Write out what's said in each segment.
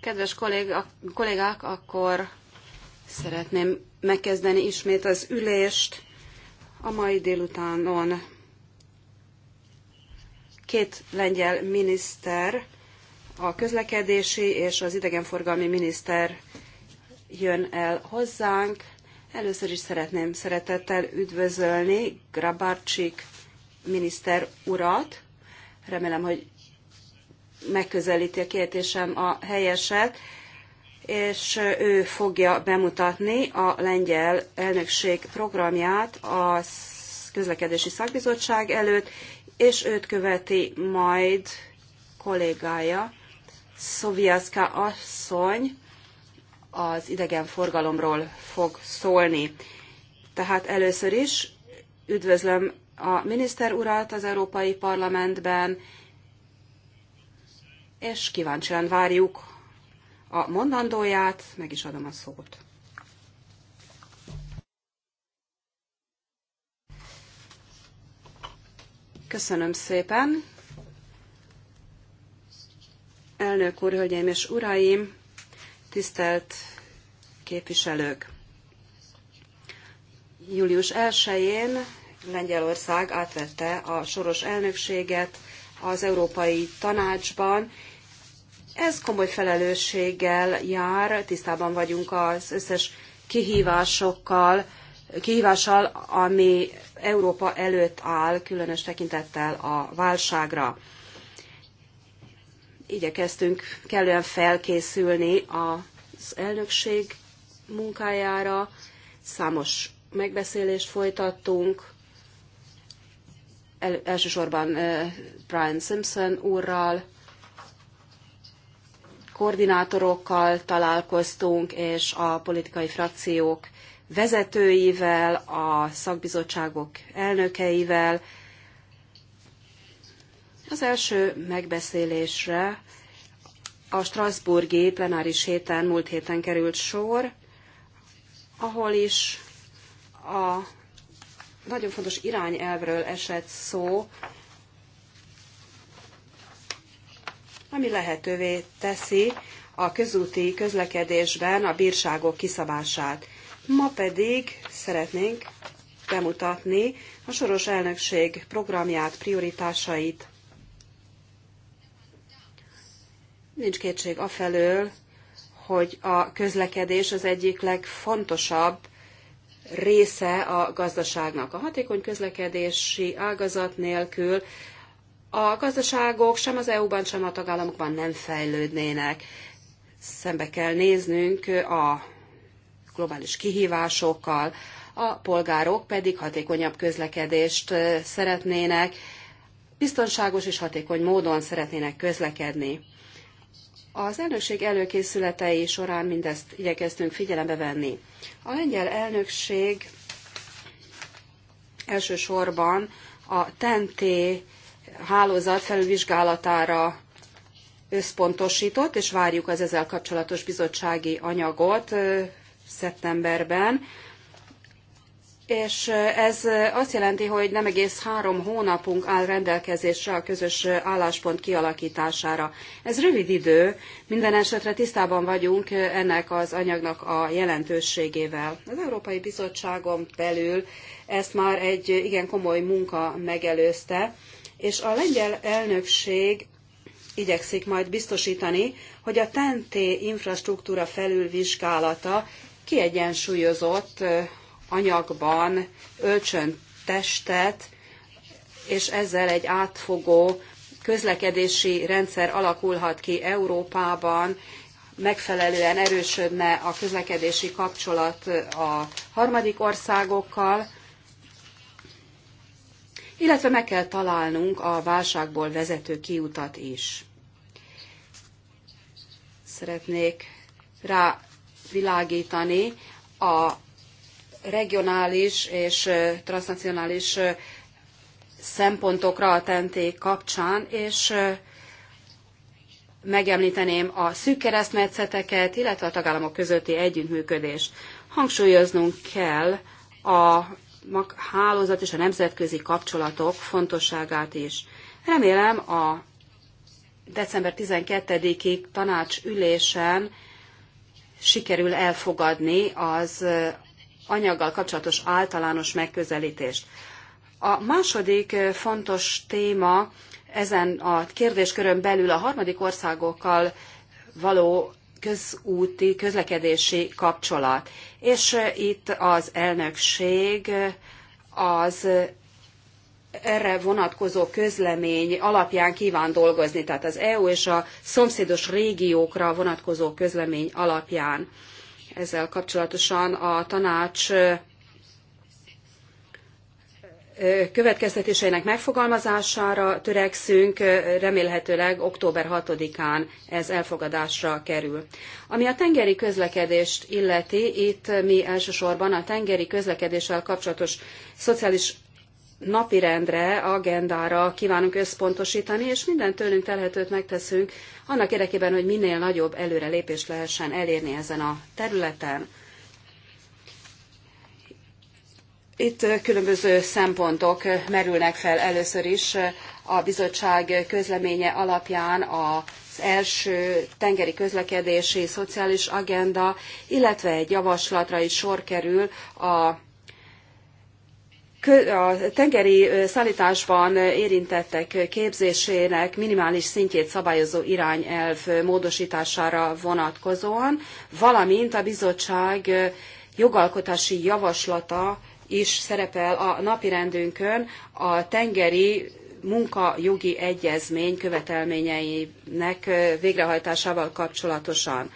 Kedves kollégák, akkor szeretném megkezdeni ismét az ülést. A mai délutánon két lengyel miniszter, a közlekedési és az idegenforgalmi miniszter jön el hozzánk. Először is szeretném szeretettel üdvözölni Grabarczyk miniszter urat. Remélem, hogy megközelíti a kérdésem a helyeset, és ő fogja bemutatni a lengyel elnökség programját a közlekedési szakbizottság előtt, és őt követi majd kollégája, Szoviaszka asszony, az idegenforgalomról fog szólni. Tehát először is üdvözlöm a miniszter urat az Európai Parlamentben, és kíváncsian várjuk a mondandóját, meg is adom a szót. Köszönöm szépen. Elnök úr, hölgyeim és uraim, tisztelt képviselők! Július 1-én Lengyelország átvette a soros elnökséget az Európai Tanácsban, ez komoly felelősséggel jár, tisztában vagyunk az összes kihívásokkal, kihívással, ami Európa előtt áll, különös tekintettel a válságra. Igyekeztünk kellően felkészülni az elnökség munkájára, számos megbeszélést folytattunk, el, elsősorban Brian Simpson úrral, koordinátorokkal találkoztunk, és a politikai frakciók vezetőivel, a szakbizottságok elnökeivel. Az első megbeszélésre a Strasburgi plenáris héten, múlt héten került sor, ahol is a nagyon fontos irányelvről esett szó, ami lehetővé teszi a közúti közlekedésben a bírságok kiszabását. Ma pedig szeretnénk bemutatni a soros elnökség programját, prioritásait. Nincs kétség afelől, hogy a közlekedés az egyik legfontosabb része a gazdaságnak. A hatékony közlekedési ágazat nélkül a gazdaságok sem az EU-ban, sem a tagállamokban nem fejlődnének. Szembe kell néznünk a globális kihívásokkal, a polgárok pedig hatékonyabb közlekedést szeretnének, biztonságos és hatékony módon szeretnének közlekedni. Az elnökség előkészületei során mindezt igyekeztünk figyelembe venni. A lengyel elnökség elsősorban a TENTÉ hálózat felülvizsgálatára összpontosított, és várjuk az ezzel kapcsolatos bizottsági anyagot szeptemberben. És ez azt jelenti, hogy nem egész három hónapunk áll rendelkezésre a közös álláspont kialakítására. Ez rövid idő, minden esetre tisztában vagyunk ennek az anyagnak a jelentőségével. Az Európai Bizottságon belül ezt már egy igen komoly munka megelőzte, és a lengyel elnökség igyekszik majd biztosítani, hogy a TNT infrastruktúra felülvizsgálata kiegyensúlyozott anyagban ölcsön testet, és ezzel egy átfogó közlekedési rendszer alakulhat ki Európában, megfelelően erősödne a közlekedési kapcsolat a harmadik országokkal, illetve meg kell találnunk a válságból vezető kiutat is. Szeretnék rávilágítani a regionális és transnacionális szempontokra a tenték kapcsán, és megemlíteném a szűk keresztmetszeteket, illetve a tagállamok közötti együttműködést. Hangsúlyoznunk kell a hálózat és a nemzetközi kapcsolatok fontosságát is. Remélem a december 12-i tanács ülésen sikerül elfogadni az eh, anyaggal kapcsolatos általános megközelítést. A második eh, fontos téma ezen a kérdéskörön belül a harmadik országokkal való közúti közlekedési kapcsolat. És itt az elnökség az erre vonatkozó közlemény alapján kíván dolgozni, tehát az EU és a szomszédos régiókra vonatkozó közlemény alapján. Ezzel kapcsolatosan a tanács következtetéseinek megfogalmazására törekszünk, remélhetőleg október 6-án ez elfogadásra kerül. Ami a tengeri közlekedést illeti, itt mi elsősorban a tengeri közlekedéssel kapcsolatos szociális napirendre, agendára kívánunk összpontosítani, és minden tőlünk telhetőt megteszünk annak érdekében, hogy minél nagyobb előrelépést lehessen elérni ezen a területen. Itt különböző szempontok merülnek fel először is a bizottság közleménye alapján az első tengeri közlekedési szociális agenda, illetve egy javaslatra is sor kerül a a tengeri szállításban érintettek képzésének minimális szintjét szabályozó irányelv módosítására vonatkozóan, valamint a bizottság jogalkotási javaslata is szerepel a napirendünkön a tengeri munkajogi egyezmény követelményeinek végrehajtásával kapcsolatosan.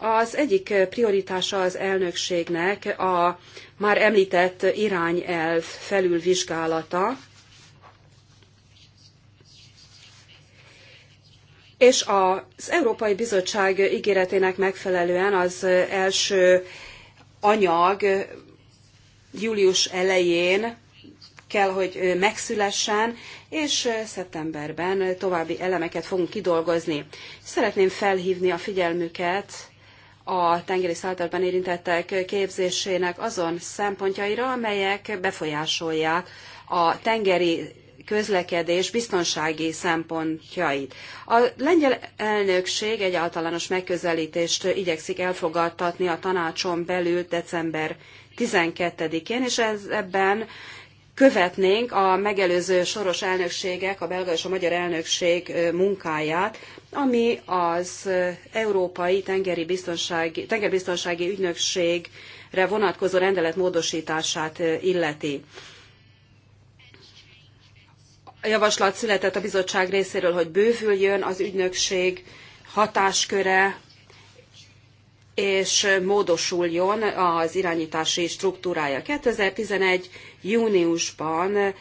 Az egyik prioritása az elnökségnek a már említett irányelv felülvizsgálata, és az Európai Bizottság ígéretének megfelelően az első anyag július elején kell, hogy megszülessen, és szeptemberben további elemeket fogunk kidolgozni. Szeretném felhívni a figyelmüket a tengeri szállatban érintettek képzésének azon szempontjaira, amelyek befolyásolják a tengeri közlekedés biztonsági szempontjait. A lengyel elnökség egy általános megközelítést igyekszik elfogadtatni a tanácson belül december 12-én, és ez ebben követnénk a megelőző soros elnökségek, a belga és a magyar elnökség munkáját, ami az Európai Tengeri Biztonsági, Tengerbiztonsági Ügynökségre vonatkozó rendelet módosítását illeti. A javaslat született a bizottság részéről, hogy bővüljön az ügynökség hatásköre, és módosuljon az irányítási struktúrája. 2011. júniusban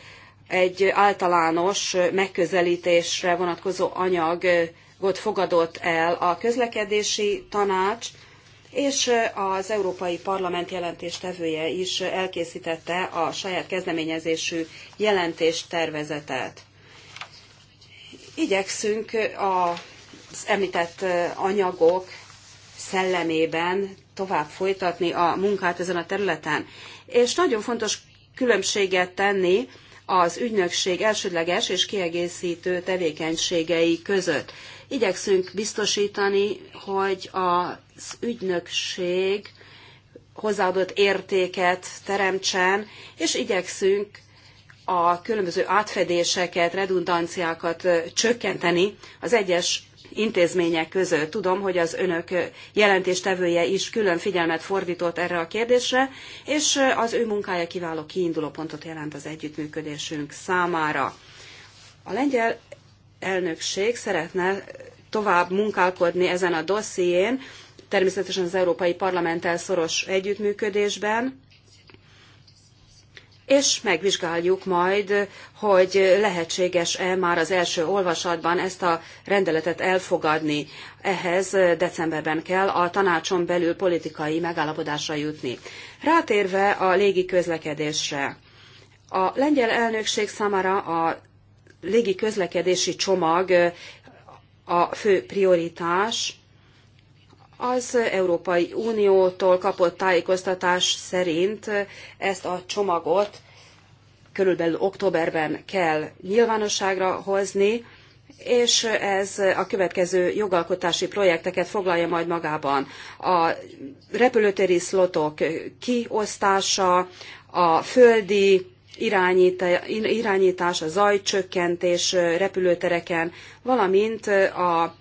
egy általános megközelítésre vonatkozó anyagot fogadott el a közlekedési tanács, és az Európai Parlament jelentéstevője is elkészítette a saját kezdeményezésű jelentéstervezetet. Igyekszünk az említett anyagok szellemében tovább folytatni a munkát ezen a területen. És nagyon fontos különbséget tenni az ügynökség elsődleges és kiegészítő tevékenységei között. Igyekszünk biztosítani, hogy az ügynökség hozzáadott értéket teremtsen, és igyekszünk a különböző átfedéseket, redundanciákat csökkenteni az egyes intézmények között. Tudom, hogy az önök jelentéstevője is külön figyelmet fordított erre a kérdésre, és az ő munkája kiváló kiinduló pontot jelent az együttműködésünk számára. A lengyel elnökség szeretne tovább munkálkodni ezen a dosszién, természetesen az Európai Parlamenttel szoros együttműködésben, és megvizsgáljuk majd, hogy lehetséges-e már az első olvasatban ezt a rendeletet elfogadni. Ehhez decemberben kell a tanácson belül politikai megállapodásra jutni. Rátérve a légi közlekedésre. A lengyel elnökség számára a légi közlekedési csomag a fő prioritás, az Európai Uniótól kapott tájékoztatás szerint ezt a csomagot körülbelül októberben kell nyilvánosságra hozni, és ez a következő jogalkotási projekteket foglalja majd magában. A repülőtéri szlotok kiosztása, a földi irányítás, a zajcsökkentés repülőtereken, valamint a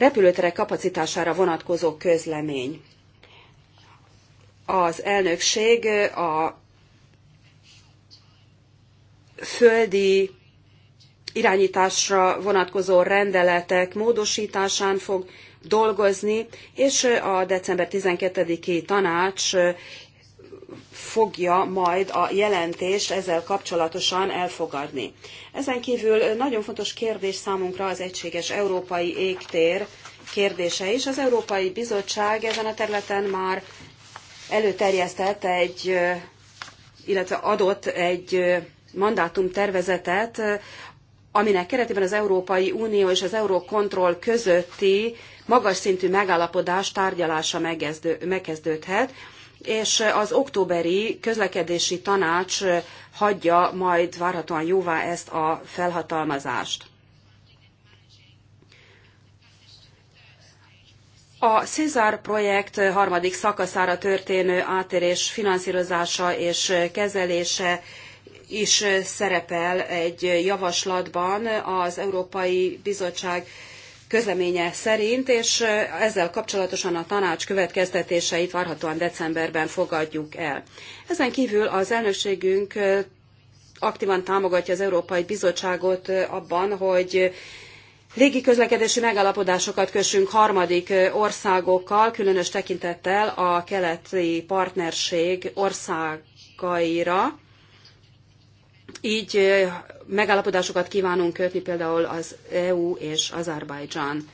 repülőterek kapacitására vonatkozó közlemény. Az elnökség a földi irányításra vonatkozó rendeletek módosításán fog dolgozni, és a december 12-i tanács fogja majd a jelentést ezzel kapcsolatosan elfogadni. Ezen kívül nagyon fontos kérdés számunkra az egységes európai égtér kérdése is. Az Európai Bizottság ezen a területen már előterjesztett egy, illetve adott egy mandátum tervezetet, aminek keretében az Európai Unió és az Eurocontrol közötti magas szintű megállapodás tárgyalása megkezdődhet és az októberi közlekedési tanács hagyja majd várhatóan jóvá ezt a felhatalmazást. A Cézár projekt harmadik szakaszára történő átérés finanszírozása és kezelése is szerepel egy javaslatban az Európai Bizottság közleménye szerint, és ezzel kapcsolatosan a tanács következtetéseit várhatóan decemberben fogadjuk el. Ezen kívül az elnökségünk aktívan támogatja az Európai Bizottságot abban, hogy légiközlekedési megállapodásokat kössünk harmadik országokkal, különös tekintettel a keleti partnerség országaira. Így megállapodásokat kívánunk kötni például az EU és Azerbajdzsán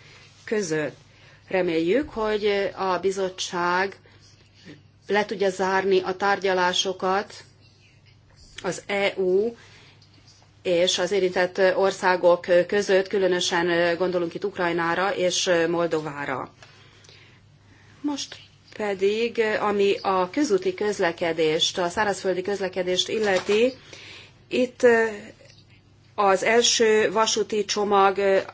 között. Reméljük, hogy a bizottság le tudja zárni a tárgyalásokat az EU és az érintett országok között, különösen gondolunk itt Ukrajnára és Moldovára. Most pedig, ami a közúti közlekedést, a szárazföldi közlekedést illeti, itt az első vasúti csomag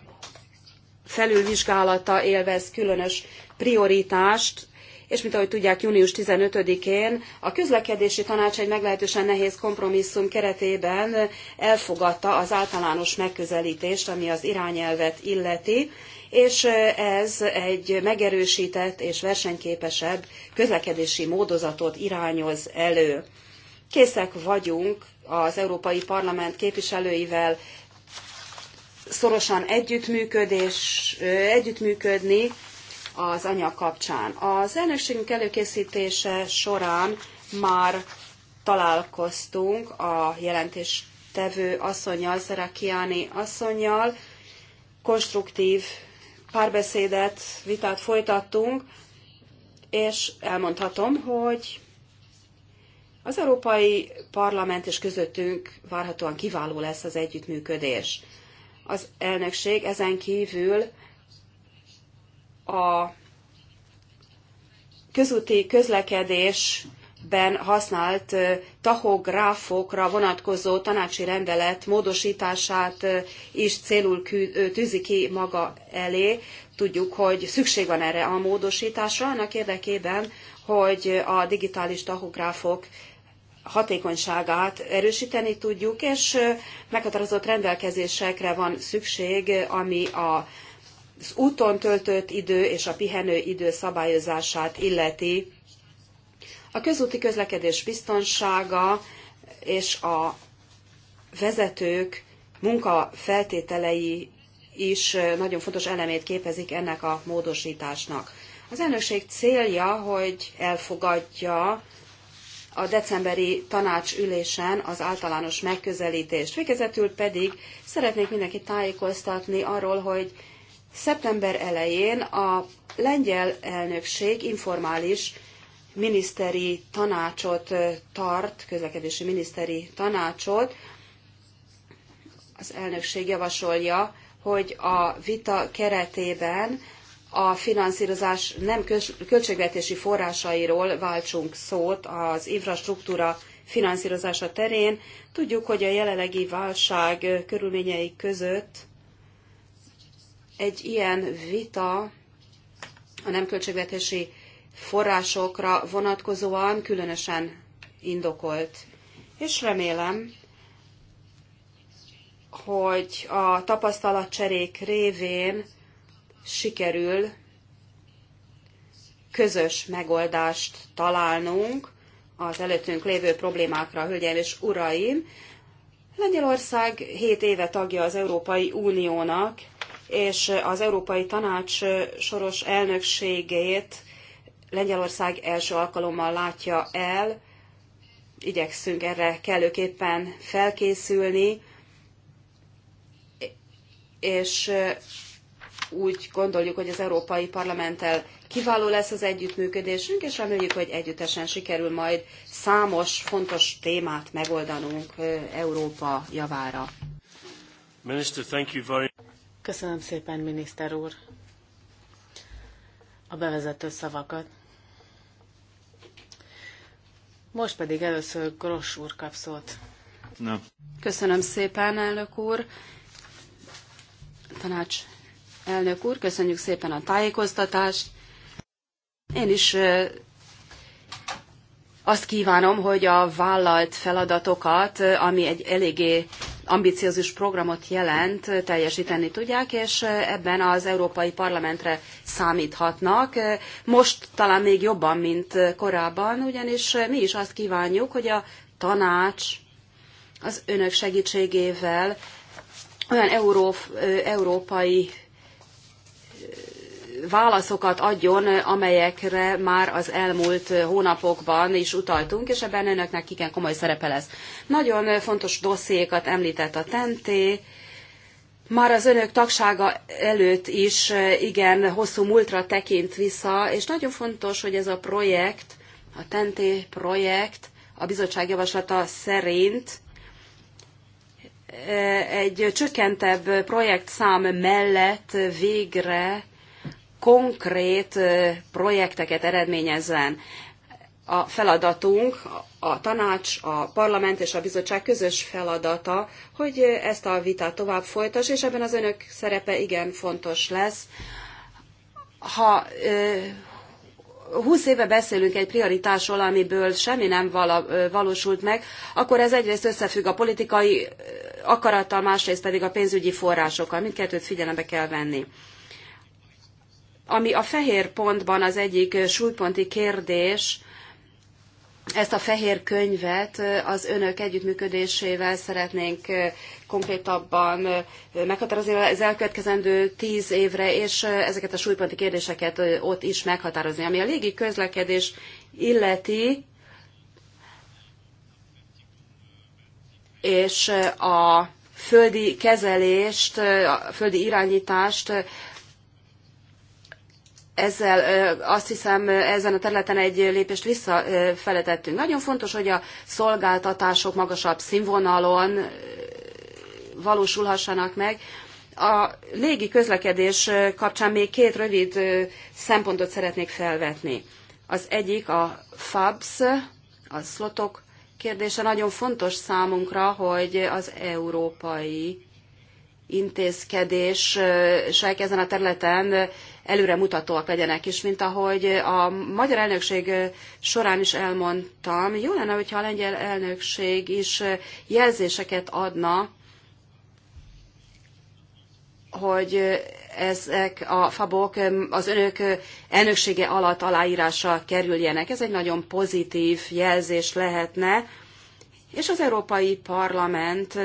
felülvizsgálata élvez különös prioritást, és mint ahogy tudják, június 15-én a közlekedési tanács egy meglehetősen nehéz kompromisszum keretében elfogadta az általános megközelítést, ami az irányelvet illeti, és ez egy megerősített és versenyképesebb közlekedési módozatot irányoz elő. Készek vagyunk az Európai Parlament képviselőivel szorosan együttműködés, együttműködni az anyag kapcsán. Az elnökségünk előkészítése során már találkoztunk a jelentéstevő asszonyjal, Szerakiáni asszonyjal, konstruktív párbeszédet, vitát folytattunk, és elmondhatom, hogy az Európai Parlament és közöttünk várhatóan kiváló lesz az együttműködés. Az elnökség ezen kívül a közúti közlekedésben használt tahográfokra vonatkozó tanácsi rendelet módosítását is célul tűzi ki maga elé. Tudjuk, hogy szükség van erre a módosításra, annak érdekében, hogy a digitális tahográfok hatékonyságát erősíteni tudjuk, és meghatározott rendelkezésekre van szükség, ami a az úton töltött idő és a pihenő idő szabályozását illeti. A közúti közlekedés biztonsága és a vezetők munkafeltételei is nagyon fontos elemét képezik ennek a módosításnak. Az elnökség célja, hogy elfogadja a decemberi tanácsülésen az általános megközelítést. Végezetül pedig szeretnék mindenkit tájékoztatni arról, hogy szeptember elején a lengyel elnökség informális miniszteri tanácsot tart, közlekedési miniszteri tanácsot. Az elnökség javasolja, hogy a vita keretében a finanszírozás nem költségvetési forrásairól váltsunk szót az infrastruktúra finanszírozása terén. Tudjuk, hogy a jelenlegi válság körülményei között egy ilyen vita a nem költségvetési forrásokra vonatkozóan különösen indokolt. És remélem, hogy a tapasztalatcserék révén sikerül közös megoldást találnunk az előttünk lévő problémákra, hölgyeim és uraim. Lengyelország 7 éve tagja az Európai Uniónak, és az Európai Tanács soros elnökségét Lengyelország első alkalommal látja el. Igyekszünk erre kellőképpen felkészülni, és úgy gondoljuk, hogy az Európai Parlamenttel kiváló lesz az együttműködésünk, és reméljük, hogy együttesen sikerül majd számos fontos témát megoldanunk Európa javára. Minister, thank you very... Köszönöm szépen, miniszter úr, a bevezető szavakat. Most pedig először Gross úr kap szót. No. Köszönöm szépen, elnök úr. Tanács elnök úr, köszönjük szépen a tájékoztatást. Én is azt kívánom, hogy a vállalt feladatokat, ami egy eléggé ambiciózus programot jelent, teljesíteni tudják, és ebben az Európai Parlamentre számíthatnak. Most talán még jobban, mint korábban, ugyanis mi is azt kívánjuk, hogy a tanács az önök segítségével olyan európai válaszokat adjon, amelyekre már az elmúlt hónapokban is utaltunk, és ebben önöknek igen komoly szerepe lesz. Nagyon fontos dossziékat említett a tenté, már az önök tagsága előtt is igen hosszú múltra tekint vissza, és nagyon fontos, hogy ez a projekt, a TENTÉ projekt a bizottság javaslata szerint eh, egy csökkentebb projektszám mellett végre konkrét projekteket eredményezzen. A feladatunk, a tanács, a parlament és a bizottság közös feladata, hogy ezt a vitát tovább folytas, és ebben az önök szerepe igen fontos lesz. Ha 20 éve beszélünk egy prioritásról, amiből semmi nem vala, valósult meg, akkor ez egyrészt összefügg a politikai akarattal, másrészt pedig a pénzügyi forrásokkal. Mindkettőt figyelembe kell venni ami a fehér pontban az egyik súlyponti kérdés, ezt a fehér könyvet az önök együttműködésével szeretnénk eh, konkrétabban eh, meghatározni az elkövetkezendő tíz évre, és eh, ezeket a súlyponti kérdéseket ott is meghatározni. Ami a légi közlekedés illeti, és a földi kezelést, a földi irányítást ezzel azt hiszem ezen a területen egy lépést visszafele tettünk. Nagyon fontos, hogy a szolgáltatások magasabb színvonalon valósulhassanak meg. A légi közlekedés kapcsán még két rövid szempontot szeretnék felvetni. Az egyik a FABS, a szlotok kérdése nagyon fontos számunkra, hogy az európai intézkedések ezen a területen előremutatóak legyenek is, mint ahogy a magyar elnökség során is elmondtam, jó lenne, hogyha a lengyel elnökség is jelzéseket adna, hogy ezek a fabok az önök elnöksége alatt aláírásra kerüljenek. Ez egy nagyon pozitív jelzés lehetne, és az Európai Parlament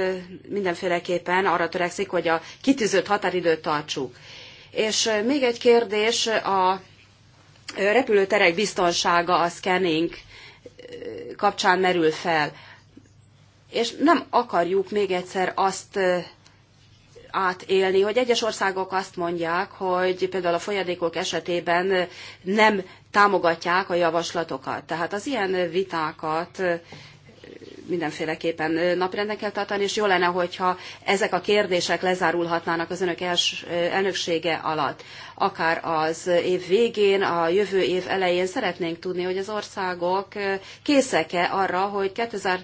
mindenféleképpen arra törekszik, hogy a kitűzött határidőt tartsuk. És még egy kérdés, a repülőterek biztonsága a scanning kapcsán merül fel. És nem akarjuk még egyszer azt átélni, hogy egyes országok azt mondják, hogy például a folyadékok esetében nem támogatják a javaslatokat. Tehát az ilyen vitákat mindenféleképpen napirenden kell tartani, és jó lenne, hogyha ezek a kérdések lezárulhatnának az önök els, elnöksége alatt. Akár az év végén, a jövő év elején szeretnénk tudni, hogy az országok készek-e arra, hogy 2000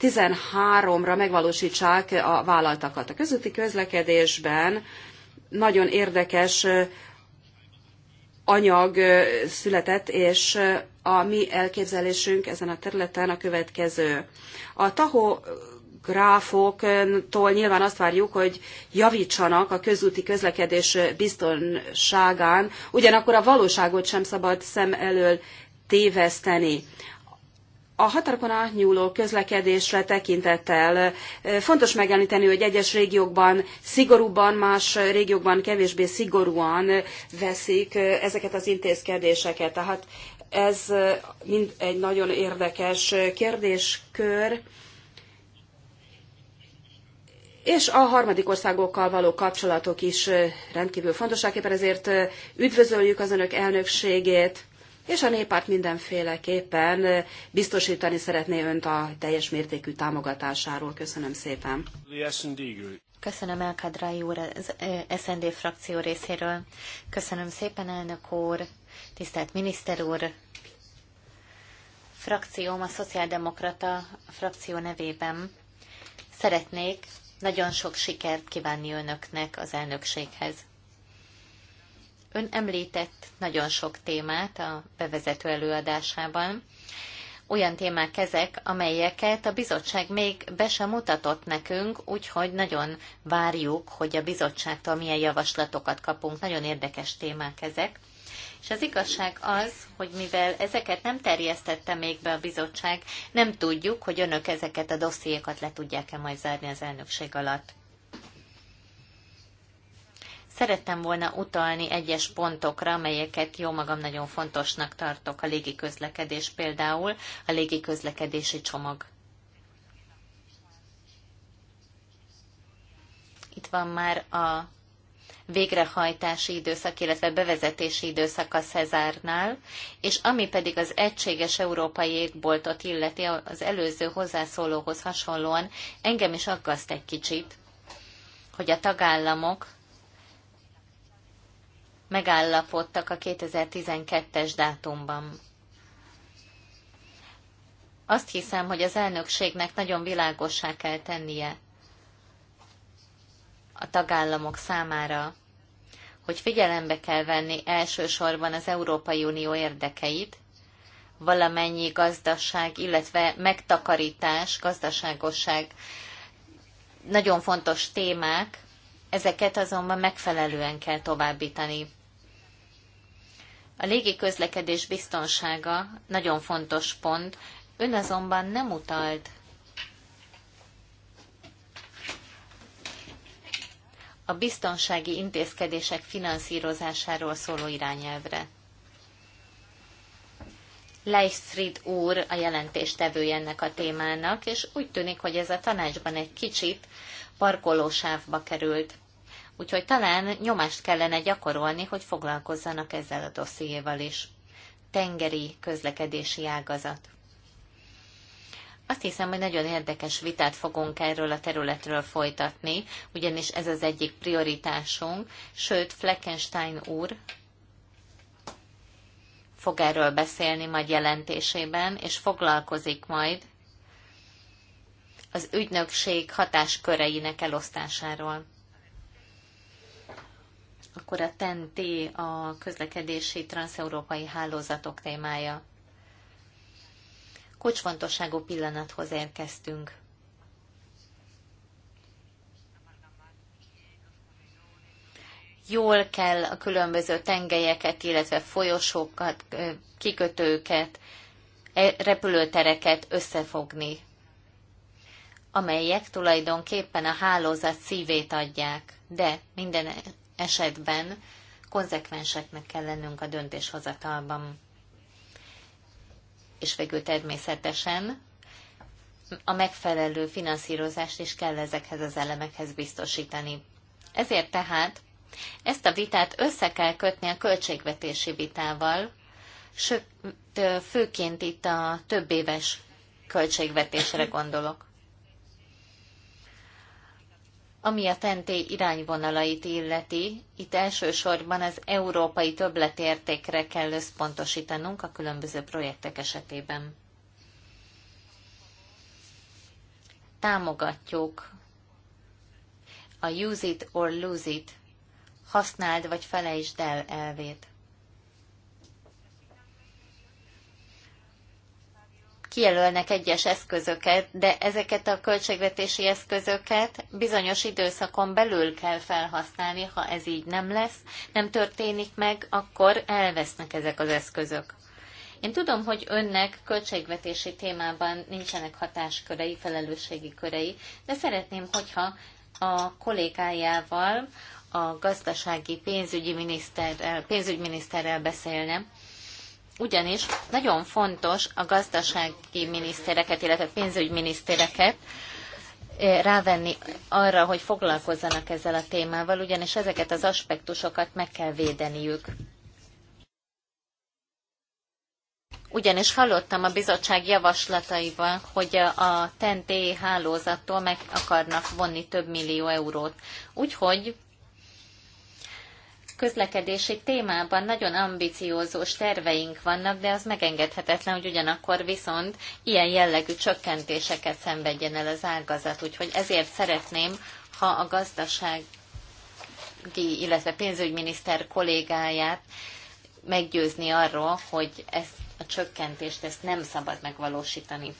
13-ra megvalósítsák a vállaltakat. A közúti közlekedésben nagyon érdekes anyag született, és a mi elképzelésünk ezen a területen a következő. A tahó gráfoktól nyilván azt várjuk, hogy javítsanak a közúti közlekedés biztonságán, ugyanakkor a valóságot sem szabad szem elől téveszteni. A határokon átnyúló közlekedésre tekintettel fontos megemlíteni, hogy egyes régiókban szigorúban, más régiókban kevésbé szigorúan veszik ezeket az intézkedéseket. Tehát ez mind egy nagyon érdekes kérdéskör, és a harmadik országokkal való kapcsolatok is rendkívül fontosak, éppen ezért üdvözöljük az önök elnökségét, és a néppárt mindenféleképpen biztosítani szeretné önt a teljes mértékű támogatásáról. Köszönöm szépen. Köszönöm El Kadrai úr az SND frakció részéről. Köszönöm szépen, elnök úr tisztelt miniszter úr! Frakcióm, a Szociáldemokrata frakció nevében szeretnék nagyon sok sikert kívánni önöknek az elnökséghez. Ön említett nagyon sok témát a bevezető előadásában. Olyan témák ezek, amelyeket a bizottság még be sem mutatott nekünk, úgyhogy nagyon várjuk, hogy a bizottságtól milyen javaslatokat kapunk. Nagyon érdekes témák ezek. És az igazság az, hogy mivel ezeket nem terjesztette még be a bizottság, nem tudjuk, hogy önök ezeket a dossziékat le tudják-e majd zárni az elnökség alatt. Szerettem volna utalni egyes pontokra, amelyeket jó magam nagyon fontosnak tartok, a légiközlekedés például, a légiközlekedési csomag. Itt van már a végrehajtási időszak, illetve bevezetési időszak a Cezárnál, és ami pedig az egységes európai égboltot illeti az előző hozzászólóhoz hasonlóan, engem is aggaszt egy kicsit, hogy a tagállamok megállapodtak a 2012-es dátumban. Azt hiszem, hogy az elnökségnek nagyon világossá kell tennie, a tagállamok számára, hogy figyelembe kell venni elsősorban az Európai Unió érdekeit, valamennyi gazdaság, illetve megtakarítás, gazdaságosság nagyon fontos témák, ezeket azonban megfelelően kell továbbítani. A légi közlekedés biztonsága nagyon fontos pont, ön azonban nem utalt a biztonsági intézkedések finanszírozásáról szóló irányelvre. Leichfried úr a jelentéstevője ennek a témának, és úgy tűnik, hogy ez a tanácsban egy kicsit parkolósávba került. Úgyhogy talán nyomást kellene gyakorolni, hogy foglalkozzanak ezzel a dossziéval is. Tengeri közlekedési ágazat. Azt hiszem, hogy nagyon érdekes vitát fogunk erről a területről folytatni, ugyanis ez az egyik prioritásunk, sőt, Fleckenstein úr fog erről beszélni majd jelentésében, és foglalkozik majd az ügynökség hatásköreinek elosztásáról. Akkor a TEN-T e a közlekedési transeurópai hálózatok témája kocsfontosságú pillanathoz érkeztünk. Jól kell a különböző tengelyeket, illetve folyosókat, kikötőket, e, repülőtereket összefogni, amelyek tulajdonképpen a hálózat szívét adják, de minden esetben konzekvenseknek kell lennünk a döntéshozatalban és végül természetesen a megfelelő finanszírozást is kell ezekhez az elemekhez biztosítani. Ezért tehát ezt a vitát össze kell kötni a költségvetési vitával, sőt, főként itt a több éves költségvetésre gondolok. Ami a TNT irányvonalait illeti, itt elsősorban az európai többletértékre kell összpontosítanunk a különböző projektek esetében. Támogatjuk a use it or lose it, használd vagy felejtsd el elvét. kijelölnek egyes eszközöket, de ezeket a költségvetési eszközöket bizonyos időszakon belül kell felhasználni, ha ez így nem lesz, nem történik meg, akkor elvesznek ezek az eszközök. Én tudom, hogy önnek költségvetési témában nincsenek hatáskörei, felelősségi körei, de szeretném, hogyha a kollégájával, a gazdasági pénzügyi miniszterrel, pénzügyminiszterrel beszélne, ugyanis nagyon fontos a gazdasági minisztereket, illetve pénzügyminisztereket eh, rávenni arra, hogy foglalkozzanak ezzel a témával, ugyanis ezeket az aspektusokat meg kell védeniük. Ugyanis hallottam a bizottság javaslataival, hogy a TNT hálózattól meg akarnak vonni több millió eurót. Úgyhogy közlekedési témában nagyon ambiciózus terveink vannak, de az megengedhetetlen, hogy ugyanakkor viszont ilyen jellegű csökkentéseket szenvedjen el az ágazat. Úgyhogy ezért szeretném, ha a gazdasági, illetve pénzügyminiszter kollégáját meggyőzni arról, hogy ezt a csökkentést ezt nem szabad megvalósítani.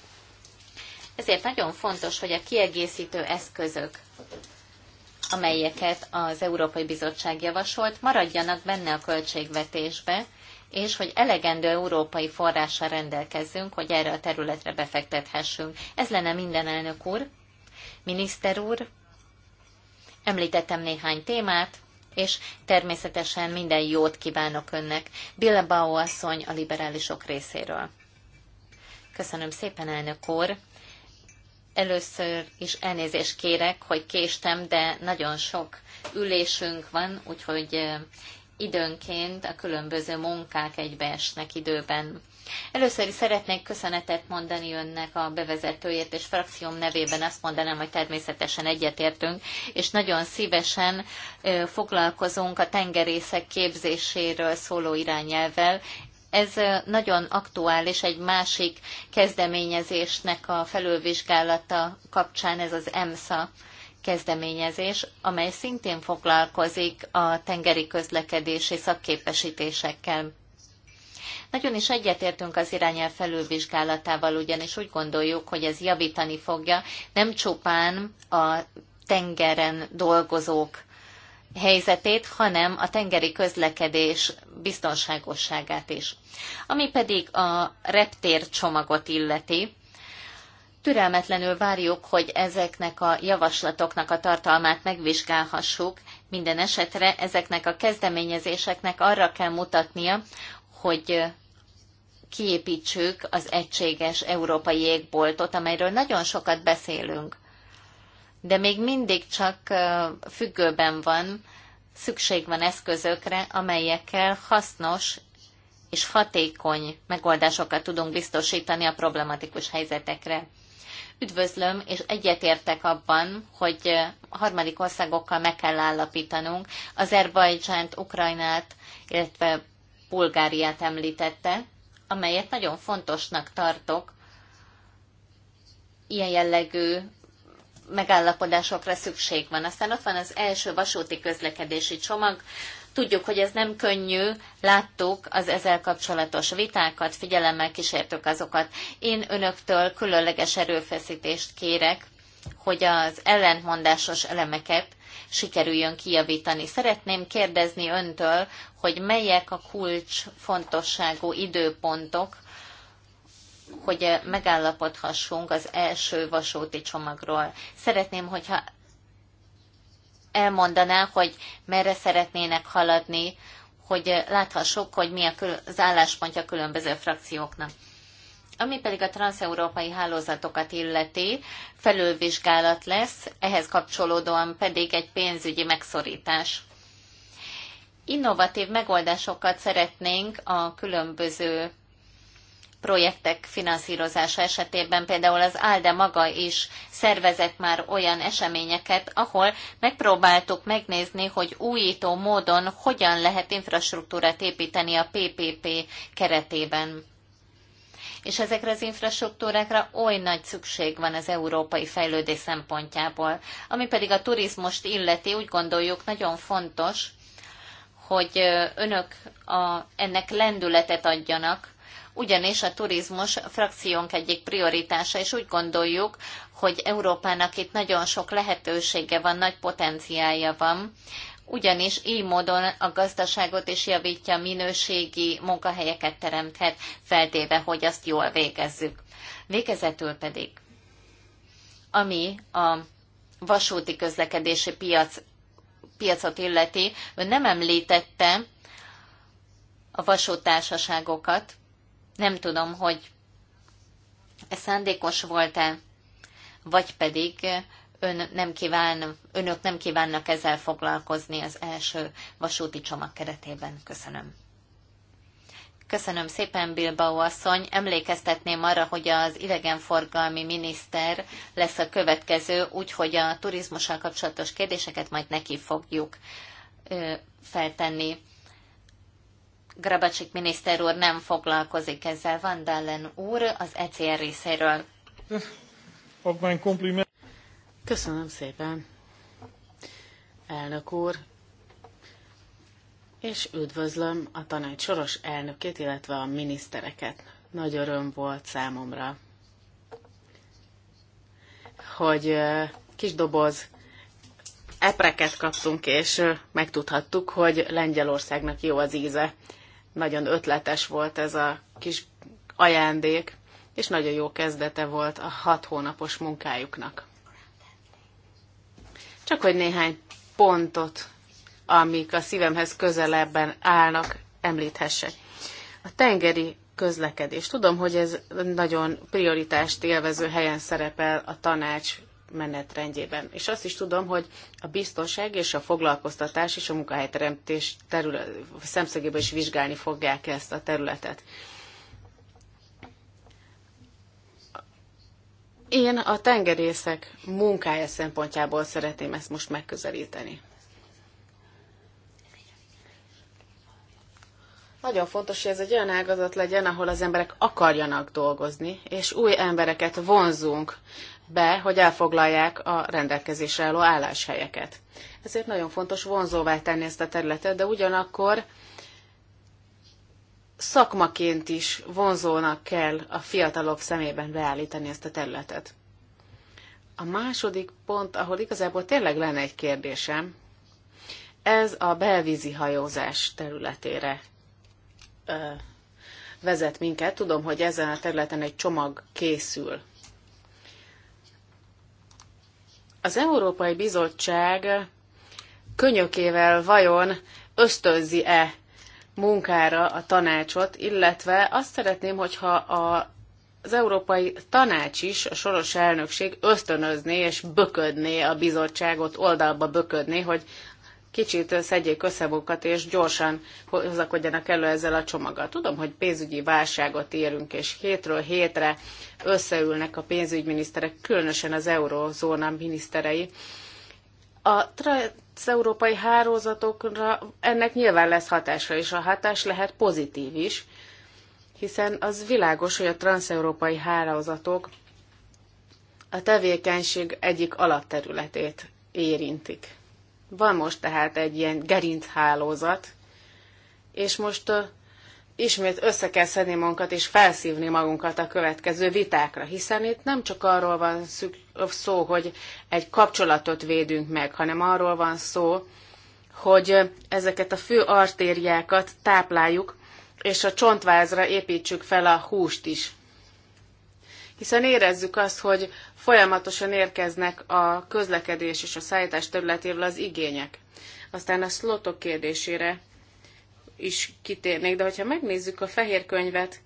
Ezért nagyon fontos, hogy a kiegészítő eszközök amelyeket az Európai Bizottság javasolt, maradjanak benne a költségvetésbe, és hogy elegendő európai forrással rendelkezzünk, hogy erre a területre befektethessünk. Ez lenne minden elnök úr, miniszter úr, említettem néhány témát, és természetesen minden jót kívánok önnek, Bilbao asszony a liberálisok részéről. Köszönöm szépen, elnök úr! Először is elnézést kérek, hogy késtem, de nagyon sok ülésünk van, úgyhogy időnként a különböző munkák egybeesnek időben. Először is szeretnék köszönetet mondani önnek a bevezetőért, és frakcióm nevében azt mondanám, hogy természetesen egyetértünk, és nagyon szívesen foglalkozunk a tengerészek képzéséről szóló irányelvel, ez nagyon aktuális egy másik kezdeményezésnek a felülvizsgálata kapcsán, ez az EMSA kezdeményezés, amely szintén foglalkozik a tengeri közlekedési szakképesítésekkel. Nagyon is egyetértünk az irányel felülvizsgálatával, ugyanis úgy gondoljuk, hogy ez javítani fogja nem csupán a tengeren dolgozók helyzetét, hanem a tengeri közlekedés biztonságosságát is. Ami pedig a reptér csomagot illeti, türelmetlenül várjuk, hogy ezeknek a javaslatoknak a tartalmát megvizsgálhassuk. Minden esetre ezeknek a kezdeményezéseknek arra kell mutatnia, hogy kiépítsük az egységes európai jégboltot, amelyről nagyon sokat beszélünk de még mindig csak függőben van, szükség van eszközökre, amelyekkel hasznos és hatékony megoldásokat tudunk biztosítani a problematikus helyzetekre. Üdvözlöm, és egyetértek abban, hogy a harmadik országokkal meg kell állapítanunk. Azerbajdzsánt, Ukrajnát, illetve Bulgáriát említette, amelyet nagyon fontosnak tartok ilyen jellegű megállapodásokra szükség van. Aztán ott van az első vasúti közlekedési csomag, Tudjuk, hogy ez nem könnyű, láttuk az ezzel kapcsolatos vitákat, figyelemmel kísértük azokat. Én önöktől különleges erőfeszítést kérek, hogy az ellentmondásos elemeket sikerüljön kijavítani. Szeretném kérdezni öntől, hogy melyek a kulcs fontosságú időpontok, hogy megállapodhassunk az első vasúti csomagról. Szeretném, hogyha elmondaná, hogy merre szeretnének haladni, hogy láthassuk, hogy mi az álláspontja a különböző frakcióknak. Ami pedig a transeurópai hálózatokat illeti, felülvizsgálat lesz, ehhez kapcsolódóan pedig egy pénzügyi megszorítás. Innovatív megoldásokat szeretnénk a különböző projektek finanszírozása esetében például az ALDE maga is szervezett már olyan eseményeket, ahol megpróbáltuk megnézni, hogy újító módon hogyan lehet infrastruktúrát építeni a PPP keretében. És ezekre az infrastruktúrákra oly nagy szükség van az európai fejlődés szempontjából. Ami pedig a turizmust illeti, úgy gondoljuk nagyon fontos, hogy önök a, ennek lendületet adjanak, ugyanis a turizmus a frakciónk egyik prioritása, és úgy gondoljuk, hogy Európának itt nagyon sok lehetősége van, nagy potenciálja van, ugyanis így módon a gazdaságot is javítja, minőségi munkahelyeket teremthet, feltéve, hogy azt jól végezzük. Végezetül pedig, ami a vasúti közlekedési piac, piacot illeti, ő nem említette a vasútársaságokat, nem tudom, hogy ez szándékos volt-e, vagy pedig ön nem kíván, önök nem kívánnak ezzel foglalkozni az első vasúti csomag keretében. Köszönöm. Köszönöm szépen, Bilbao asszony. Emlékeztetném arra, hogy az idegenforgalmi miniszter lesz a következő, úgyhogy a turizmussal kapcsolatos kérdéseket majd neki fogjuk feltenni. Grabacsik miniszter úr nem foglalkozik ezzel, Van Dallen úr az ECR részéről. Köszönöm szépen, elnök úr, és üdvözlöm a tanács soros elnökét, illetve a minisztereket. Nagy öröm volt számomra, hogy kis doboz epreket kaptunk, és megtudhattuk, hogy Lengyelországnak jó az íze. Nagyon ötletes volt ez a kis ajándék, és nagyon jó kezdete volt a hat hónapos munkájuknak. Csak hogy néhány pontot, amik a szívemhez közelebben állnak, említhessek. A tengeri közlekedés. Tudom, hogy ez nagyon prioritást élvező helyen szerepel a tanács menetrendjében. És azt is tudom, hogy a biztonság és a foglalkoztatás és a munkahelyteremtés terület, szemszögéből is vizsgálni fogják ezt a területet. Én a tengerészek munkája szempontjából szeretném ezt most megközelíteni. Nagyon fontos, hogy ez egy olyan ágazat legyen, ahol az emberek akarjanak dolgozni, és új embereket vonzunk be, hogy elfoglalják a rendelkezésre álló álláshelyeket. Ezért nagyon fontos vonzóvá tenni ezt a területet, de ugyanakkor szakmaként is vonzónak kell a fiatalok szemében beállítani ezt a területet. A második pont, ahol igazából tényleg lenne egy kérdésem, ez a belvízi hajózás területére ö, vezet minket. Tudom, hogy ezen a területen egy csomag készül Az Európai Bizottság könyökével vajon ösztönzi-e munkára a tanácsot, illetve azt szeretném, hogyha a, az Európai Tanács is, a soros elnökség ösztönözné és böködné a bizottságot, oldalba böködné, hogy kicsit szedjék össze magukat, és gyorsan hozakodjanak elő ezzel a csomaggal. Tudom, hogy pénzügyi válságot érünk, és hétről hétre összeülnek a pénzügyminiszterek, különösen az eurózóna miniszterei. A transeurópai hálózatokra ennek nyilván lesz hatása, és a hatás lehet pozitív is, hiszen az világos, hogy a transeurópai hálózatok a tevékenység egyik alapterületét érintik. Van most tehát egy ilyen gerinchálózat, és most uh, ismét össze kell szedni magunkat és felszívni magunkat a következő vitákra, hiszen itt nem csak arról van szó, hogy egy kapcsolatot védünk meg, hanem arról van szó, hogy ezeket a fő artériákat tápláljuk, és a csontvázra építsük fel a húst is hiszen érezzük azt, hogy folyamatosan érkeznek a közlekedés és a szállítás területéről az igények. Aztán a szlotok kérdésére is kitérnék, de hogyha megnézzük a fehér könyvet,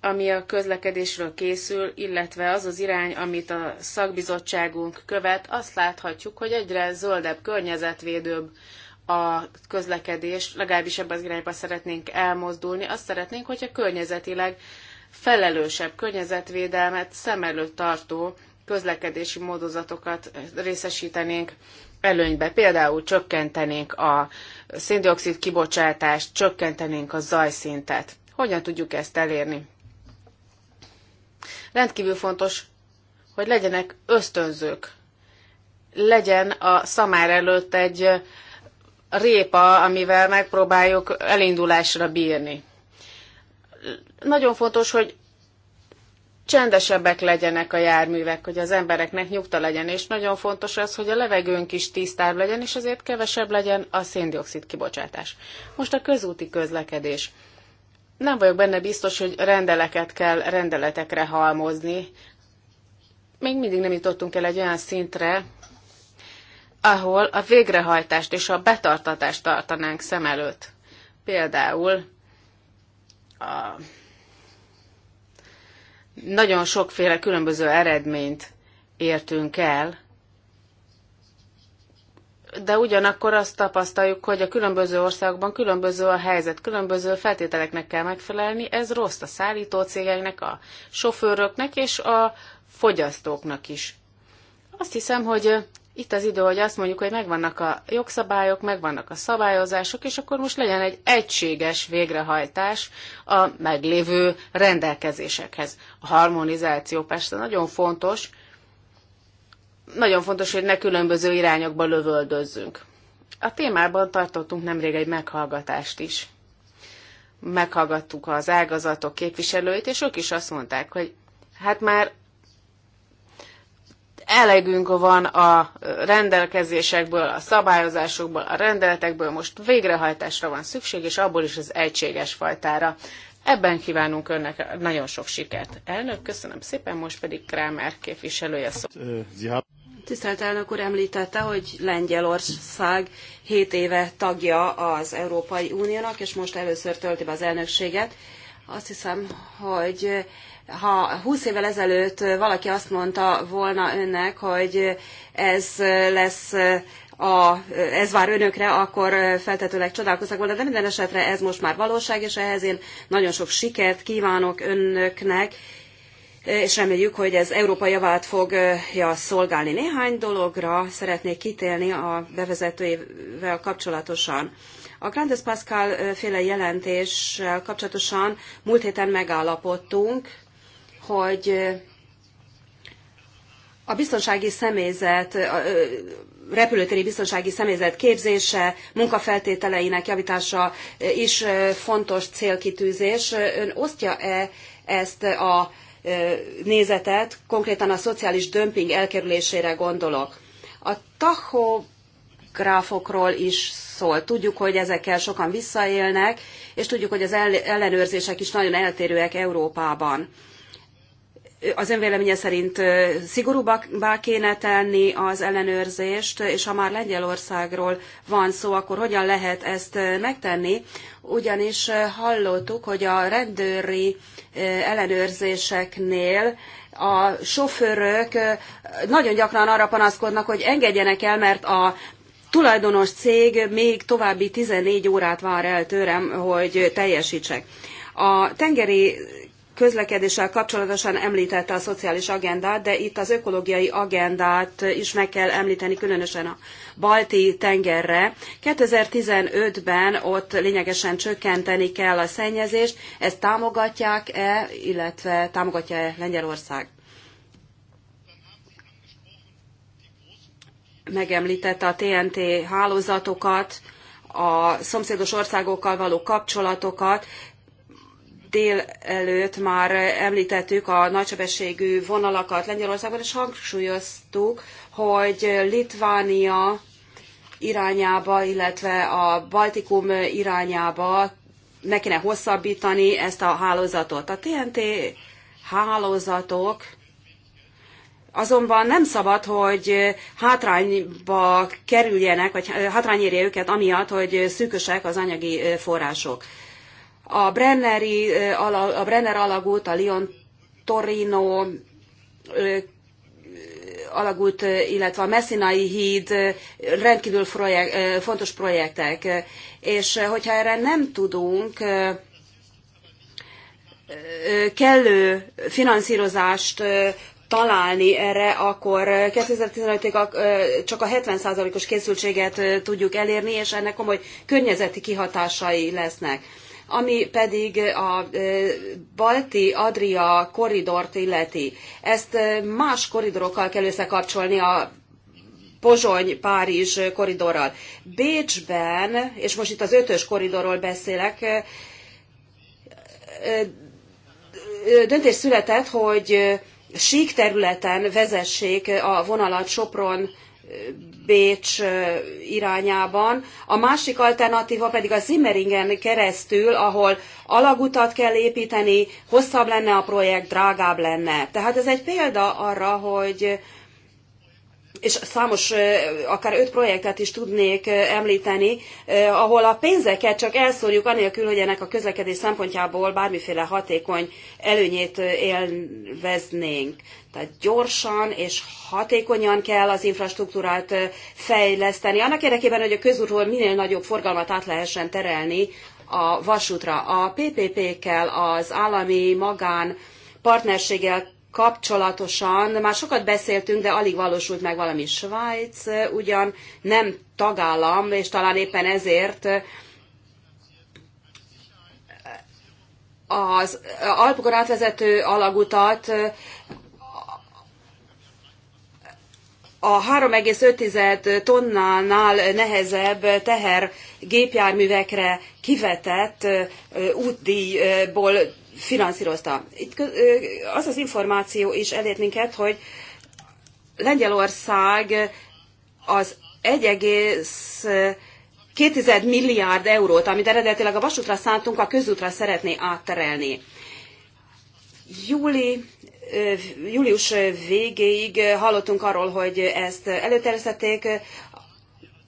ami a közlekedésről készül, illetve az az irány, amit a szakbizottságunk követ, azt láthatjuk, hogy egyre zöldebb, környezetvédőbb a közlekedés, legalábbis ebben az irányba szeretnénk elmozdulni. Azt szeretnénk, hogyha környezetileg felelősebb környezetvédelmet szem előtt tartó közlekedési módozatokat részesítenénk előnybe. Például csökkentenénk a széndiokszid kibocsátást, csökkentenénk a zajszintet. Hogyan tudjuk ezt elérni? Rendkívül fontos, hogy legyenek ösztönzők. Legyen a szamár előtt egy répa, amivel megpróbáljuk elindulásra bírni. Nagyon fontos, hogy csendesebbek legyenek a járművek, hogy az embereknek nyugta legyen, és nagyon fontos az, hogy a levegőnk is tisztább legyen, és azért kevesebb legyen a széndiokszid kibocsátás. Most a közúti közlekedés. Nem vagyok benne biztos, hogy rendeleket kell rendeletekre halmozni. Még mindig nem jutottunk el egy olyan szintre, ahol a végrehajtást és a betartatást tartanánk szem előtt. Például a nagyon sokféle különböző eredményt értünk el, de ugyanakkor azt tapasztaljuk, hogy a különböző országokban különböző a helyzet, különböző feltételeknek kell megfelelni, ez rossz a szállító cégeknek, a sofőröknek és a fogyasztóknak is. Azt hiszem, hogy itt az idő, hogy azt mondjuk, hogy megvannak a jogszabályok, megvannak a szabályozások, és akkor most legyen egy egységes végrehajtás a meglévő rendelkezésekhez. A harmonizáció persze nagyon fontos, nagyon fontos, hogy ne különböző irányokba lövöldözzünk. A témában tartottunk nemrég egy meghallgatást is. Meghallgattuk az ágazatok képviselőit, és ők is azt mondták, hogy hát már elegünk van a rendelkezésekből, a szabályozásokból, a rendeletekből, most végrehajtásra van szükség, és abból is az egységes fajtára. Ebben kívánunk önnek nagyon sok sikert. Elnök, köszönöm szépen, most pedig Krámer képviselője szó. Tisztelt elnök úr említette, hogy Lengyelország 7 éve tagja az Európai Uniónak, és most először tölti be az elnökséget. Azt hiszem, hogy ha 20 évvel ezelőtt valaki azt mondta volna önnek, hogy ez lesz a, ez vár önökre, akkor feltetőleg csodálkoztak volna, de minden esetre ez most már valóság, és ehhez én nagyon sok sikert kívánok önöknek, és reméljük, hogy ez Európa javát fogja szolgálni. Néhány dologra szeretnék kitélni a bevezetőivel kapcsolatosan. A Grandes Pascal féle jelentéssel kapcsolatosan múlt héten megállapodtunk, hogy a biztonsági személyzet, a repülőtéri biztonsági személyzet képzése, munkafeltételeinek javítása is fontos célkitűzés. Ön osztja-e ezt a nézetet, konkrétan a szociális dömping elkerülésére gondolok. A tachográfokról is szól. Tudjuk, hogy ezekkel sokan visszaélnek, és tudjuk, hogy az ellenőrzések is nagyon eltérőek Európában az önvéleménye szerint szigorúbbá kéne tenni az ellenőrzést, és ha már Lengyelországról van szó, akkor hogyan lehet ezt megtenni? Ugyanis hallottuk, hogy a rendőri ellenőrzéseknél a sofőrök nagyon gyakran arra panaszkodnak, hogy engedjenek el, mert a tulajdonos cég még további 14 órát vár el tőlem, hogy teljesítsek. A tengeri közlekedéssel kapcsolatosan említette a szociális agendát, de itt az ökológiai agendát is meg kell említeni, különösen a balti tengerre. 2015-ben ott lényegesen csökkenteni kell a szennyezést. Ezt támogatják-e, illetve támogatja-e Lengyelország? Megemlítette a TNT hálózatokat, a szomszédos országokkal való kapcsolatokat délelőtt már említettük a nagysebességű vonalakat Lengyelországban, és hangsúlyoztuk, hogy Litvánia irányába, illetve a Baltikum irányába ne kéne hosszabbítani ezt a hálózatot. A TNT hálózatok azonban nem szabad, hogy hátrányba kerüljenek, vagy hátrány érje őket amiatt, hogy szűkösek az anyagi források a, Brenneri, a Brenner alagút, a Lyon Torino alagút, illetve a Messinai híd rendkívül projekt, fontos projektek. És hogyha erre nem tudunk kellő finanszírozást találni erre, akkor 2015-ig csak a 70%-os készültséget tudjuk elérni, és ennek komoly környezeti kihatásai lesznek ami pedig a e, Balti-Adria korridort illeti. Ezt e, más korridorokkal kell összekapcsolni a Pozsony-Párizs koridorral. Bécsben, és most itt az ötös koridorról beszélek, e, döntés született, hogy sík területen vezessék a vonalat Sopron Bécs irányában. A másik alternatíva pedig a Zimmeringen keresztül, ahol alagutat kell építeni, hosszabb lenne a projekt, drágább lenne. Tehát ez egy példa arra, hogy és számos, akár öt projektet is tudnék említeni, ahol a pénzeket csak elszórjuk, anélkül, hogy ennek a közlekedés szempontjából bármiféle hatékony előnyét élveznénk. Tehát gyorsan és hatékonyan kell az infrastruktúrát fejleszteni, annak érdekében, hogy a közútról minél nagyobb forgalmat át lehessen terelni a vasútra. A PPP-kkel, az állami magán partnerséggel kapcsolatosan már sokat beszéltünk, de alig valósult meg valami Svájc, ugyan nem tagállam, és talán éppen ezért az Alpokon átvezető alagutat a 3,5 tonnánál nehezebb teher gépjárművekre kivetett útdíjból finanszírozta. Itt az az információ is elért minket, hogy Lengyelország az 1,2 milliárd eurót, amit eredetileg a vasútra szántunk, a közútra szeretné átterelni. Júli, július végéig hallottunk arról, hogy ezt előterjesztették.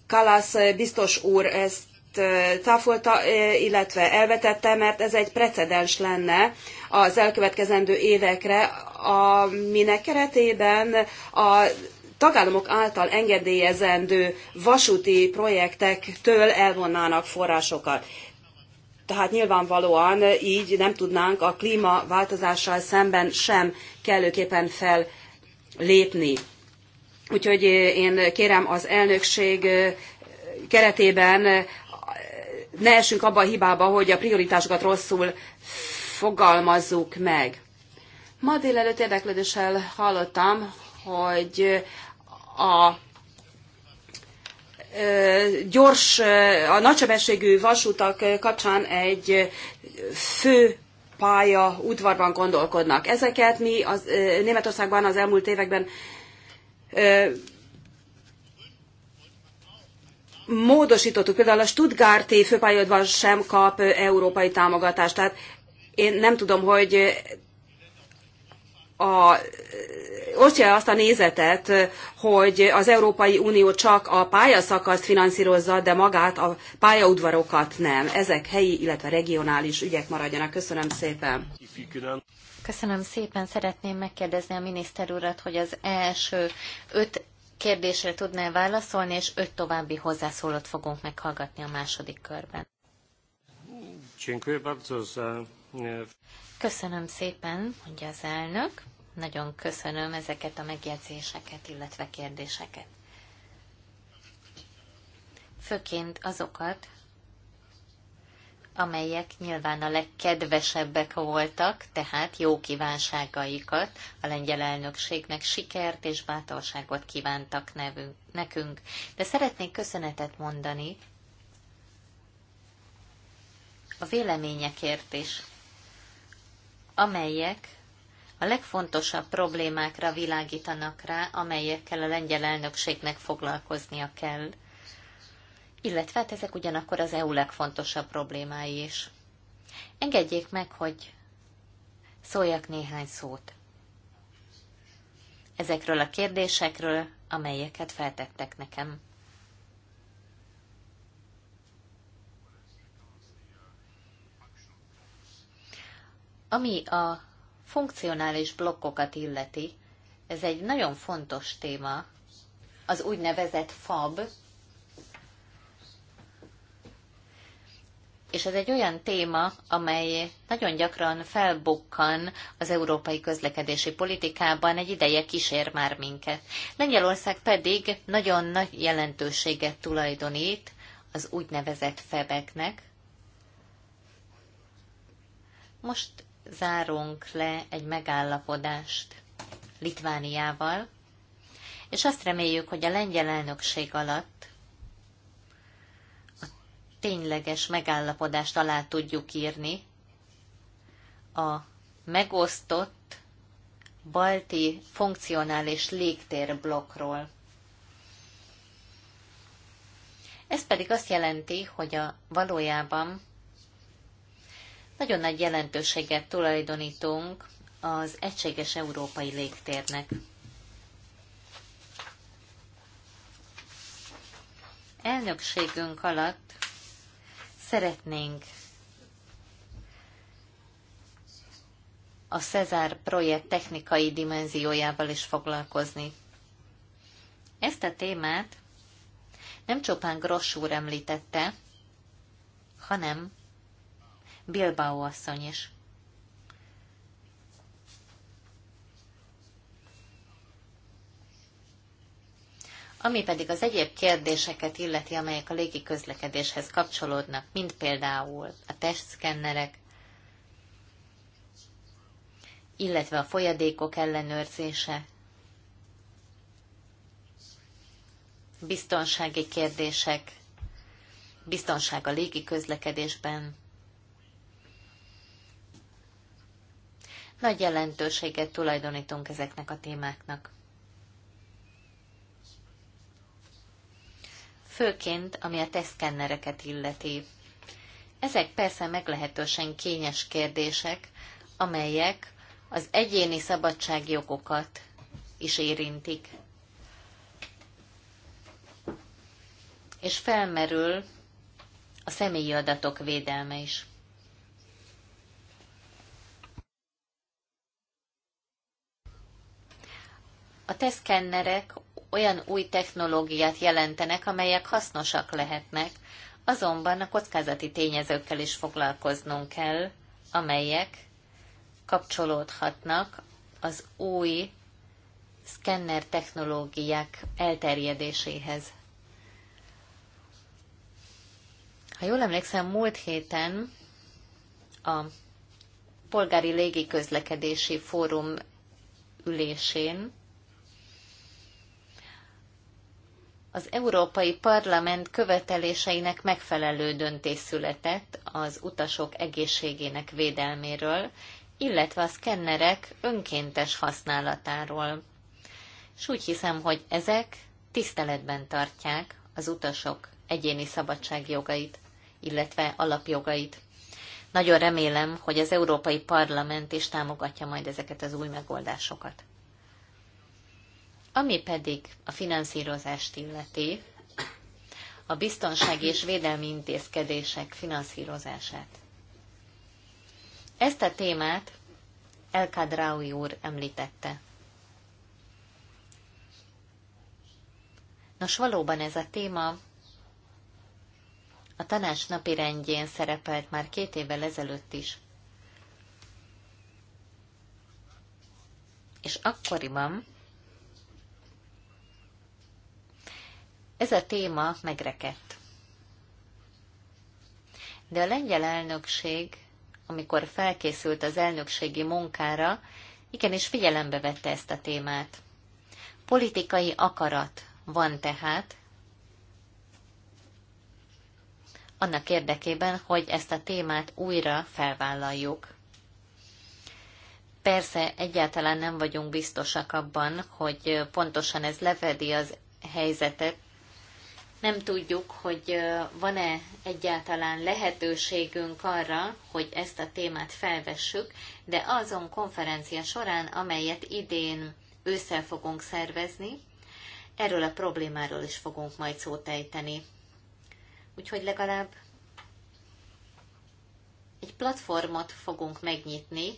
Kalász biztos úr ezt cáfolta, illetve elvetette, mert ez egy precedens lenne az elkövetkezendő évekre, aminek keretében a tagállamok által engedélyezendő vasúti projektektől elvonnának forrásokat. Tehát nyilvánvalóan így nem tudnánk a klímaváltozással szemben sem kellőképpen fellépni. Úgyhogy én kérem az elnökség keretében ne essünk abba a hibába, hogy a prioritásokat rosszul fogalmazzuk meg. Ma délelőtt érdeklődéssel hallottam, hogy a gyors, a nagysebességű vasútak kapcsán egy fő pálya udvarban gondolkodnak. Ezeket mi az, Németországban az elmúlt években módosítottuk, például a Stuttgarti főpályaudvar sem kap európai támogatást. Tehát én nem tudom, hogy a, osztja azt a nézetet, hogy az Európai Unió csak a pályaszakaszt finanszírozza, de magát a pályaudvarokat nem. Ezek helyi, illetve regionális ügyek maradjanak. Köszönöm szépen. Köszönöm szépen. Szeretném megkérdezni a miniszter urat, hogy az első öt kérdésre tudnál válaszolni, és öt további hozzászólót fogunk meghallgatni a második körben. E, köszönöm szépen, mondja az elnök. Nagyon köszönöm ezeket a megjegyzéseket, illetve kérdéseket. Főként azokat, amelyek nyilván a legkedvesebbek voltak, tehát jó kívánságaikat a lengyel elnökségnek sikert és bátorságot kívántak nevünk, nekünk. De szeretnék köszönetet mondani a véleményekért is, amelyek a legfontosabb problémákra világítanak rá, amelyekkel a lengyel elnökségnek foglalkoznia kell – illetve hát ezek ugyanakkor az EU legfontosabb problémái is. Engedjék meg, hogy szóljak néhány szót ezekről a kérdésekről, amelyeket feltettek nekem. Ami a funkcionális blokkokat illeti, ez egy nagyon fontos téma, az úgynevezett FAB, és ez egy olyan téma, amely nagyon gyakran felbukkan az európai közlekedési politikában, egy ideje kísér már minket. Lengyelország pedig nagyon nagy jelentőséget tulajdonít az úgynevezett febeknek. Most zárunk le egy megállapodást Litvániával, és azt reméljük, hogy a lengyel elnökség alatt tényleges megállapodást alá tudjuk írni a megosztott balti funkcionális légtérblokkról. Ez pedig azt jelenti, hogy a valójában nagyon nagy jelentőséget tulajdonítunk az egységes európai légtérnek. Elnökségünk alatt Szeretnénk a Cezár projekt technikai dimenziójával is foglalkozni. Ezt a témát nem csupán Gross úr említette, hanem Bilbao asszony is. Ami pedig az egyéb kérdéseket illeti, amelyek a légi közlekedéshez kapcsolódnak, mint például a testszkennerek, illetve a folyadékok ellenőrzése, biztonsági kérdések, biztonság a légi közlekedésben. Nagy jelentőséget tulajdonítunk ezeknek a témáknak. főként ami a teszkennereket illeti. Ezek persze meglehetősen kényes kérdések, amelyek az egyéni szabadságjogokat is érintik. És felmerül a személyi adatok védelme is. A teszkennerek olyan új technológiát jelentenek, amelyek hasznosak lehetnek, azonban a kockázati tényezőkkel is foglalkoznunk kell, amelyek kapcsolódhatnak az új szkenner technológiák elterjedéséhez. Ha jól emlékszem, múlt héten a Polgári Légiközlekedési Fórum ülésén az Európai Parlament követeléseinek megfelelő döntés született az utasok egészségének védelméről, illetve a szkennerek önkéntes használatáról. S úgy hiszem, hogy ezek tiszteletben tartják az utasok egyéni szabadságjogait, illetve alapjogait. Nagyon remélem, hogy az Európai Parlament is támogatja majd ezeket az új megoldásokat. Ami pedig a finanszírozást illeti, a biztonsági és védelmi intézkedések finanszírozását. Ezt a témát Kadraui úr említette. Nos, valóban ez a téma a tanács napi rendjén szerepelt már két évvel ezelőtt is. És akkoriban Ez a téma megrekedt. De a lengyel elnökség, amikor felkészült az elnökségi munkára, igenis figyelembe vette ezt a témát. Politikai akarat van tehát, annak érdekében, hogy ezt a témát újra felvállaljuk. Persze egyáltalán nem vagyunk biztosak abban, hogy pontosan ez levedi az helyzetet, nem tudjuk, hogy van-e egyáltalán lehetőségünk arra, hogy ezt a témát felvessük, de azon konferencia során, amelyet idén ősszel fogunk szervezni, erről a problémáról is fogunk majd szót ejteni. Úgyhogy legalább egy platformot fogunk megnyitni,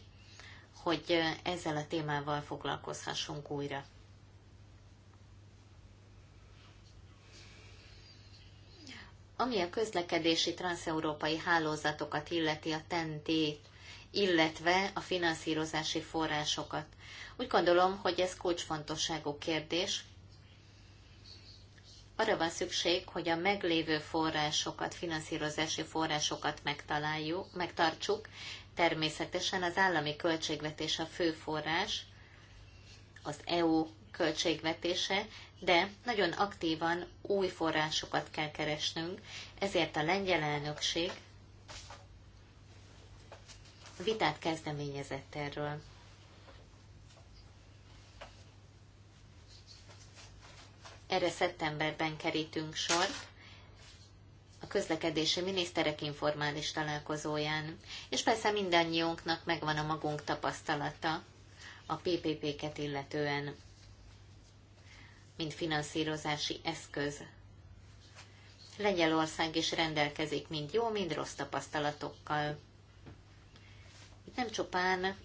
hogy ezzel a témával foglalkozhassunk újra. Ami a közlekedési transeurópai hálózatokat illeti a TNT, illetve a finanszírozási forrásokat. Úgy gondolom, hogy ez kulcsfontosságú kérdés. Arra van szükség, hogy a meglévő forrásokat, finanszírozási forrásokat megtaláljuk, megtartsuk. Természetesen az állami költségvetés a fő forrás, az EU költségvetése, de nagyon aktívan új forrásokat kell keresnünk, ezért a lengyel elnökség vitát kezdeményezett erről. Erre szeptemberben kerítünk sor, a közlekedési miniszterek informális találkozóján, és persze mindannyiunknak megvan a magunk tapasztalata a PPP-ket illetően mint finanszírozási eszköz. Lengyelország is rendelkezik mind jó, mind rossz tapasztalatokkal. nem csupán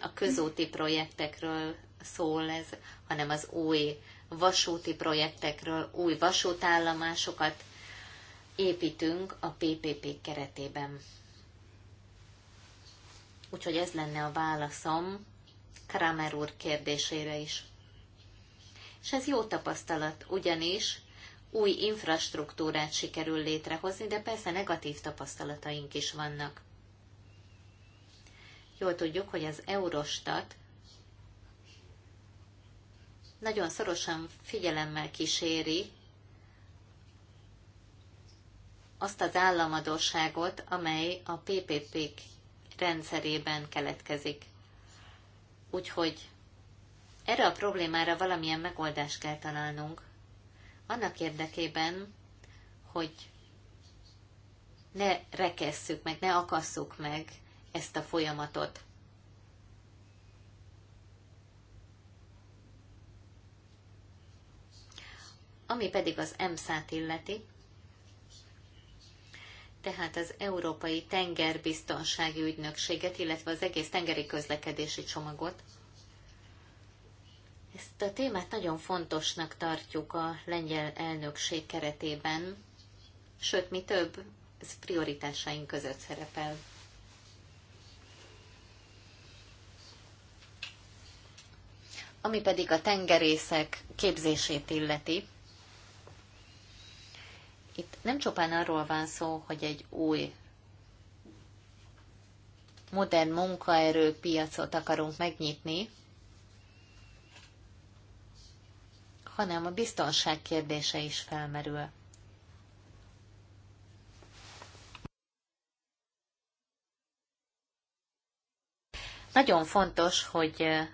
a közúti projektekről szól ez, hanem az új vasúti projektekről, új vasútállomásokat építünk a PPP keretében. Úgyhogy ez lenne a válaszom Kramer úr kérdésére is és ez jó tapasztalat, ugyanis új infrastruktúrát sikerül létrehozni, de persze negatív tapasztalataink is vannak. Jól tudjuk, hogy az Eurostat nagyon szorosan figyelemmel kíséri azt az államadóságot, amely a PPP-k rendszerében keletkezik. Úgyhogy erre a problémára valamilyen megoldást kell találnunk. Annak érdekében, hogy ne rekesszük meg, ne akasszuk meg ezt a folyamatot. Ami pedig az EMSZ-t illeti, tehát az Európai Tengerbiztonsági Ügynökséget, illetve az egész tengeri közlekedési csomagot, ezt a témát nagyon fontosnak tartjuk a lengyel elnökség keretében, sőt, mi több, ez prioritásaink között szerepel. Ami pedig a tengerészek képzését illeti, itt nem csupán arról van szó, hogy egy új modern munkaerőpiacot akarunk megnyitni, hanem a biztonság kérdése is felmerül. Nagyon fontos, hogy eh,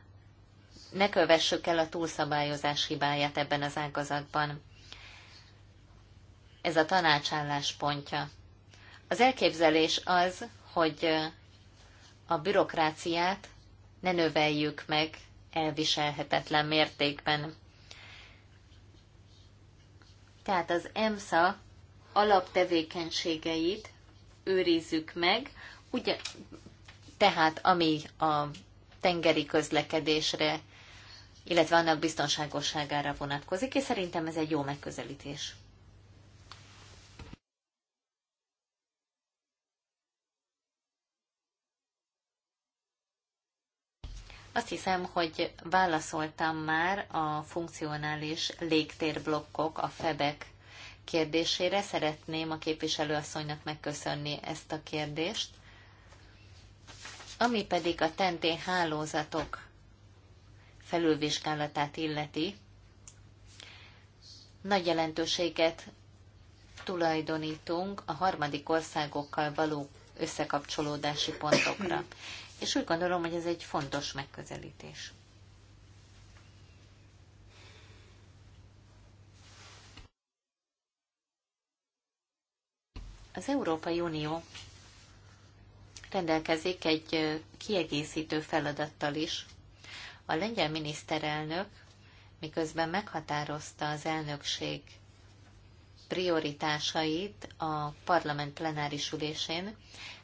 ne kövessük el a túlszabályozás hibáját ebben az ágazatban. Ez a tanácsállás pontja. Az elképzelés az, hogy eh, a bürokráciát ne növeljük meg elviselhetetlen mértékben. Tehát az EMSA alaptevékenységeit őrizzük meg, ugye, tehát ami a tengeri közlekedésre, illetve annak biztonságosságára vonatkozik, és szerintem ez egy jó megközelítés. Azt hiszem, hogy válaszoltam már a funkcionális légtérblokkok, a febek kérdésére. Szeretném a képviselőasszonynak megköszönni ezt a kérdést. Ami pedig a TNT hálózatok felülvizsgálatát illeti, nagy jelentőséget tulajdonítunk a harmadik országokkal való összekapcsolódási pontokra és úgy gondolom, hogy ez egy fontos megközelítés. Az Európai Unió rendelkezik egy kiegészítő feladattal is. A lengyel miniszterelnök miközben meghatározta az elnökség prioritásait a parlament plenáris ülésén,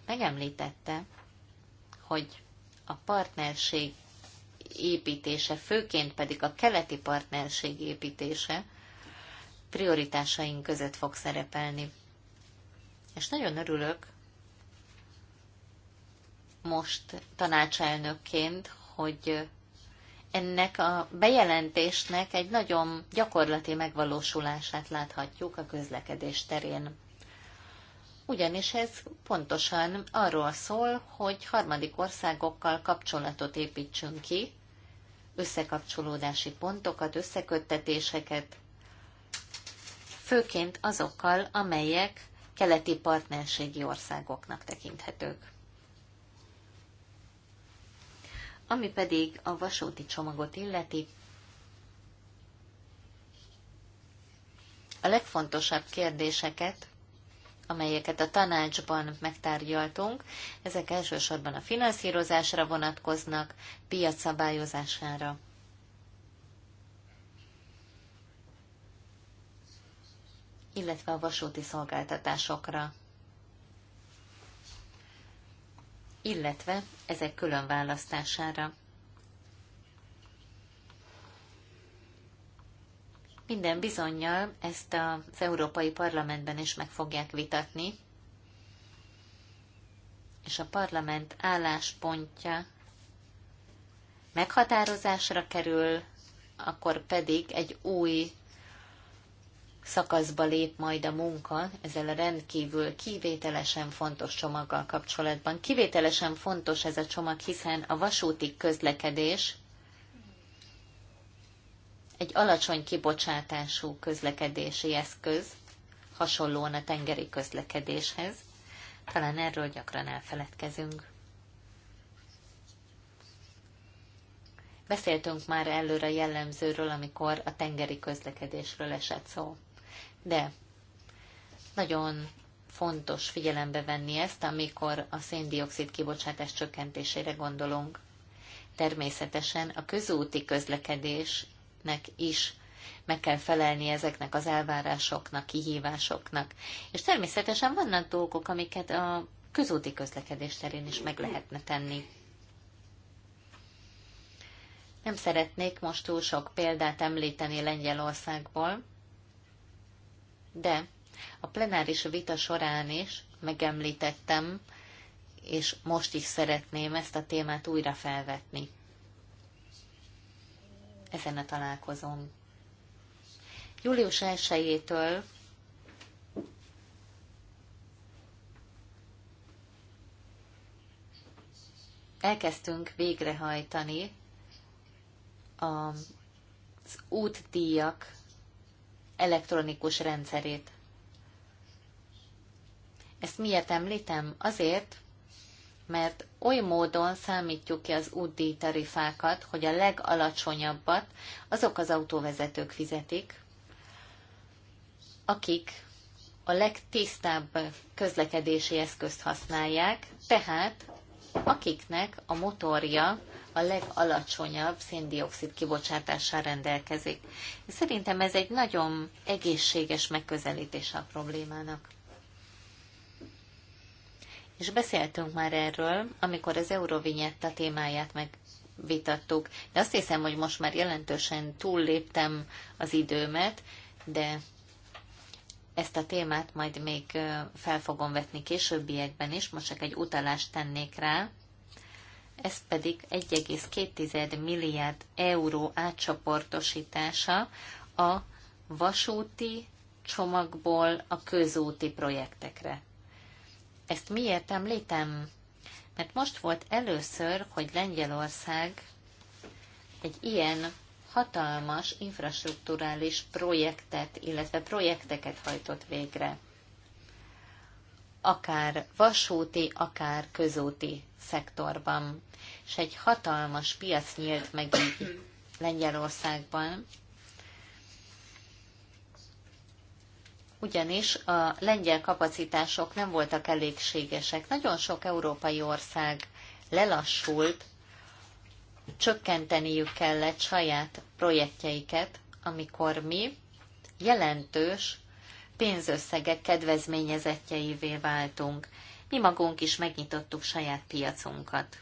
megemlítette, hogy a partnerség építése, főként pedig a keleti partnerség építése prioritásaink között fog szerepelni. És nagyon örülök most tanácselnökként, hogy ennek a bejelentésnek egy nagyon gyakorlati megvalósulását láthatjuk a közlekedés terén ugyanis ez pontosan arról szól, hogy harmadik országokkal kapcsolatot építsünk ki, összekapcsolódási pontokat, összeköttetéseket, főként azokkal, amelyek keleti partnerségi országoknak tekinthetők. Ami pedig a vasúti csomagot illeti, a legfontosabb kérdéseket amelyeket a tanácsban megtárgyaltunk, ezek elsősorban a finanszírozásra vonatkoznak, piac szabályozására. illetve a vasúti szolgáltatásokra. Illetve ezek különválasztására. Minden bizonyal ezt az Európai Parlamentben is meg fogják vitatni, és a parlament álláspontja meghatározásra kerül, akkor pedig egy új szakaszba lép majd a munka ezzel a rendkívül kivételesen fontos csomaggal kapcsolatban. Kivételesen fontos ez a csomag, hiszen a vasúti közlekedés egy alacsony kibocsátású közlekedési eszköz, hasonlóan a tengeri közlekedéshez. Talán erről gyakran elfeledkezünk. Beszéltünk már előre a jellemzőről, amikor a tengeri közlekedésről esett szó. De nagyon fontos figyelembe venni ezt, amikor a széndiokszid kibocsátás csökkentésére gondolunk. Természetesen a közúti közlekedés nek is meg kell felelni ezeknek az elvárásoknak, kihívásoknak. És természetesen vannak dolgok, amiket a közúti közlekedés terén is meg lehetne tenni. Nem szeretnék most túl sok példát említeni Lengyelországból, de a plenáris vita során is megemlítettem, és most is szeretném ezt a témát újra felvetni ezen a találkozón. Július 1-től elkezdtünk végrehajtani az útdíjak elektronikus rendszerét. Ezt miért említem? Azért, mert oly módon számítjuk ki az UDI tarifákat, hogy a legalacsonyabbat azok az autóvezetők fizetik, akik a legtisztább közlekedési eszközt használják, tehát akiknek a motorja a legalacsonyabb széndiokszid kibocsátással rendelkezik. Szerintem ez egy nagyon egészséges megközelítés a problémának. És beszéltünk már erről, amikor az Eurovinyetta témáját megvitattuk. De azt hiszem, hogy most már jelentősen túlléptem az időmet, de ezt a témát majd még fel fogom vetni későbbiekben is, most csak egy utalást tennék rá. Ez pedig 1,2 milliárd euró átcsoportosítása a vasúti csomagból a közúti projektekre. Ezt miért említem? Mert most volt először, hogy Lengyelország egy ilyen hatalmas infrastruktúrális projektet, illetve projekteket hajtott végre. Akár vasúti, akár közúti szektorban. És egy hatalmas piac nyílt meg Lengyelországban, ugyanis a lengyel kapacitások nem voltak elégségesek. Nagyon sok európai ország lelassult, csökkenteniük kellett saját projektjeiket, amikor mi jelentős pénzösszegek kedvezményezettjeivé váltunk. Mi magunk is megnyitottuk saját piacunkat.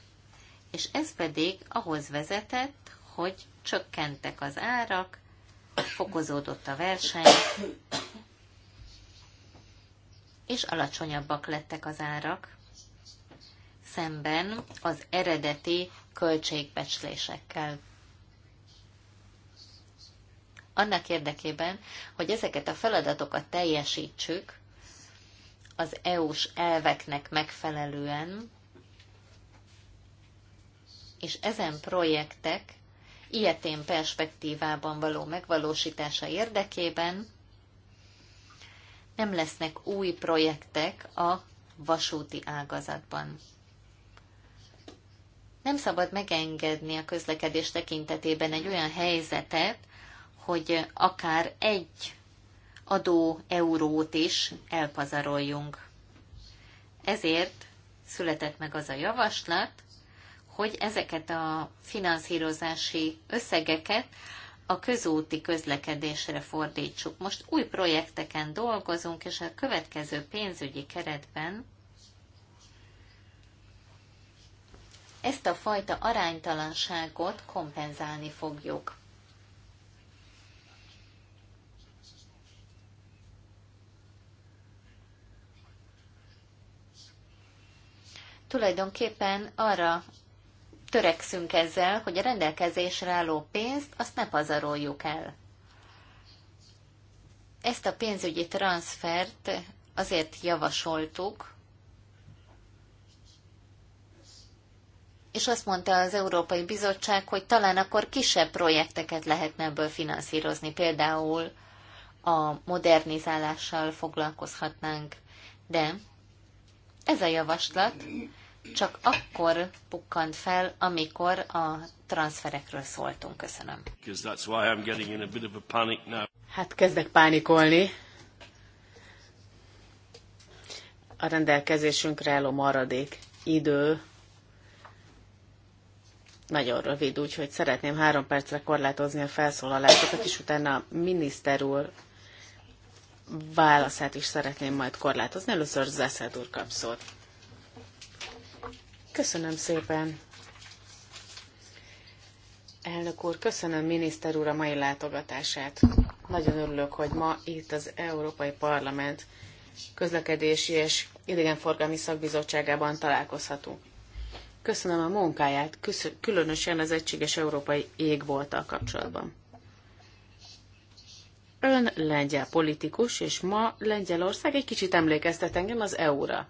És ez pedig ahhoz vezetett, hogy csökkentek az árak, fokozódott a verseny, és alacsonyabbak lettek az árak, szemben az eredeti költségbecslésekkel. Annak érdekében, hogy ezeket a feladatokat teljesítsük, az EU-s elveknek megfelelően, és ezen projektek ilyetén perspektívában való megvalósítása érdekében nem lesznek új projektek a vasúti ágazatban. Nem szabad megengedni a közlekedés tekintetében egy olyan helyzetet, hogy akár egy adó eurót is elpazaroljunk. Ezért született meg az a javaslat, hogy ezeket a finanszírozási összegeket a közúti közlekedésre fordítsuk. Most új projekteken dolgozunk, és a következő pénzügyi keretben ezt a fajta aránytalanságot kompenzálni fogjuk. Tulajdonképpen arra törekszünk ezzel, hogy a rendelkezésre álló pénzt azt ne pazaroljuk el. Ezt a pénzügyi transfert azért javasoltuk, és azt mondta az Európai Bizottság, hogy talán akkor kisebb projekteket lehetne ebből finanszírozni, például a modernizálással foglalkozhatnánk. De ez a javaslat csak akkor pukkant fel, amikor a transferekről szóltunk. Köszönöm. Hát kezdek pánikolni. A rendelkezésünkre álló maradék idő nagyon rövid, úgyhogy szeretném három percre korlátozni a felszólalásokat, és utána a miniszter úr válaszát is szeretném majd korlátozni. Először Zeszed úr kap szót. Köszönöm szépen. Elnök úr, köszönöm miniszter úr a mai látogatását. Nagyon örülök, hogy ma itt az Európai Parlament közlekedési és idegenforgalmi szakbizottságában találkozhatunk. Köszönöm a munkáját, különösen az Egységes Európai Égbolttal kapcsolatban. Ön lengyel politikus, és ma Lengyelország egy kicsit emlékeztet engem az EU-ra.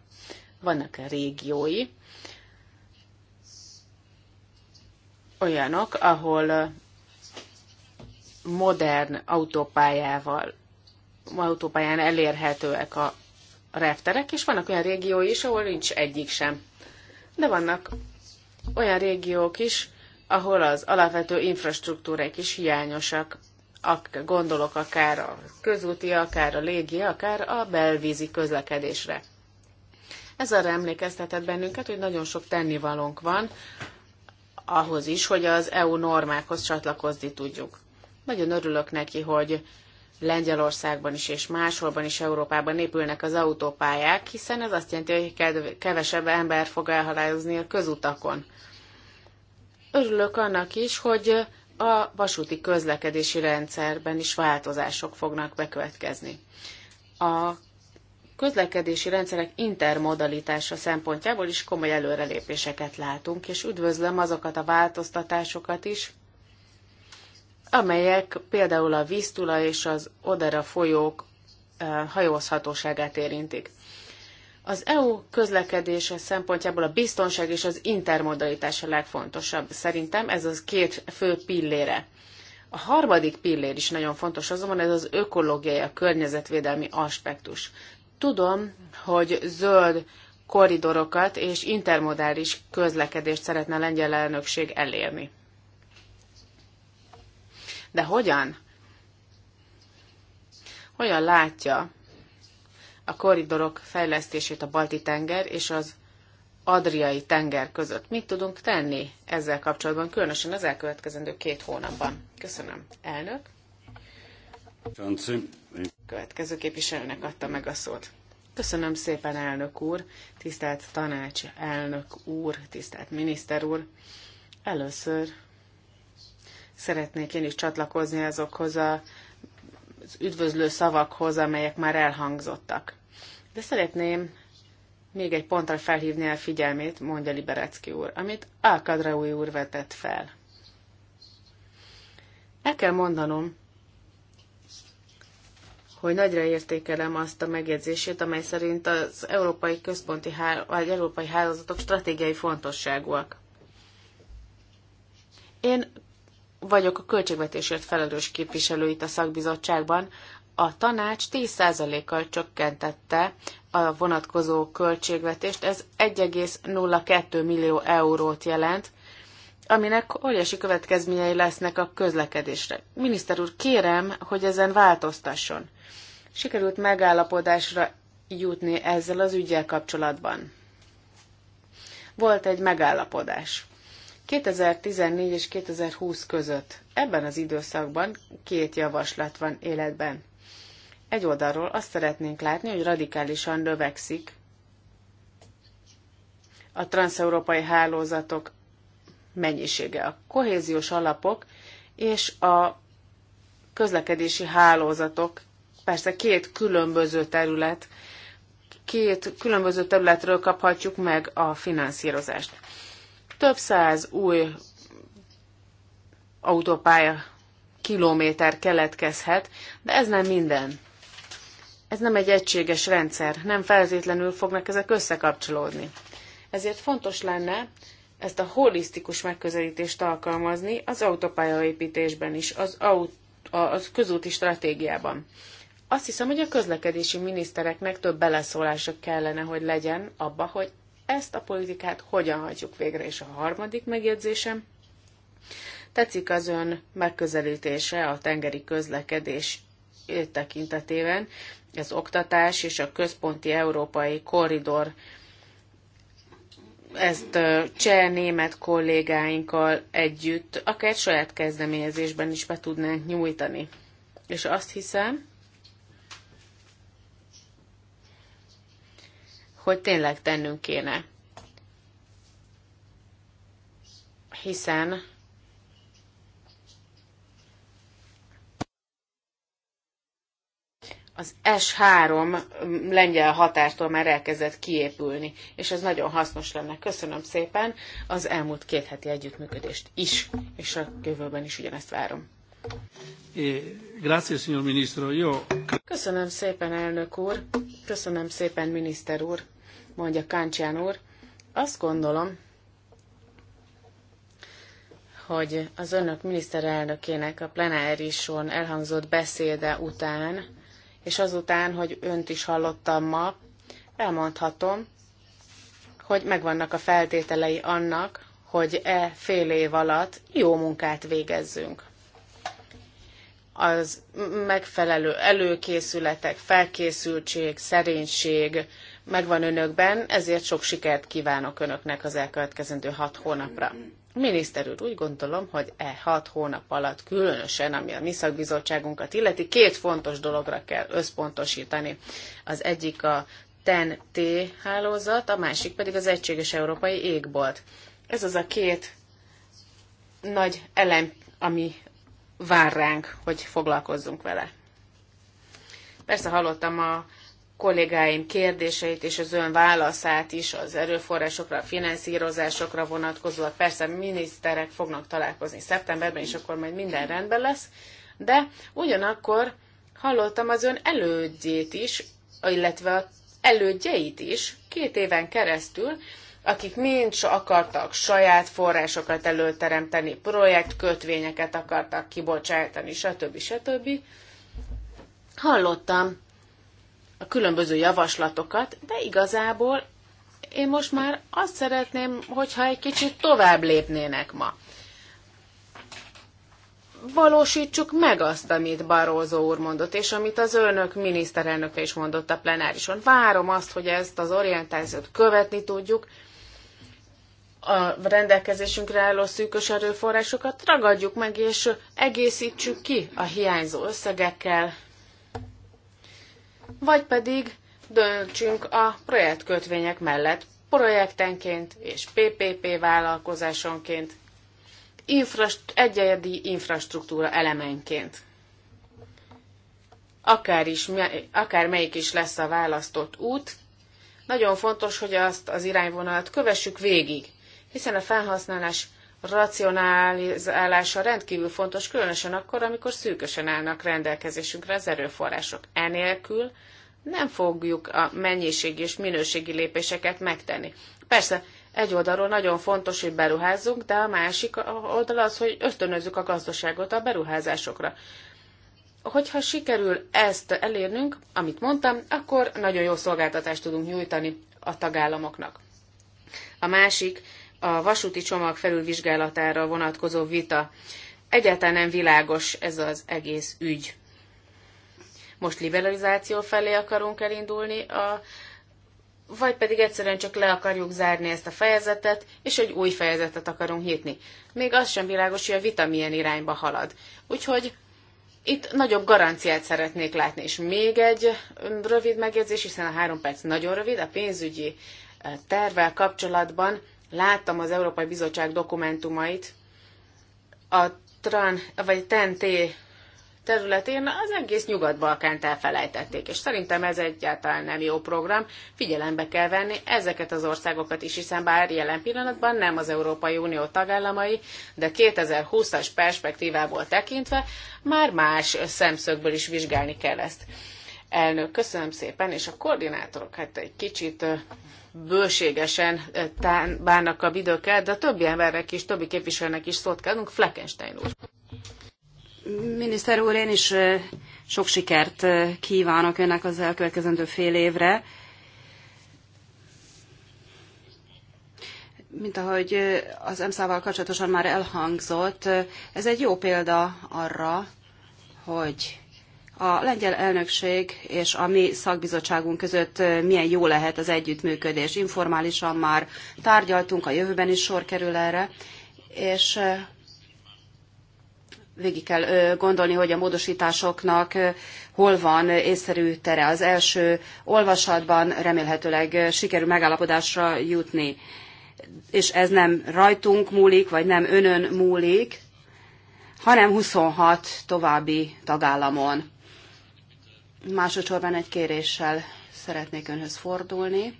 Vannak régiói, olyanok, ahol modern autópályával, autópályán elérhetőek a refterek, és vannak olyan régiói is, ahol nincs egyik sem. De vannak olyan régiók is, ahol az alapvető infrastruktúrák is hiányosak. Ak- gondolok akár a közúti, akár a légi, akár a belvízi közlekedésre. Ez arra emlékeztetett bennünket, hogy nagyon sok tennivalónk van ahhoz is, hogy az EU normákhoz csatlakozni tudjuk. Nagyon örülök neki, hogy Lengyelországban is és másholban is Európában épülnek az autópályák, hiszen ez azt jelenti, hogy kevesebb ember fog elhalályozni a közutakon. Örülök annak is, hogy a vasúti közlekedési rendszerben is változások fognak bekövetkezni. A közlekedési rendszerek intermodalitása szempontjából is komoly előrelépéseket látunk, és üdvözlöm azokat a változtatásokat is, amelyek például a Víztula és az Odera folyók eh, hajózhatóságát érintik. Az EU közlekedése szempontjából a biztonság és az intermodalitás a legfontosabb. Szerintem ez az két fő pillére. A harmadik pillér is nagyon fontos, azonban ez az ökológiai, a környezetvédelmi aspektus. Tudom, hogy zöld koridorokat és intermodális közlekedést szeretne a lengyel elnökség elérni. De hogyan? Hogyan látja a koridorok fejlesztését a Balti-tenger és az Adriai tenger között. Mit tudunk tenni ezzel kapcsolatban, különösen az elkövetkezendő két hónapban? Köszönöm. Elnök? következő képviselőnek adta meg a szót. Köszönöm szépen, elnök úr, tisztelt tanács elnök úr, tisztelt miniszter úr. Először szeretnék én is csatlakozni azokhoz a, az üdvözlő szavakhoz, amelyek már elhangzottak. De szeretném még egy pontra felhívni a figyelmét, mondja Liberecki úr, amit Alkadraúi úr vetett fel. El kell mondanom, hogy nagyra értékelem azt a megjegyzését, amely szerint az európai központi hál- vagy európai hálózatok stratégiai fontosságúak. Én vagyok a költségvetésért felelős képviselő itt a szakbizottságban. A tanács 10%-kal csökkentette a vonatkozó költségvetést, ez 1,02 millió eurót jelent, aminek óriási következményei lesznek a közlekedésre. Miniszter úr, kérem, hogy ezen változtasson sikerült megállapodásra jutni ezzel az ügyel kapcsolatban. Volt egy megállapodás. 2014 és 2020 között ebben az időszakban két javaslat van életben. Egy oldalról azt szeretnénk látni, hogy radikálisan növekszik a transeurópai hálózatok mennyisége, a kohéziós alapok és a közlekedési hálózatok persze két különböző terület, két különböző területről kaphatjuk meg a finanszírozást. Több száz új autópálya kilométer keletkezhet, de ez nem minden. Ez nem egy egységes rendszer, nem feltétlenül fognak ezek összekapcsolódni. Ezért fontos lenne ezt a holisztikus megközelítést alkalmazni az autópályaépítésben is, az, aut- az közúti stratégiában. Azt hiszem, hogy a közlekedési minisztereknek több beleszólása kellene, hogy legyen abba, hogy ezt a politikát hogyan hagyjuk végre. És a harmadik megjegyzésem, tetszik az ön megközelítése a tengeri közlekedés tekintetében, az oktatás és a központi európai korridor ezt cseh német kollégáinkkal együtt, akár saját kezdeményezésben is be tudnánk nyújtani. És azt hiszem, hogy tényleg tennünk kéne. Hiszen az S3 lengyel határtól már elkezdett kiépülni, és ez nagyon hasznos lenne. Köszönöm szépen az elmúlt két heti együttműködést is, és a jövőben is ugyanezt várom. Grazie, signor ministro. Jó. Köszönöm szépen, elnök úr. Köszönöm szépen, miniszter úr mondja Káncsán úr. Azt gondolom, hogy az önök miniszterelnökének a plenárison elhangzott beszéde után, és azután, hogy önt is hallottam ma, elmondhatom, hogy megvannak a feltételei annak, hogy e fél év alatt jó munkát végezzünk. Az megfelelő előkészületek, felkészültség, szerénység, megvan önökben, ezért sok sikert kívánok önöknek az elkövetkezendő hat hónapra. Miniszter úr, úgy gondolom, hogy e hat hónap alatt különösen, ami a mi szakbizottságunkat illeti, két fontos dologra kell összpontosítani. Az egyik a TEN-T hálózat, a másik pedig az Egységes Európai Égbolt. Ez az a két nagy elem, ami vár ránk, hogy foglalkozzunk vele. Persze hallottam a kollégáim kérdéseit és az ön válaszát is az erőforrásokra, a finanszírozásokra vonatkozóan. Persze miniszterek fognak találkozni szeptemberben, és akkor majd minden rendben lesz, de ugyanakkor hallottam az ön elődjét is, illetve a elődjeit is két éven keresztül, akik mind akartak saját forrásokat előteremteni, projektkötvényeket akartak kibocsátani, stb. stb. Hallottam a különböző javaslatokat, de igazából én most már azt szeretném, hogyha egy kicsit tovább lépnének ma. Valósítsuk meg azt, amit Barózó úr mondott, és amit az önök miniszterelnöke is mondott a plenárison. Várom azt, hogy ezt az orientációt követni tudjuk, a rendelkezésünkre álló szűkös erőforrásokat ragadjuk meg, és egészítsük ki a hiányzó összegekkel, vagy pedig döntsünk a projektkötvények mellett projektenként és PPP vállalkozásonként, infrast- egyedi infrastruktúra elemenként. Akár, is, akár melyik is lesz a választott út, nagyon fontos, hogy azt az irányvonalat kövessük végig, hiszen a felhasználás racionalizálása rendkívül fontos, különösen akkor, amikor szűkösen állnak rendelkezésünkre az erőforrások. Enélkül nem fogjuk a mennyiségi és minőségi lépéseket megtenni. Persze, egy oldalról nagyon fontos, hogy beruházzunk, de a másik oldal az, hogy ösztönözzük a gazdaságot a beruházásokra. Hogyha sikerül ezt elérnünk, amit mondtam, akkor nagyon jó szolgáltatást tudunk nyújtani a tagállamoknak. A másik a vasúti csomag felülvizsgálatára vonatkozó vita. Egyáltalán nem világos ez az egész ügy. Most liberalizáció felé akarunk elindulni, a, vagy pedig egyszerűen csak le akarjuk zárni ezt a fejezetet, és egy új fejezetet akarunk hitni. Még az sem világos, hogy a vita milyen irányba halad. Úgyhogy itt nagyobb garanciát szeretnék látni. És még egy mm, rövid megjegyzés, hiszen a három perc nagyon rövid, a pénzügyi eh, tervvel kapcsolatban láttam az Európai Bizottság dokumentumait, a TRAN, vagy TNT területén az egész Nyugat-Balkánt elfelejtették, és szerintem ez egyáltalán nem jó program. Figyelembe kell venni ezeket az országokat is, hiszen bár jelen pillanatban nem az Európai Unió tagállamai, de 2020-as perspektívából tekintve már más szemszögből is vizsgálni kell ezt. Elnök, köszönöm szépen, és a koordinátorok, hát egy kicsit bőségesen eh, bánnak a bidőkkel, de a többi embernek is, többi képviselőnek is szót kell adnunk, Fleckenstein úr. Miniszter úr, én is eh, sok sikert eh, kívánok önnek az elkövetkezendő fél évre. Mint ahogy az EMSZ-val kapcsolatosan már elhangzott, ez egy jó példa arra, hogy a lengyel elnökség és a mi szakbizottságunk között milyen jó lehet az együttműködés. Informálisan már tárgyaltunk, a jövőben is sor kerül erre, és végig kell gondolni, hogy a módosításoknak hol van észszerű tere. Az első olvasatban remélhetőleg sikerül megállapodásra jutni. És ez nem rajtunk múlik, vagy nem önön múlik, hanem 26 további tagállamon. Másodszorban egy kéréssel szeretnék önhöz fordulni.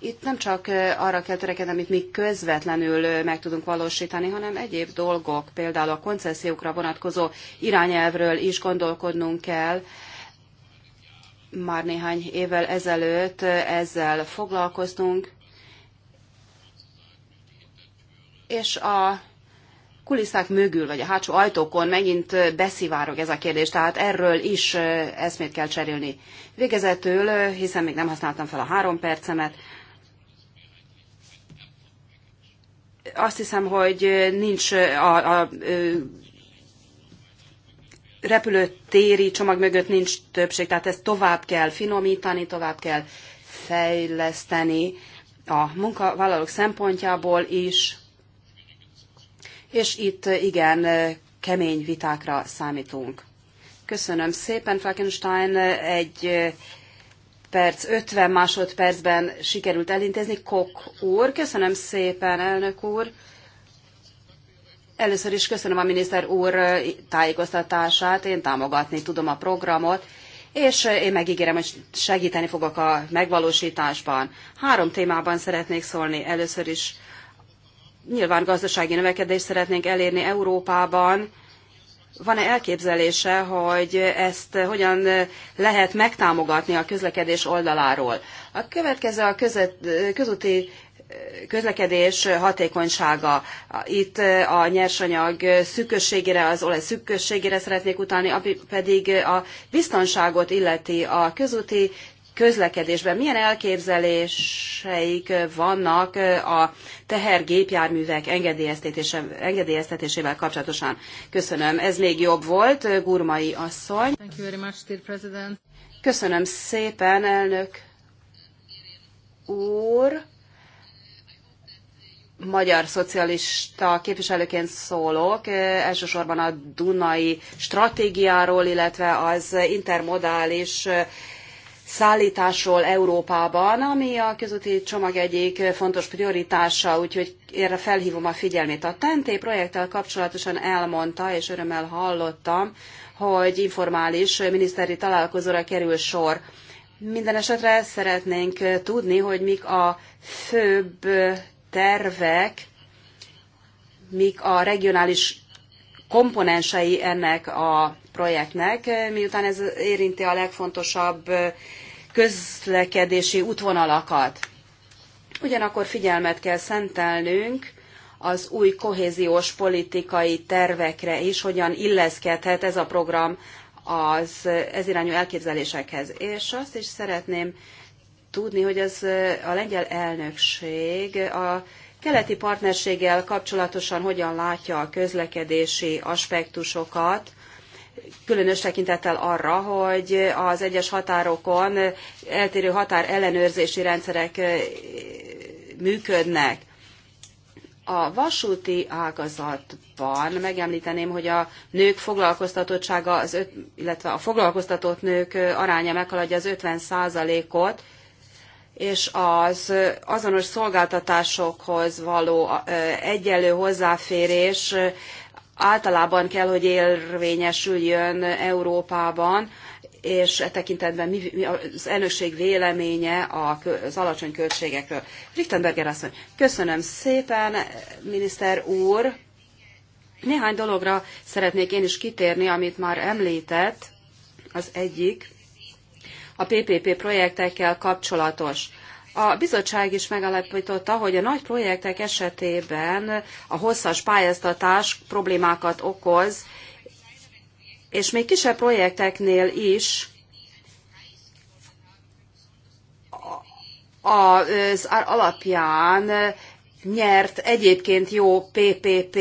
Itt nem csak arra kell törekedni, amit mi közvetlenül meg tudunk valósítani, hanem egyéb dolgok, például a koncesziókra vonatkozó irányelvről is gondolkodnunk kell. Már néhány évvel ezelőtt ezzel foglalkoztunk, és a kulisszák mögül, vagy a hátsó ajtókon megint beszivárog ez a kérdés, tehát erről is eszmét kell cserélni. Végezetül, hiszen még nem használtam fel a három percemet, azt hiszem, hogy nincs a, a repülőtéri csomag mögött nincs többség, tehát ezt tovább kell finomítani, tovább kell fejleszteni a munkavállalók szempontjából is és itt eh, igen eh, kemény vitákra számítunk. Köszönöm szépen, Frankenstein. Eh, egy perc, 50 másodpercben sikerült elintézni. Kok úr, köszönöm szépen, elnök úr. Először is köszönöm a miniszter úr tájékoztatását, én támogatni tudom a programot, és én megígérem, hogy segíteni fogok a megvalósításban. Három témában szeretnék szólni. Először is Nyilván gazdasági növekedést szeretnénk elérni Európában. Van-e elképzelése, hogy ezt hogyan lehet megtámogatni a közlekedés oldaláról? A következő a között, közúti közlekedés hatékonysága. Itt a nyersanyag szűkösségére, az olaj szűkösségére szeretnék utalni, ami pedig a biztonságot illeti a közúti közlekedésben milyen elképzeléseik vannak a tehergépjárművek engedélyeztetésével kapcsolatosan. Köszönöm. Ez még jobb volt, Gurmai asszony. Thank you very much, dear President. Köszönöm szépen, elnök úr. Magyar szocialista képviselőként szólok, elsősorban a Dunai stratégiáról, illetve az intermodális szállításról Európában, ami a közúti csomag egyik fontos prioritása, úgyhogy erre felhívom a figyelmét. A TENTÉ projekttel kapcsolatosan elmondta, és örömmel hallottam, hogy informális miniszteri találkozóra kerül sor. Minden esetre szeretnénk tudni, hogy mik a főbb tervek, mik a regionális komponensei ennek a projektnek, miután ez érinti a legfontosabb közlekedési útvonalakat. Ugyanakkor figyelmet kell szentelnünk az új kohéziós politikai tervekre is, hogyan illeszkedhet ez a program az ez irányú elképzelésekhez. És azt is szeretném tudni, hogy az a lengyel elnökség a keleti partnerséggel kapcsolatosan hogyan látja a közlekedési aspektusokat, különös tekintettel arra, hogy az egyes határokon eltérő határ ellenőrzési rendszerek működnek. A vasúti ágazatban megemlíteném, hogy a nők foglalkoztatottsága, az öt, illetve a foglalkoztatott nők aránya meghaladja az 50 ot és az azonos szolgáltatásokhoz való egyenlő hozzáférés általában kell, hogy érvényesüljön Európában, és e tekintetben mi, az elnökség véleménye az alacsony költségekről. Richtenberger asszony, köszönöm szépen, miniszter úr. Néhány dologra szeretnék én is kitérni, amit már említett. Az egyik a PPP projektekkel kapcsolatos. A bizottság is megalapította, hogy a nagy projektek esetében a hosszas pályáztatás problémákat okoz, és még kisebb projekteknél is az alapján nyert egyébként jó PPP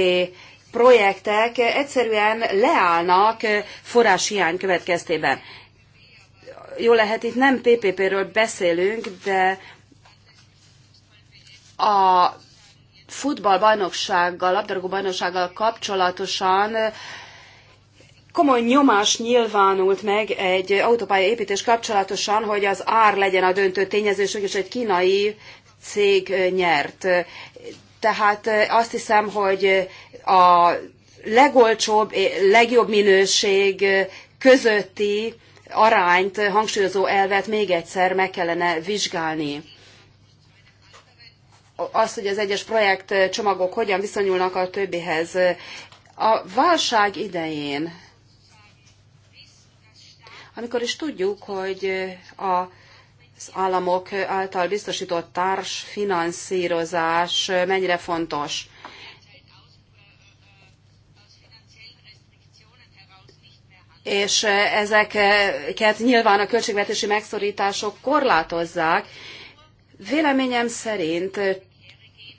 projektek egyszerűen leállnak forráshiány következtében. Jó lehet, itt nem PPP-ről beszélünk, de a futballbajnoksággal, labdarúgó bajnoksággal kapcsolatosan komoly nyomás nyilvánult meg egy autópálya építés kapcsolatosan, hogy az ár legyen a döntő tényező, és egy kínai cég nyert. Tehát azt hiszem, hogy a legolcsóbb, legjobb minőség közötti arányt hangsúlyozó elvet még egyszer meg kellene vizsgálni azt, hogy az egyes projektcsomagok hogyan viszonyulnak a többihez. A válság idején, amikor is tudjuk, hogy a az államok által biztosított társfinanszírozás mennyire fontos. És ezeket nyilván a költségvetési megszorítások korlátozzák. Véleményem szerint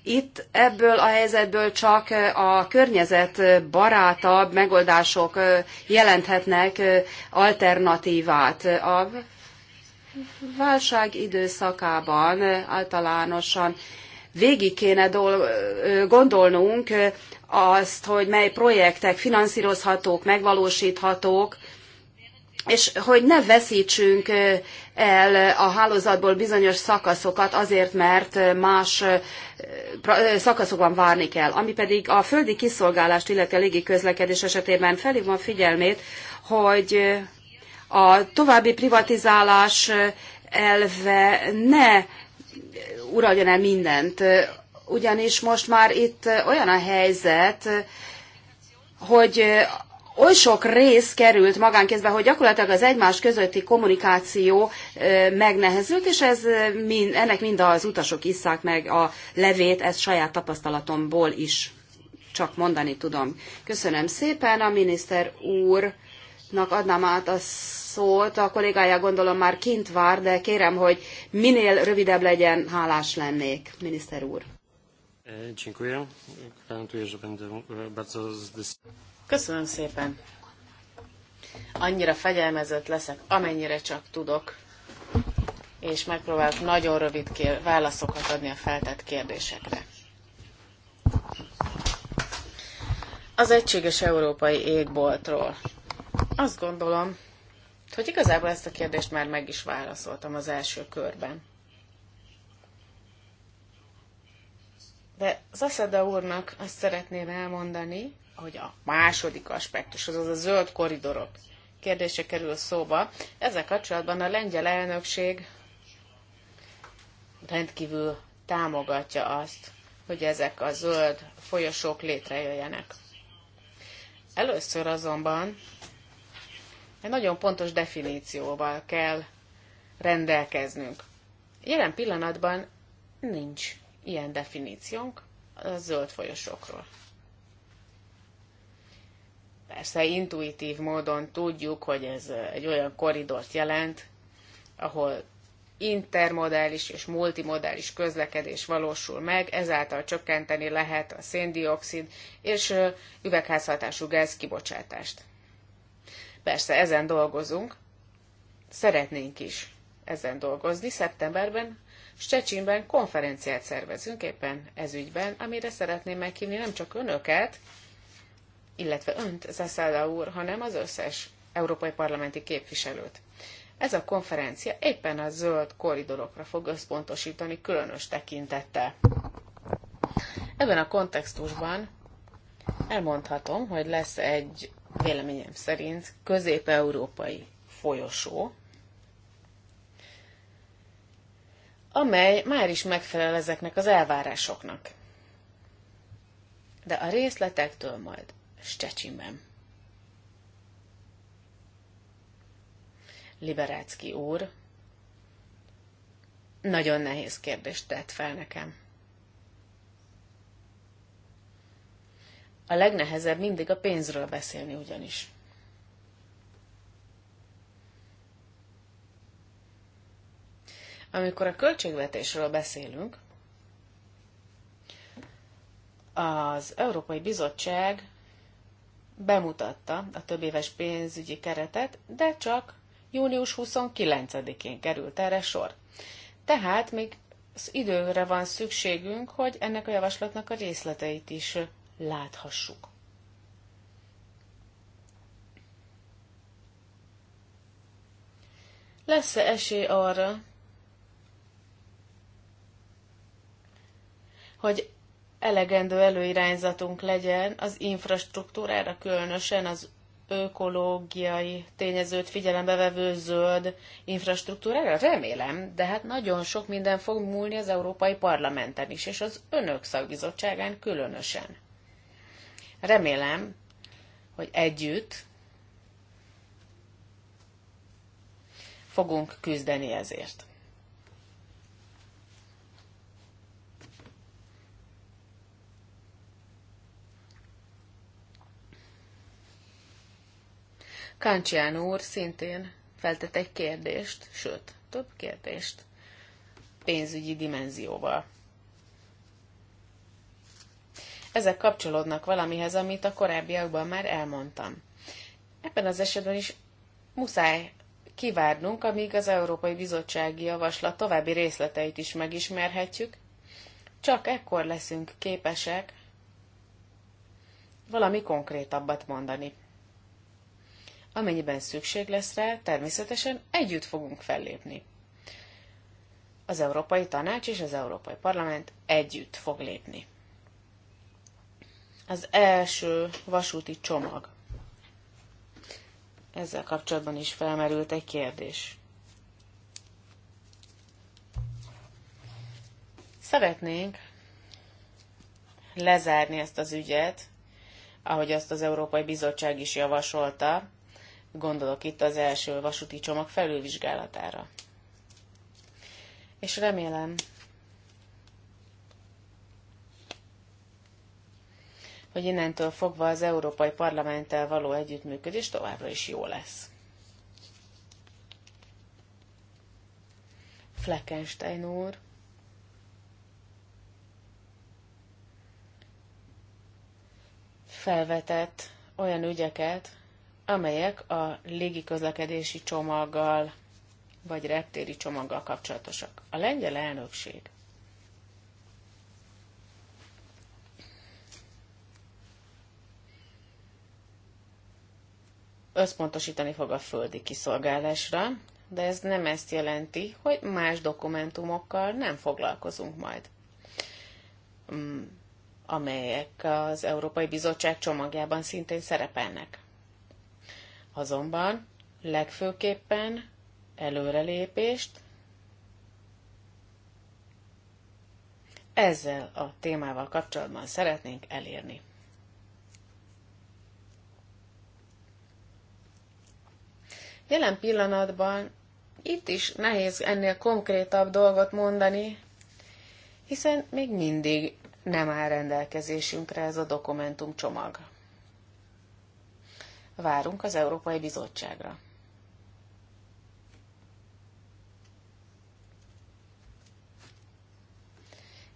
itt ebből a helyzetből csak a környezetbarátabb megoldások jelenthetnek alternatívát. A válság időszakában általánosan végig kéne gondolnunk azt, hogy mely projektek finanszírozhatók, megvalósíthatók, és hogy ne veszítsünk el a hálózatból bizonyos szakaszokat azért, mert más szakaszokban várni kell. Ami pedig a földi kiszolgálást, illetve a légi közlekedés esetében felhívom a figyelmét, hogy a további privatizálás elve ne uraljon el mindent. Ugyanis most már itt olyan a helyzet, hogy oly sok rész került magánkézbe, hogy gyakorlatilag az egymás közötti kommunikáció megnehezült, és ez ennek mind az utasok isszák meg a levét, ezt saját tapasztalatomból is csak mondani tudom. Köszönöm szépen a miniszter úrnak adnám át a szót, a kollégája gondolom már kint vár, de kérem, hogy minél rövidebb legyen, hálás lennék, miniszter úr. E, dziękuję. Gwarantuję, że będę e, bardzo Köszönöm szépen. Annyira fegyelmezett leszek, amennyire csak tudok, és megpróbálok nagyon rövid válaszokat adni a feltett kérdésekre. Az egységes európai égboltról. Azt gondolom, hogy igazából ezt a kérdést már meg is válaszoltam az első körben. De Zaszeda úrnak azt szeretném elmondani, hogy a második aspektus, azaz a zöld koridorok kérdése kerül szóba. Ezzel kapcsolatban a lengyel elnökség rendkívül támogatja azt, hogy ezek a zöld folyosók létrejöjjenek. Először azonban egy nagyon pontos definícióval kell rendelkeznünk. Jelen pillanatban nincs ilyen definíciónk a zöld folyosókról. Persze intuitív módon tudjuk, hogy ez egy olyan koridort jelent, ahol intermodális és multimodális közlekedés valósul meg, ezáltal csökkenteni lehet a széndiokszid és üvegházhatású gáz kibocsátást. Persze ezen dolgozunk, szeretnénk is ezen dolgozni. Szeptemberben Stecsinben konferenciát szervezünk éppen ez ügyben, amire szeretném meghívni nem csak önöket, illetve önt, Zaszála úr, hanem az összes európai parlamenti képviselőt. Ez a konferencia éppen a zöld koridorokra fog összpontosítani különös tekintettel. Ebben a kontextusban elmondhatom, hogy lesz egy véleményem szerint közép-európai folyosó, amely már is megfelel ezeknek az elvárásoknak. De a részletektől majd Szczecinben. Liberácki úr nagyon nehéz kérdést tett fel nekem. A legnehezebb mindig a pénzről beszélni ugyanis. Amikor a költségvetésről beszélünk, az Európai Bizottság bemutatta a több éves pénzügyi keretet, de csak június 29-én került erre sor. Tehát még az időre van szükségünk, hogy ennek a javaslatnak a részleteit is láthassuk. Lesz-e esély arra, hogy elegendő előirányzatunk legyen az infrastruktúrára, különösen az ökológiai tényezőt figyelembe vevő zöld infrastruktúrára? Remélem, de hát nagyon sok minden fog múlni az Európai Parlamenten is, és az önök szakbizottságán különösen. Remélem, hogy együtt fogunk küzdeni ezért. Káncsián úr szintén feltett egy kérdést, sőt, több kérdést pénzügyi dimenzióval. Ezek kapcsolódnak valamihez, amit a korábbiakban már elmondtam. Ebben az esetben is muszáj kivárnunk, amíg az Európai Bizottsági Javaslat további részleteit is megismerhetjük, csak ekkor leszünk képesek valami konkrétabbat mondani. Amennyiben szükség lesz rá, természetesen együtt fogunk fellépni. Az Európai Tanács és az Európai Parlament együtt fog lépni. Az első vasúti csomag. Ezzel kapcsolatban is felmerült egy kérdés. Szeretnénk lezárni ezt az ügyet, ahogy azt az Európai Bizottság is javasolta, Gondolok itt az első vasúti csomag felülvizsgálatára. És remélem, hogy innentől fogva az Európai Parlamenttel való együttműködés továbbra is jó lesz. Fleckenstein úr. felvetett olyan ügyeket, amelyek a légiközlekedési csomaggal vagy reptéri csomaggal kapcsolatosak. A lengyel elnökség összpontosítani fog a földi kiszolgálásra, de ez nem ezt jelenti, hogy más dokumentumokkal nem foglalkozunk majd, mm, amelyek az Európai Bizottság csomagjában szintén szerepelnek. Azonban legfőképpen előrelépést ezzel a témával kapcsolatban szeretnénk elérni. Jelen pillanatban itt is nehéz ennél konkrétabb dolgot mondani, hiszen még mindig nem áll rendelkezésünkre ez a dokumentumcsomag várunk az Európai Bizottságra.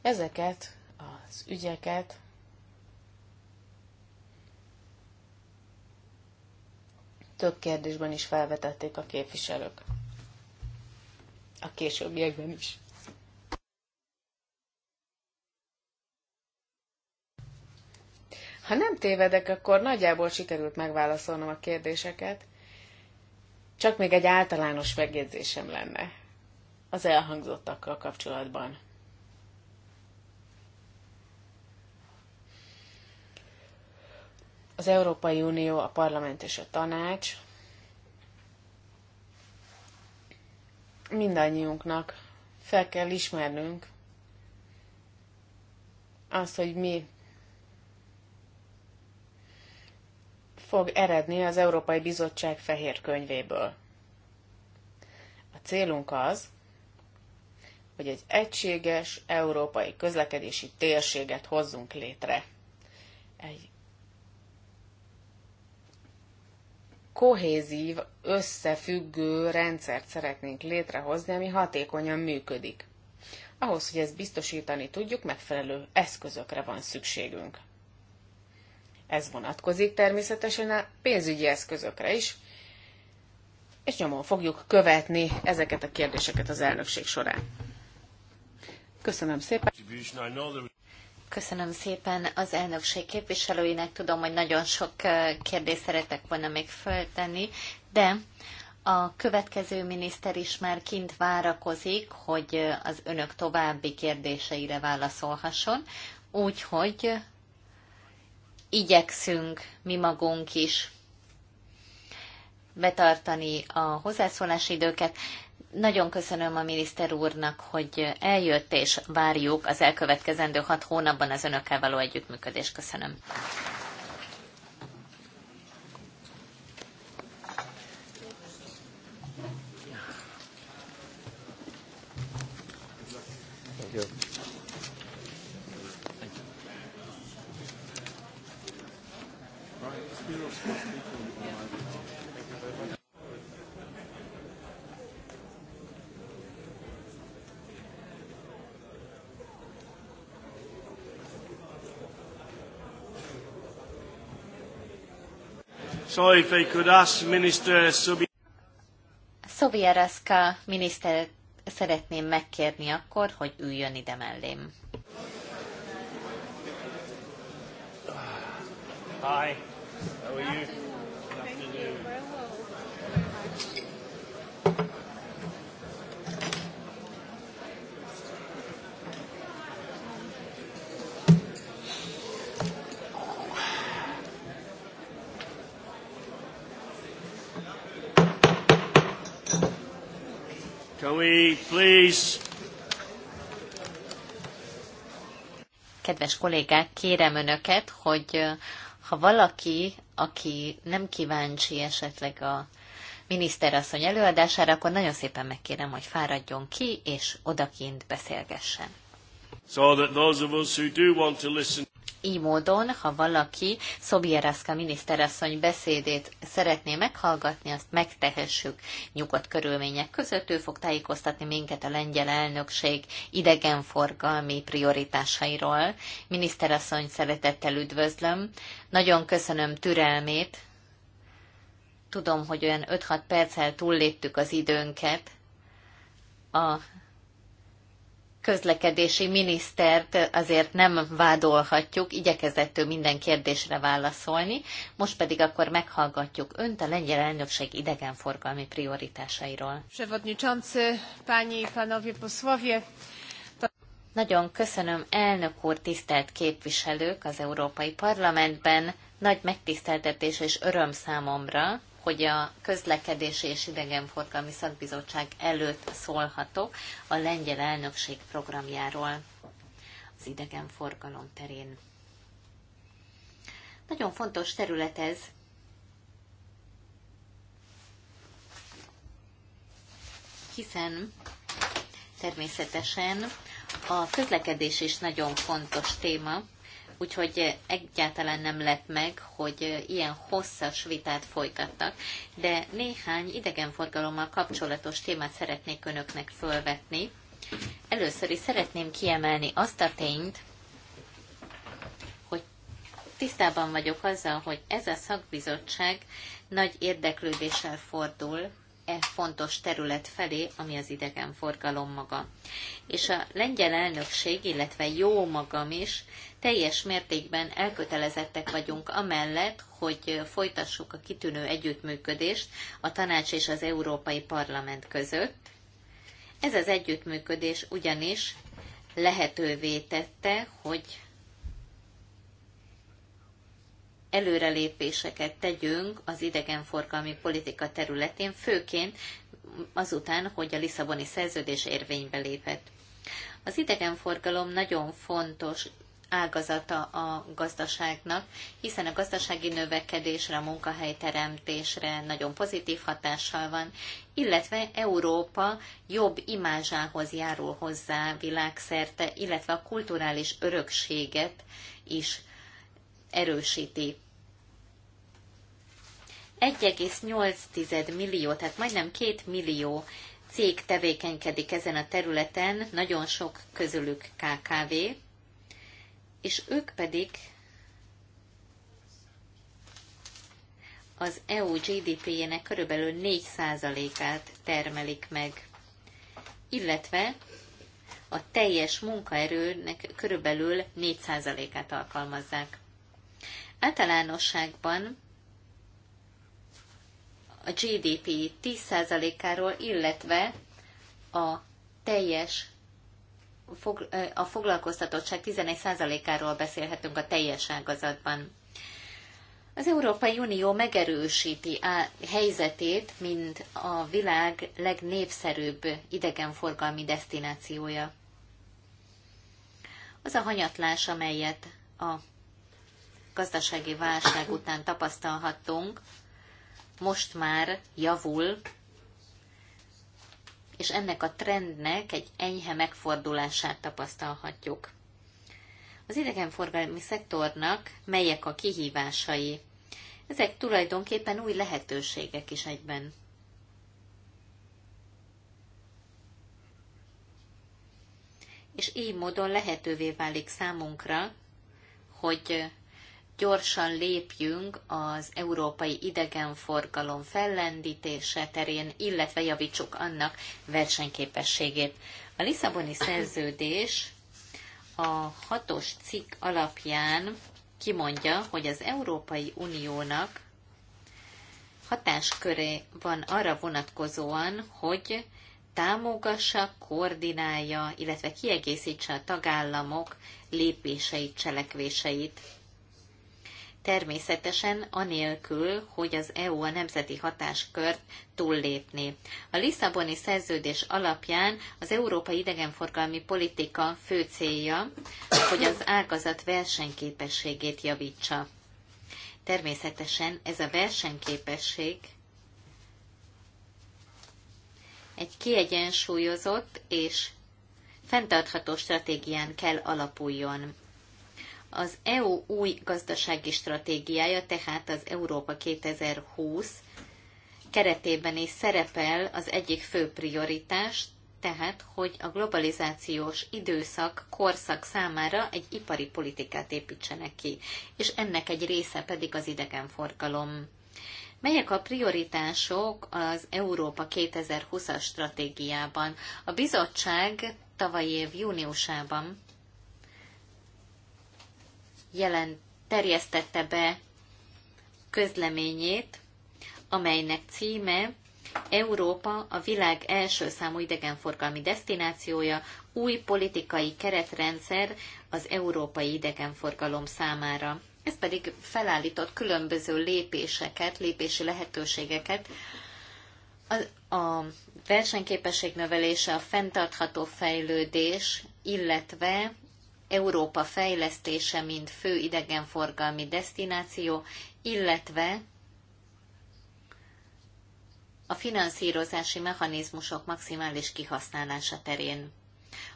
Ezeket az ügyeket több kérdésben is felvetették a képviselők. A későbbiekben is. Ha nem tévedek, akkor nagyjából sikerült megválaszolnom a kérdéseket. Csak még egy általános megjegyzésem lenne az elhangzottakkal kapcsolatban. Az Európai Unió, a Parlament és a Tanács mindannyiunknak fel kell ismernünk azt, hogy mi fog eredni az Európai Bizottság fehér könyvéből. A célunk az, hogy egy egységes európai közlekedési térséget hozzunk létre. Egy kohézív, összefüggő rendszert szeretnénk létrehozni, ami hatékonyan működik. Ahhoz, hogy ezt biztosítani tudjuk, megfelelő eszközökre van szükségünk. Ez vonatkozik természetesen a pénzügyi eszközökre is, és nyomon fogjuk követni ezeket a kérdéseket az elnökség során. Köszönöm szépen! Köszönöm szépen az elnökség képviselőinek. Tudom, hogy nagyon sok kérdést szeretek volna még föltenni, de a következő miniszter is már kint várakozik, hogy az önök további kérdéseire válaszolhasson. Úgyhogy igyekszünk mi magunk is betartani a hozzászólási időket. Nagyon köszönöm a miniszter úrnak, hogy eljött, és várjuk az elkövetkezendő hat hónapban az önökkel való együttműködést. Köszönöm. So if I could ask Minister Subi... Szovjeraszka szeretném megkérni akkor, hogy üljön ide mellém. Hi, how are you? Can we please... Kedves kollégák, kérem önöket, hogy ha valaki, aki nem kíváncsi esetleg a miniszterasszony előadására, akkor nagyon szépen megkérem, hogy fáradjon ki, és odakint beszélgessen. So that those of us who do want to listen így módon, ha valaki Szobieraszka miniszterasszony beszédét szeretné meghallgatni, azt megtehessük nyugodt körülmények között. Ő fog tájékoztatni minket a lengyel elnökség idegenforgalmi prioritásairól. Miniszterasszony szeretettel üdvözlöm. Nagyon köszönöm türelmét. Tudom, hogy olyan 5-6 perccel túlléptük az időnket, a közlekedési minisztert azért nem vádolhatjuk, igyekezett ő minden kérdésre válaszolni. Most pedig akkor meghallgatjuk önt a lengyel elnökség idegenforgalmi prioritásairól. Nagyon köszönöm elnök úr, tisztelt képviselők az Európai Parlamentben. Nagy megtiszteltetés és öröm számomra, hogy a közlekedési és idegenforgalmi szakbizottság előtt szólhatok a lengyel elnökség programjáról az idegenforgalom terén. Nagyon fontos terület ez, hiszen természetesen a közlekedés is nagyon fontos téma, úgyhogy eh, egyáltalán nem lett meg, hogy eh, ilyen hosszas vitát folytattak, de néhány idegenforgalommal kapcsolatos témát szeretnék önöknek fölvetni. Először is szeretném kiemelni azt a tényt, hogy tisztában vagyok azzal, hogy ez a szakbizottság nagy érdeklődéssel fordul e fontos terület felé, ami az idegenforgalom maga. És a lengyel elnökség, illetve jó magam is teljes mértékben elkötelezettek vagyunk amellett, hogy folytassuk a kitűnő együttműködést a tanács és az Európai Parlament között. Ez az együttműködés ugyanis lehetővé tette, hogy előrelépéseket tegyünk az idegenforgalmi politika területén, főként azután, hogy a Lisszaboni szerződés érvénybe lépett. Az idegenforgalom nagyon fontos ágazata a gazdaságnak, hiszen a gazdasági növekedésre, a munkahelyteremtésre nagyon pozitív hatással van, illetve Európa jobb imázsához járul hozzá világszerte, illetve a kulturális örökséget is erősíti. 1,8 millió, tehát majdnem 2 millió cég tevékenykedik ezen a területen, nagyon sok közülük KKV, és ők pedig az EU GDP-jének körülbelül 4%-át termelik meg, illetve a teljes munkaerőnek körülbelül 4%-át alkalmazzák. Általánosságban a GDP 10%-áról, illetve a teljes a foglalkoztatottság 11%-áról beszélhetünk a teljes ágazatban. Az Európai Unió megerősíti a helyzetét, mint a világ legnépszerűbb idegenforgalmi destinációja. Az a hanyatlás, amelyet a gazdasági válság után tapasztalhattunk, most már javul, és ennek a trendnek egy enyhe megfordulását tapasztalhatjuk. Az idegenforgalmi szektornak melyek a kihívásai? Ezek tulajdonképpen új lehetőségek is egyben. És így módon lehetővé válik számunkra, hogy gyorsan lépjünk az európai idegenforgalom fellendítése terén, illetve javítsuk annak versenyképességét. A Lisszaboni szerződés a hatos cikk alapján kimondja, hogy az Európai Uniónak hatásköré van arra vonatkozóan, hogy támogassa, koordinálja, illetve kiegészítse a tagállamok lépéseit, cselekvéseit természetesen anélkül, hogy az EU a nemzeti hatáskört túllépné. A Lisszaboni szerződés alapján az európai idegenforgalmi politika fő célja, hogy az ágazat versenyképességét javítsa. Természetesen ez a versenyképesség egy kiegyensúlyozott és fenntartható stratégián kell alapuljon. Az EU új gazdasági stratégiája, tehát az Európa 2020 keretében is szerepel az egyik fő prioritás, tehát, hogy a globalizációs időszak, korszak számára egy ipari politikát építsenek ki, és ennek egy része pedig az idegenforgalom. Melyek a prioritások az Európa 2020-as stratégiában? A bizottság tavalyi év júniusában jelent, terjesztette be közleményét, amelynek címe Európa a világ első számú idegenforgalmi destinációja, új politikai keretrendszer az európai idegenforgalom számára. Ez pedig felállított különböző lépéseket, lépési lehetőségeket, a, a versenyképesség növelése, a fenntartható fejlődés, illetve Európa fejlesztése, mint fő idegenforgalmi destináció, illetve a finanszírozási mechanizmusok maximális kihasználása terén.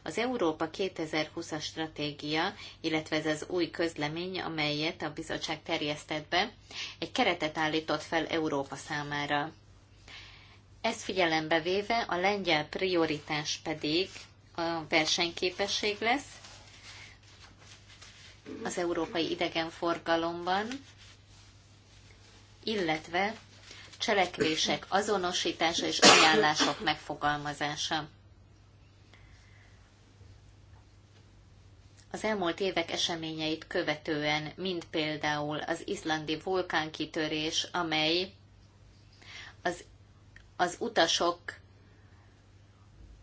Az Európa 2020-as stratégia, illetve ez az új közlemény, amelyet a bizottság terjesztett be, egy keretet állított fel Európa számára. Ezt figyelembe véve a lengyel prioritás pedig a versenyképesség lesz, az európai idegenforgalomban, illetve cselekvések azonosítása és ajánlások megfogalmazása. Az elmúlt évek eseményeit követően, mint például az izlandi vulkánkitörés, amely az, az utasok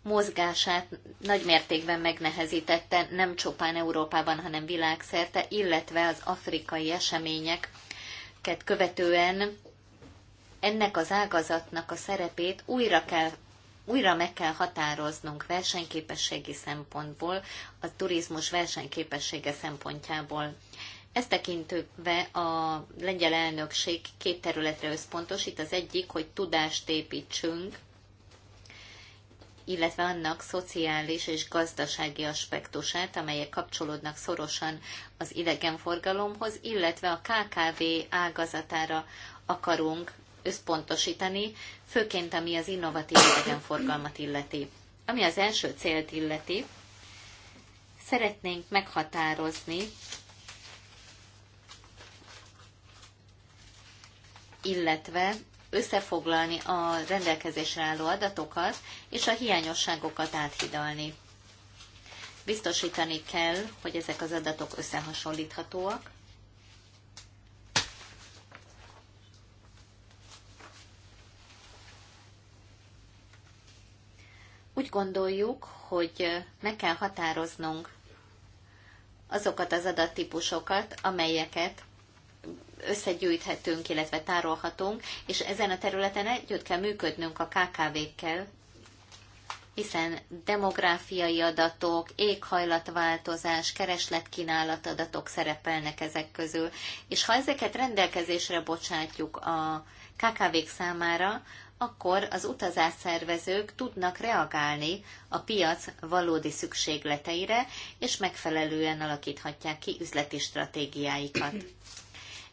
mozgását nagy mértékben megnehezítette nem csupán Európában, hanem világszerte, illetve az afrikai eseményeket követően ennek az ágazatnak a szerepét újra kell újra meg kell határoznunk versenyképességi szempontból, a turizmus versenyképessége szempontjából. Ezt tekintve a lengyel elnökség két területre összpontosít, az egyik, hogy tudást építsünk illetve annak szociális és gazdasági aspektusát, amelyek kapcsolódnak szorosan az idegenforgalomhoz, illetve a KKV ágazatára akarunk összpontosítani, főként ami az innovatív idegenforgalmat illeti. Ami az első célt illeti, szeretnénk meghatározni, illetve összefoglalni a rendelkezésre álló adatokat és a hiányosságokat áthidalni. Biztosítani kell, hogy ezek az adatok összehasonlíthatóak, úgy gondoljuk, hogy meg kell határoznunk azokat az adattípusokat, amelyeket összegyűjthetünk, illetve tárolhatunk, és ezen a területen együtt kell működnünk a KKV-kkel, hiszen demográfiai adatok, éghajlatváltozás, keresletkínálat adatok szerepelnek ezek közül. És ha ezeket rendelkezésre bocsátjuk a KKV-k számára, akkor az utazásszervezők tudnak reagálni a piac valódi szükségleteire, és megfelelően alakíthatják ki üzleti stratégiáikat.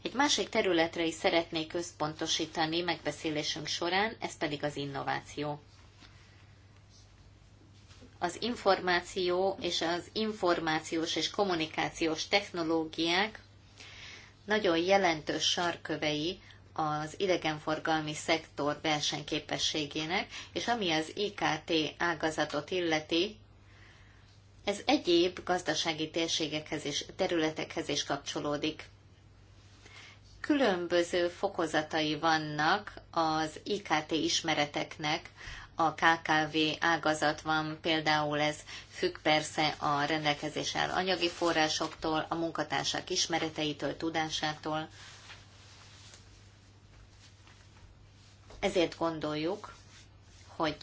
Egy másik területre is szeretnék központosítani megbeszélésünk során, ez pedig az innováció. Az információ és az információs és kommunikációs technológiák nagyon jelentős sarkövei az idegenforgalmi szektor versenyképességének, és ami az IKT ágazatot illeti, ez egyéb gazdasági térségekhez és területekhez is kapcsolódik különböző fokozatai vannak az IKT ismereteknek, a KKV ágazatban például ez függ persze a rendelkezés el anyagi forrásoktól, a munkatársak ismereteitől, tudásától. Ezért gondoljuk, hogy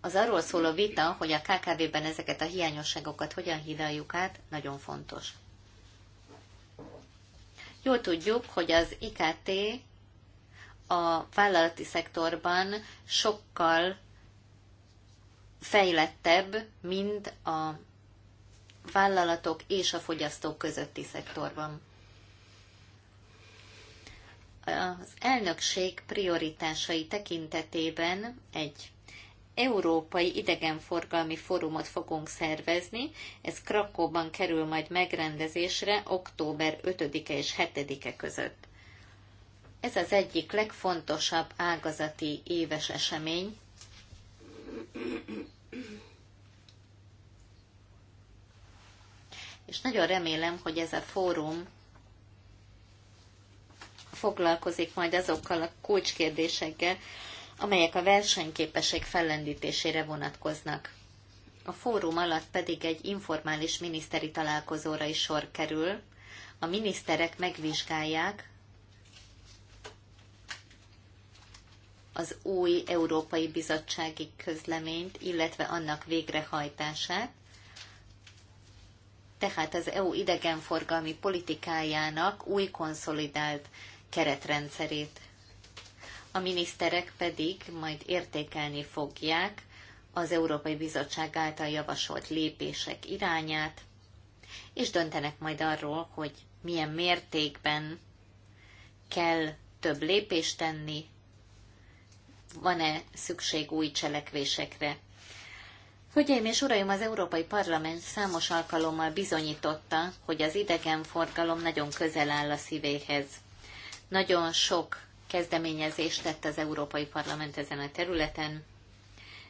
az arról szóló vita, hogy a KKV-ben ezeket a hiányosságokat hogyan hidaljuk át, nagyon fontos. Jól tudjuk, hogy az IKT a vállalati szektorban sokkal fejlettebb, mint a vállalatok és a fogyasztók közötti szektorban. Az elnökség prioritásai tekintetében egy Európai Idegenforgalmi Fórumot fogunk szervezni, ez Krakóban kerül majd megrendezésre október 5-e és 7-e között. Ez az egyik legfontosabb ágazati éves esemény. És nagyon remélem, hogy ez a fórum foglalkozik majd azokkal a kulcskérdésekkel, amelyek a versenyképesség fellendítésére vonatkoznak. A fórum alatt pedig egy informális miniszteri találkozóra is sor kerül. A miniszterek megvizsgálják az új Európai Bizottsági Közleményt, illetve annak végrehajtását, tehát az EU idegenforgalmi politikájának új konszolidált keretrendszerét a miniszterek pedig majd értékelni fogják az Európai Bizottság által javasolt lépések irányát, és döntenek majd arról, hogy milyen mértékben kell több lépést tenni, van-e szükség új cselekvésekre. Hölgyeim és Uraim, az Európai Parlament számos alkalommal bizonyította, hogy az idegenforgalom nagyon közel áll a szívéhez. Nagyon sok kezdeményezést tett az Európai Parlament ezen a területen,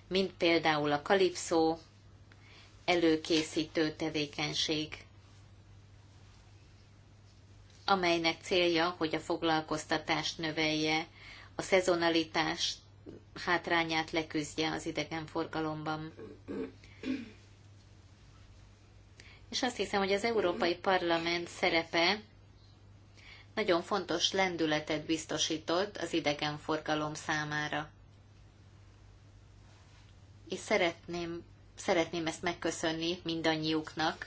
mint például a Kalipszó előkészítő tevékenység, amelynek célja, hogy a foglalkoztatást növelje, a szezonalitás hátrányát leküzdje az idegenforgalomban. És azt hiszem, hogy az Európai Parlament szerepe nagyon fontos lendületet biztosított az idegenforgalom számára. És szeretném, szeretném ezt megköszönni mindannyiuknak,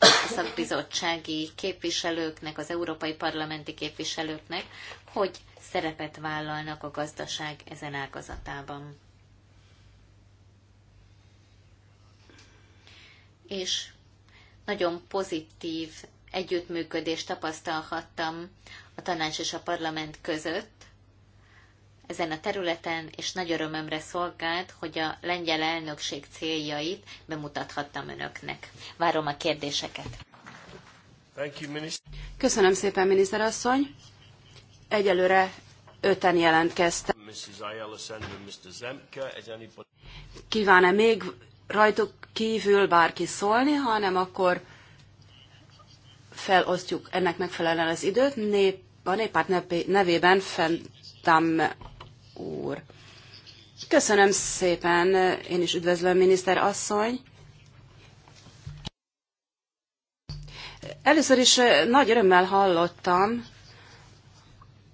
a szakbizottsági képviselőknek, az európai parlamenti képviselőknek, hogy szerepet vállalnak a gazdaság ezen ágazatában. És nagyon pozitív együttműködést tapasztalhattam a tanács és a parlament között ezen a területen, és nagy örömömre szolgált, hogy a lengyel elnökség céljait bemutathattam önöknek. Várom a kérdéseket. Köszönöm szépen, miniszterasszony. Egyelőre öten jelentkeztek. Kíván-e még rajtuk kívül bárki szólni, hanem akkor felosztjuk ennek megfelelően az időt. Nép, a néppárt nevében Fentam úr. Köszönöm szépen, én is üdvözlöm, miniszter asszony. Először is eh, nagy örömmel hallottam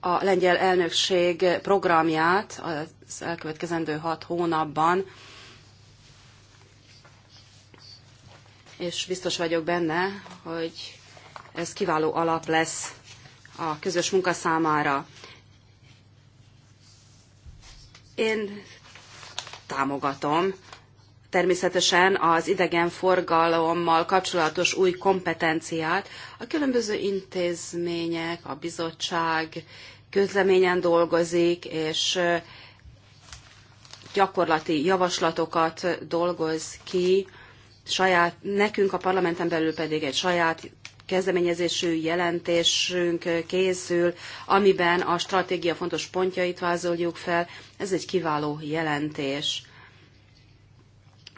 a lengyel elnökség programját az elkövetkezendő hat hónapban, és biztos vagyok benne, hogy ez kiváló alap lesz a közös munka számára. Én támogatom természetesen az idegenforgalommal kapcsolatos új kompetenciát. A különböző intézmények, a bizottság közleményen dolgozik, és gyakorlati javaslatokat dolgoz ki, saját, nekünk a parlamenten belül pedig egy saját kezdeményezésű jelentésünk készül, amiben a stratégia fontos pontjait vázoljuk fel. Ez egy kiváló jelentés.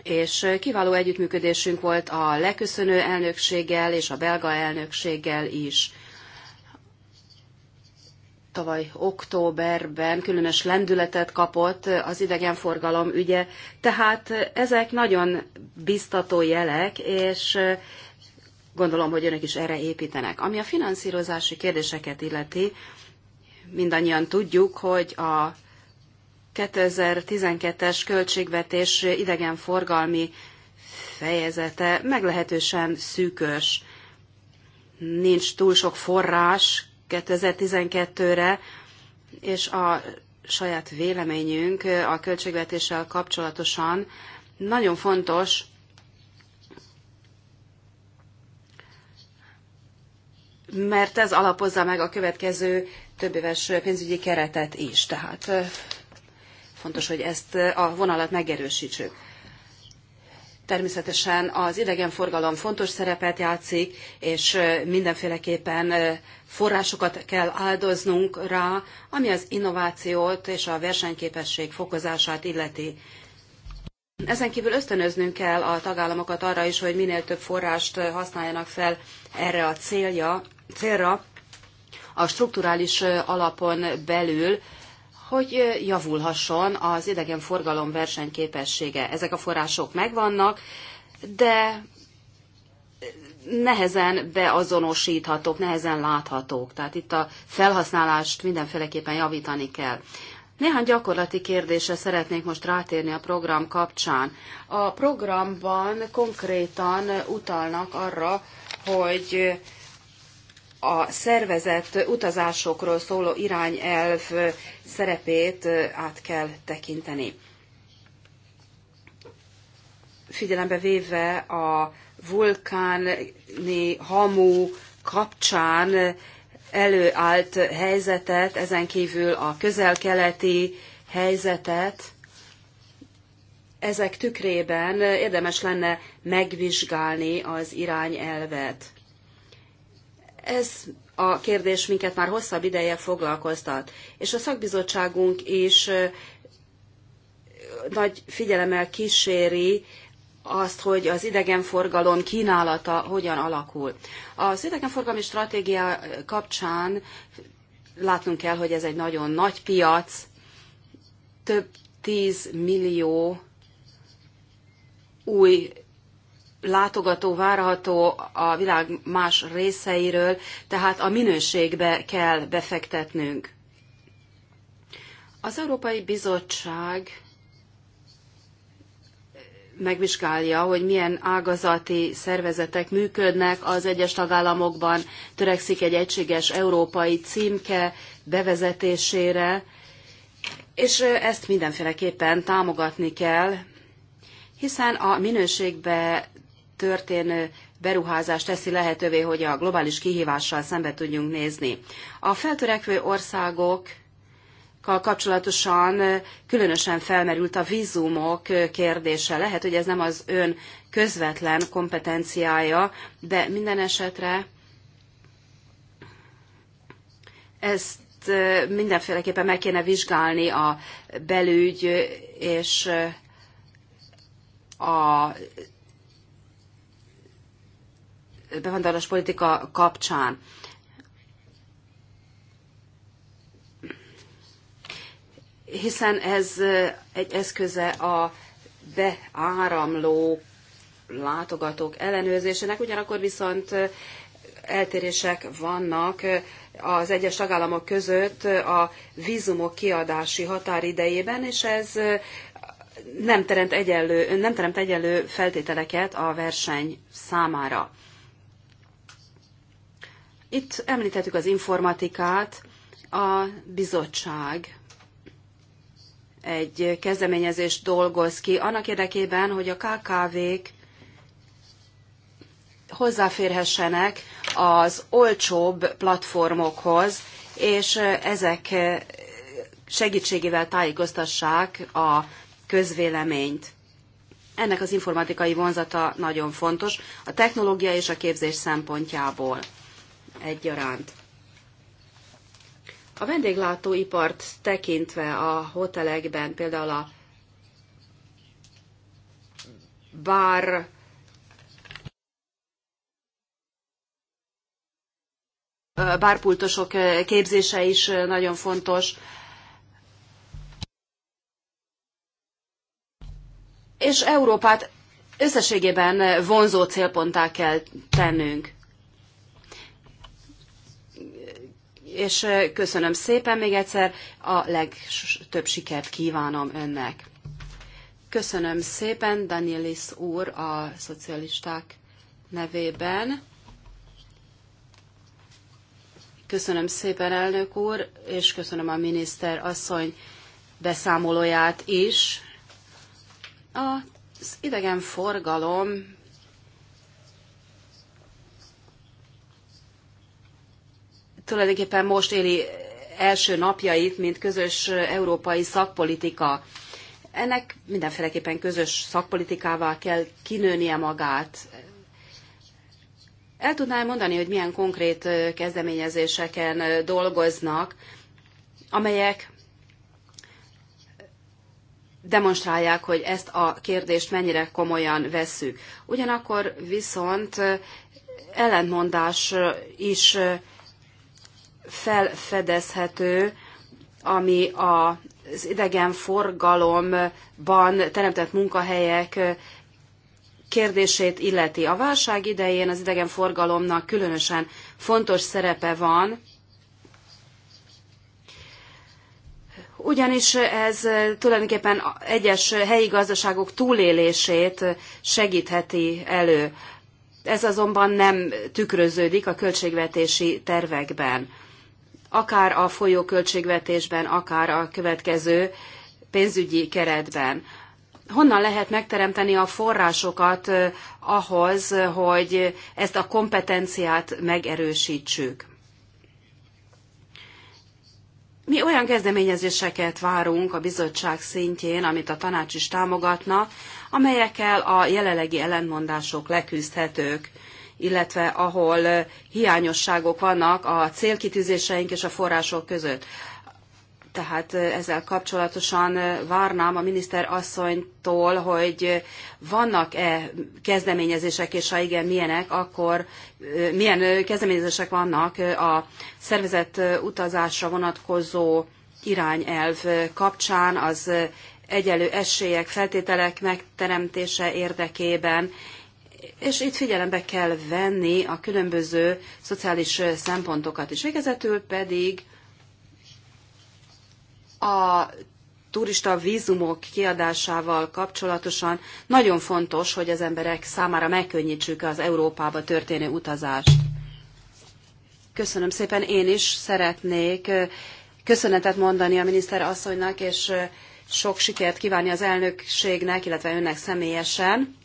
És kiváló együttműködésünk volt a leköszönő elnökséggel és a belga elnökséggel is. Tavaly októberben különös lendületet kapott az idegenforgalom ügye, tehát ezek nagyon biztató jelek, és Gondolom, hogy önök is erre építenek. Ami a finanszírozási kérdéseket illeti, mindannyian tudjuk, hogy a 2012-es költségvetés idegenforgalmi fejezete meglehetősen szűkös. Nincs túl sok forrás 2012-re, és a saját véleményünk a költségvetéssel kapcsolatosan nagyon fontos, mert ez alapozza meg a következő több éves pénzügyi keretet is. Tehát fontos, hogy ezt a vonalat megerősítsük. Természetesen az idegenforgalom fontos szerepet játszik, és mindenféleképpen forrásokat kell áldoznunk rá, ami az innovációt és a versenyképesség fokozását illeti. Ezen kívül ösztönöznünk kell a tagállamokat arra is, hogy minél több forrást használjanak fel erre a célja, célra a strukturális alapon belül, hogy javulhasson az idegenforgalom versenyképessége. Ezek a források megvannak, de nehezen beazonosíthatók, nehezen láthatók. Tehát itt a felhasználást mindenféleképpen javítani kell. Néhány gyakorlati kérdésre szeretnék most rátérni a program kapcsán. A programban konkrétan utalnak arra, hogy a szervezett utazásokról szóló irányelv szerepét át kell tekinteni. Figyelembe véve a vulkáni hamu kapcsán előállt helyzetet, ezen kívül a közel-keleti helyzetet, ezek tükrében érdemes lenne megvizsgálni az irányelvet. Ez a kérdés minket már hosszabb ideje foglalkoztat, és a szakbizottságunk is nagy figyelemmel kíséri azt, hogy az idegenforgalom kínálata hogyan alakul. Az idegenforgalmi stratégia kapcsán látnunk kell, hogy ez egy nagyon nagy piac, több 10 millió új látogató várható a világ más részeiről, tehát a minőségbe kell befektetnünk. Az Európai Bizottság megvizsgálja, hogy milyen ágazati szervezetek működnek az egyes tagállamokban, törekszik egy egységes európai címke bevezetésére, és ezt mindenféleképpen támogatni kell, hiszen a minőségbe történő beruházás teszi lehetővé, hogy a globális kihívással szembe tudjunk nézni. A feltörekvő országok kapcsolatosan különösen felmerült a vízumok kérdése. Lehet, hogy ez nem az ön közvetlen kompetenciája, de minden esetre ezt mindenféleképpen meg kéne vizsgálni a belügy és a bevándorlás politika kapcsán. Hiszen ez egy eszköze a beáramló látogatók ellenőrzésének, ugyanakkor viszont eltérések vannak az egyes tagállamok között a vízumok kiadási határidejében, és ez nem teremt egyenlő, nem teremt egyenlő feltételeket a verseny számára. Itt említettük az informatikát, a bizottság egy kezdeményezést dolgoz ki annak érdekében, hogy a KKV-k hozzáférhessenek az olcsóbb platformokhoz, és ezek segítségével tájékoztassák a közvéleményt. Ennek az informatikai vonzata nagyon fontos a technológia és a képzés szempontjából egyaránt. A vendéglátóipart tekintve a hotelekben, például a bár bárpultosok képzése is nagyon fontos. És Európát összességében vonzó célponttá kell tennünk. és köszönöm szépen még egyszer, a legtöbb sikert kívánom önnek. Köszönöm szépen, Danielis úr, a szocialisták nevében. Köszönöm szépen, elnök úr, és köszönöm a miniszter asszony beszámolóját is. Az idegenforgalom tulajdonképpen most éli első napjait, mint közös európai szakpolitika. Ennek mindenféleképpen közös szakpolitikává kell kinőnie magát. El tudnál mondani, hogy milyen konkrét kezdeményezéseken dolgoznak, amelyek demonstrálják, hogy ezt a kérdést mennyire komolyan vesszük. Ugyanakkor viszont ellentmondás is felfedezhető, ami az idegenforgalomban teremtett munkahelyek kérdését illeti. A válság idején az idegenforgalomnak különösen fontos szerepe van, ugyanis ez tulajdonképpen egyes helyi gazdaságok túlélését segítheti elő. Ez azonban nem tükröződik a költségvetési tervekben akár a folyó költségvetésben, akár a következő pénzügyi keretben. Honnan lehet megteremteni a forrásokat eh, ahhoz, hogy ezt a kompetenciát megerősítsük? Mi olyan kezdeményezéseket várunk a bizottság szintjén, amit a tanács is támogatna, amelyekkel a jelenlegi ellentmondások leküzdhetők illetve ahol hiányosságok vannak a célkitűzéseink és a források között. Tehát ezzel kapcsolatosan várnám a miniszter asszonytól, hogy vannak-e kezdeményezések, és ha igen, milyenek, akkor milyen kezdeményezések vannak a szervezett utazásra vonatkozó irányelv kapcsán, az egyenlő esélyek, feltételek megteremtése érdekében, és itt figyelembe kell venni a különböző szociális szempontokat is. Végezetül pedig a turista vízumok kiadásával kapcsolatosan nagyon fontos, hogy az emberek számára megkönnyítsük az Európába történő utazást. Köszönöm szépen, én is szeretnék köszönetet mondani a miniszter asszonynak, és sok sikert kívánni az elnökségnek, illetve önnek személyesen.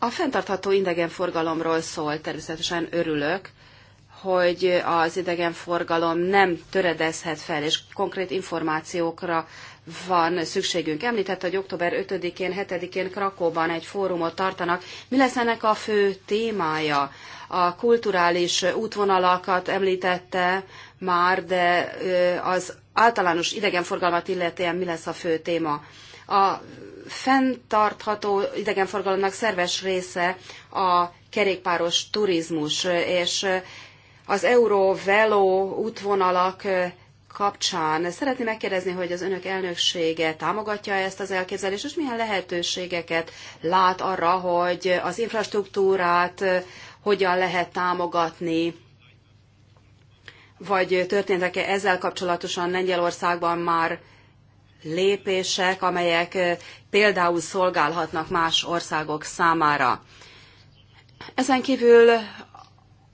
A fenntartható idegenforgalomról szól, természetesen örülök, hogy az idegenforgalom nem töredezhet fel, és konkrét információkra van szükségünk. Említett, hogy október 5-én, 7-én Krakóban egy fórumot tartanak. Mi lesz ennek a fő témája? A kulturális útvonalakat említette már, de az általános idegenforgalmat illetően mi lesz a fő téma? A fenntartható idegenforgalomnak szerves része a kerékpáros turizmus, és az Euróveló útvonalak kapcsán szeretném megkérdezni, hogy az önök elnöksége támogatja -e ezt az elképzelést, és milyen lehetőségeket lát arra, hogy az infrastruktúrát hogyan lehet támogatni, vagy történtek-e ezzel kapcsolatosan Lengyelországban már lépések, amelyek például szolgálhatnak más országok számára. Ezen kívül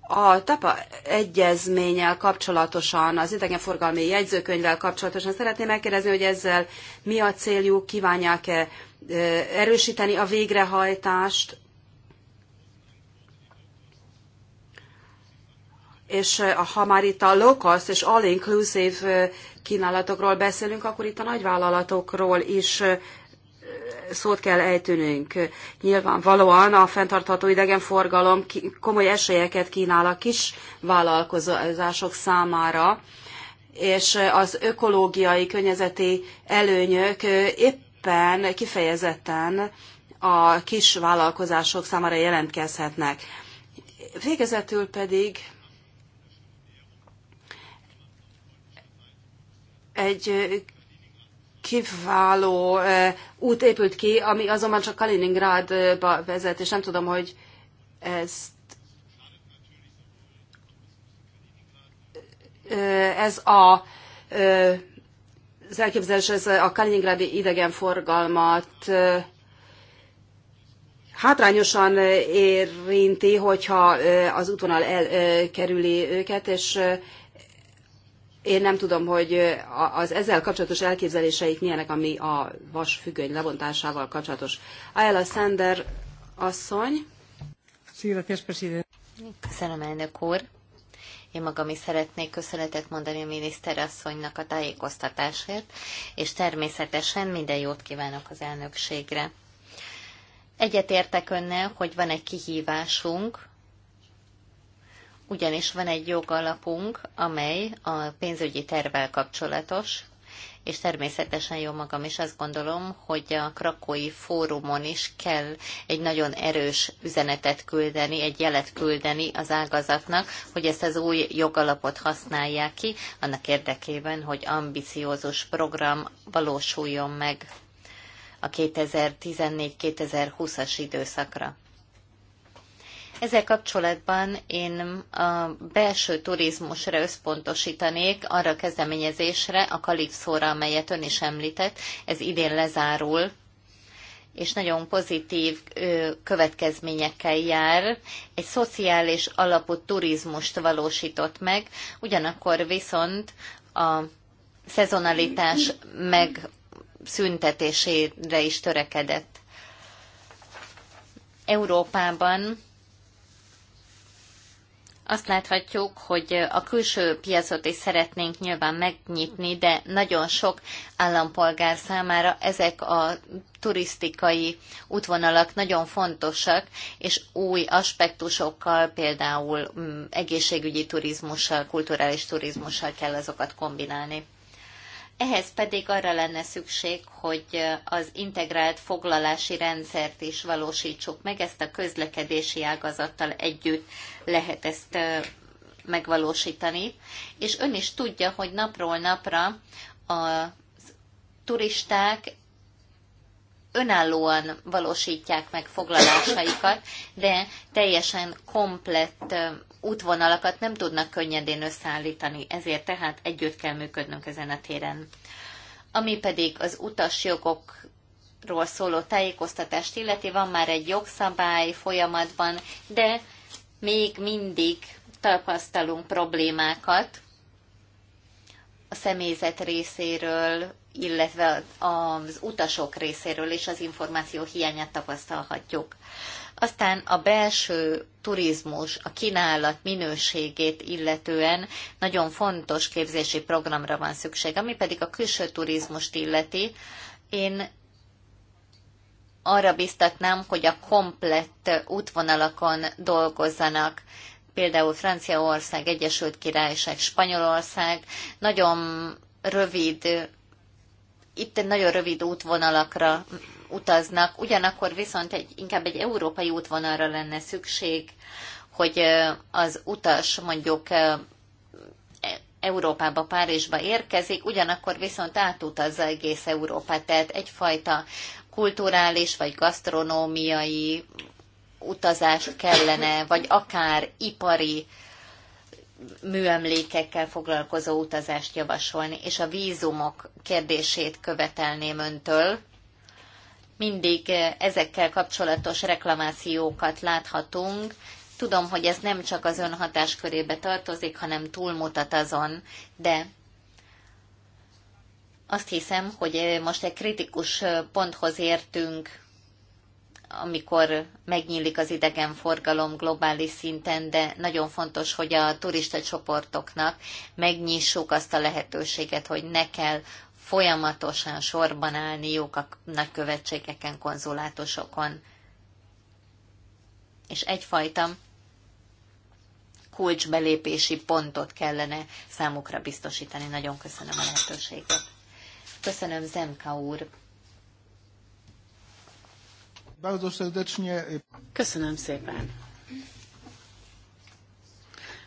a TAPA egyezménnyel kapcsolatosan, az idegenforgalmi jegyzőkönyvvel kapcsolatosan szeretném megkérdezni, hogy ezzel mi a céljuk, kívánják-e erősíteni a végrehajtást, és ha már itt a low cost és all inclusive kínálatokról beszélünk, akkor itt a nagyvállalatokról is szót kell ejtőnünk. Nyilvánvalóan a fenntartható idegenforgalom komoly esélyeket kínál a kis vállalkozások számára, és az ökológiai, környezeti előnyök éppen kifejezetten a kis vállalkozások számára jelentkezhetnek. Végezetül pedig egy kiváló út épült ki, ami azonban csak Kaliningrádba vezet, és nem tudom, hogy ezt ez a az elképzelés, ez a Kaliningrádi idegenforgalmat hátrányosan érinti, hogyha az útvonal elkerüli őket, és én nem tudom, hogy az ezzel kapcsolatos elképzeléseik milyenek, ami a vas függöny levontásával kapcsolatos. Ayala Sander asszony. Köszönöm, elnök úr. Én magam is szeretnék köszönetet mondani a miniszter asszonynak a tájékoztatásért, és természetesen minden jót kívánok az elnökségre. Egyetértek önnel, hogy van egy kihívásunk, ugyanis van egy jogalapunk, amely a pénzügyi tervvel kapcsolatos, és természetesen jó magam is azt gondolom, hogy a krakói fórumon is kell egy nagyon erős üzenetet küldeni, egy jelet küldeni az ágazatnak, hogy ezt az új jogalapot használják ki, annak érdekében, hogy ambiciózus program valósuljon meg a 2014-2020-as időszakra. Ezzel kapcsolatban én a belső turizmusra összpontosítanék, arra a kezdeményezésre, a Kalipszóra, amelyet ön is említett, ez idén lezárul, és nagyon pozitív következményekkel jár. Egy szociális alapú turizmust valósított meg, ugyanakkor viszont a szezonalitás megszüntetésére is törekedett. Európában azt láthatjuk, hogy a külső piacot is szeretnénk nyilván megnyitni, de nagyon sok állampolgár számára ezek a turisztikai útvonalak nagyon fontosak, és új aspektusokkal, például mm, egészségügyi turizmussal, kulturális turizmussal kell azokat kombinálni. Ehhez pedig arra lenne szükség, hogy az integrált foglalási rendszert is valósítsuk meg, ezt a közlekedési ágazattal együtt lehet ezt megvalósítani, és ön is tudja, hogy napról napra a turisták önállóan valósítják meg foglalásaikat, de teljesen komplett útvonalakat nem tudnak könnyedén összeállítani, ezért tehát együtt kell működnünk ezen a téren. Ami pedig az utasjogokról ról szóló tájékoztatást illeti, van már egy jogszabály folyamatban, de még mindig tapasztalunk problémákat a személyzet részéről, illetve az utasok részéről és az információ hiányát tapasztalhatjuk. Aztán a belső turizmus, a kínálat minőségét illetően nagyon fontos képzési programra van szükség, ami pedig a külső turizmust illeti. Én arra biztatnám, hogy a komplett útvonalakon dolgozzanak, például Franciaország, Egyesült Királyság, Spanyolország, nagyon rövid, itt nagyon rövid útvonalakra utaznak, ugyanakkor viszont egy, inkább egy európai útvonalra lenne szükség, hogy az utas mondjuk e, Európába, Párizsba érkezik, ugyanakkor viszont átutazza egész Európát, tehát egyfajta kulturális vagy gasztronómiai utazás kellene, vagy akár ipari műemlékekkel foglalkozó utazást javasolni, és a vízumok kérdését követelném öntől, mindig eh, ezekkel kapcsolatos reklamációkat láthatunk. Tudom, hogy ez nem csak az ön körébe tartozik, hanem túlmutat azon, de azt hiszem, hogy eh, most egy kritikus eh, ponthoz értünk, amikor megnyílik az idegenforgalom globális szinten, de nagyon fontos, hogy a turista csoportoknak megnyissuk azt a lehetőséget, hogy ne kell folyamatosan sorban állniuk a nagykövetségeken, konzulátusokon. És egyfajta kulcsbelépési pontot kellene számukra biztosítani. Nagyon köszönöm a lehetőséget. Köszönöm Zemka úr. Köszönöm szépen.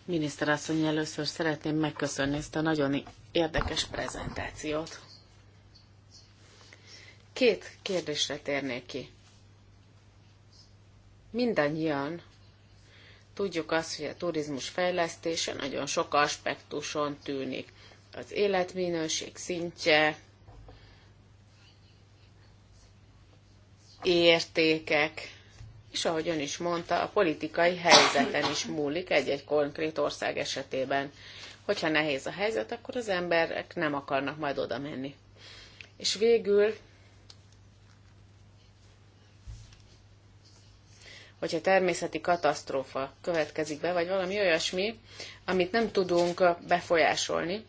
Miniszter asszony, először szeretném megköszönni ezt a nagyon érdekes prezentációt. Két kérdésre térnék ki. Mindannyian tudjuk azt, hogy a turizmus fejlesztése nagyon sok aspektuson tűnik. Az életminőség szintje, értékek, és ahogy ön is mondta, a politikai helyzeten is múlik egy-egy konkrét ország esetében. Hogyha nehéz a helyzet, akkor az emberek nem akarnak majd oda menni. És végül hogyha természeti katasztrófa következik be, vagy valami olyasmi, amit nem tudunk befolyásolni,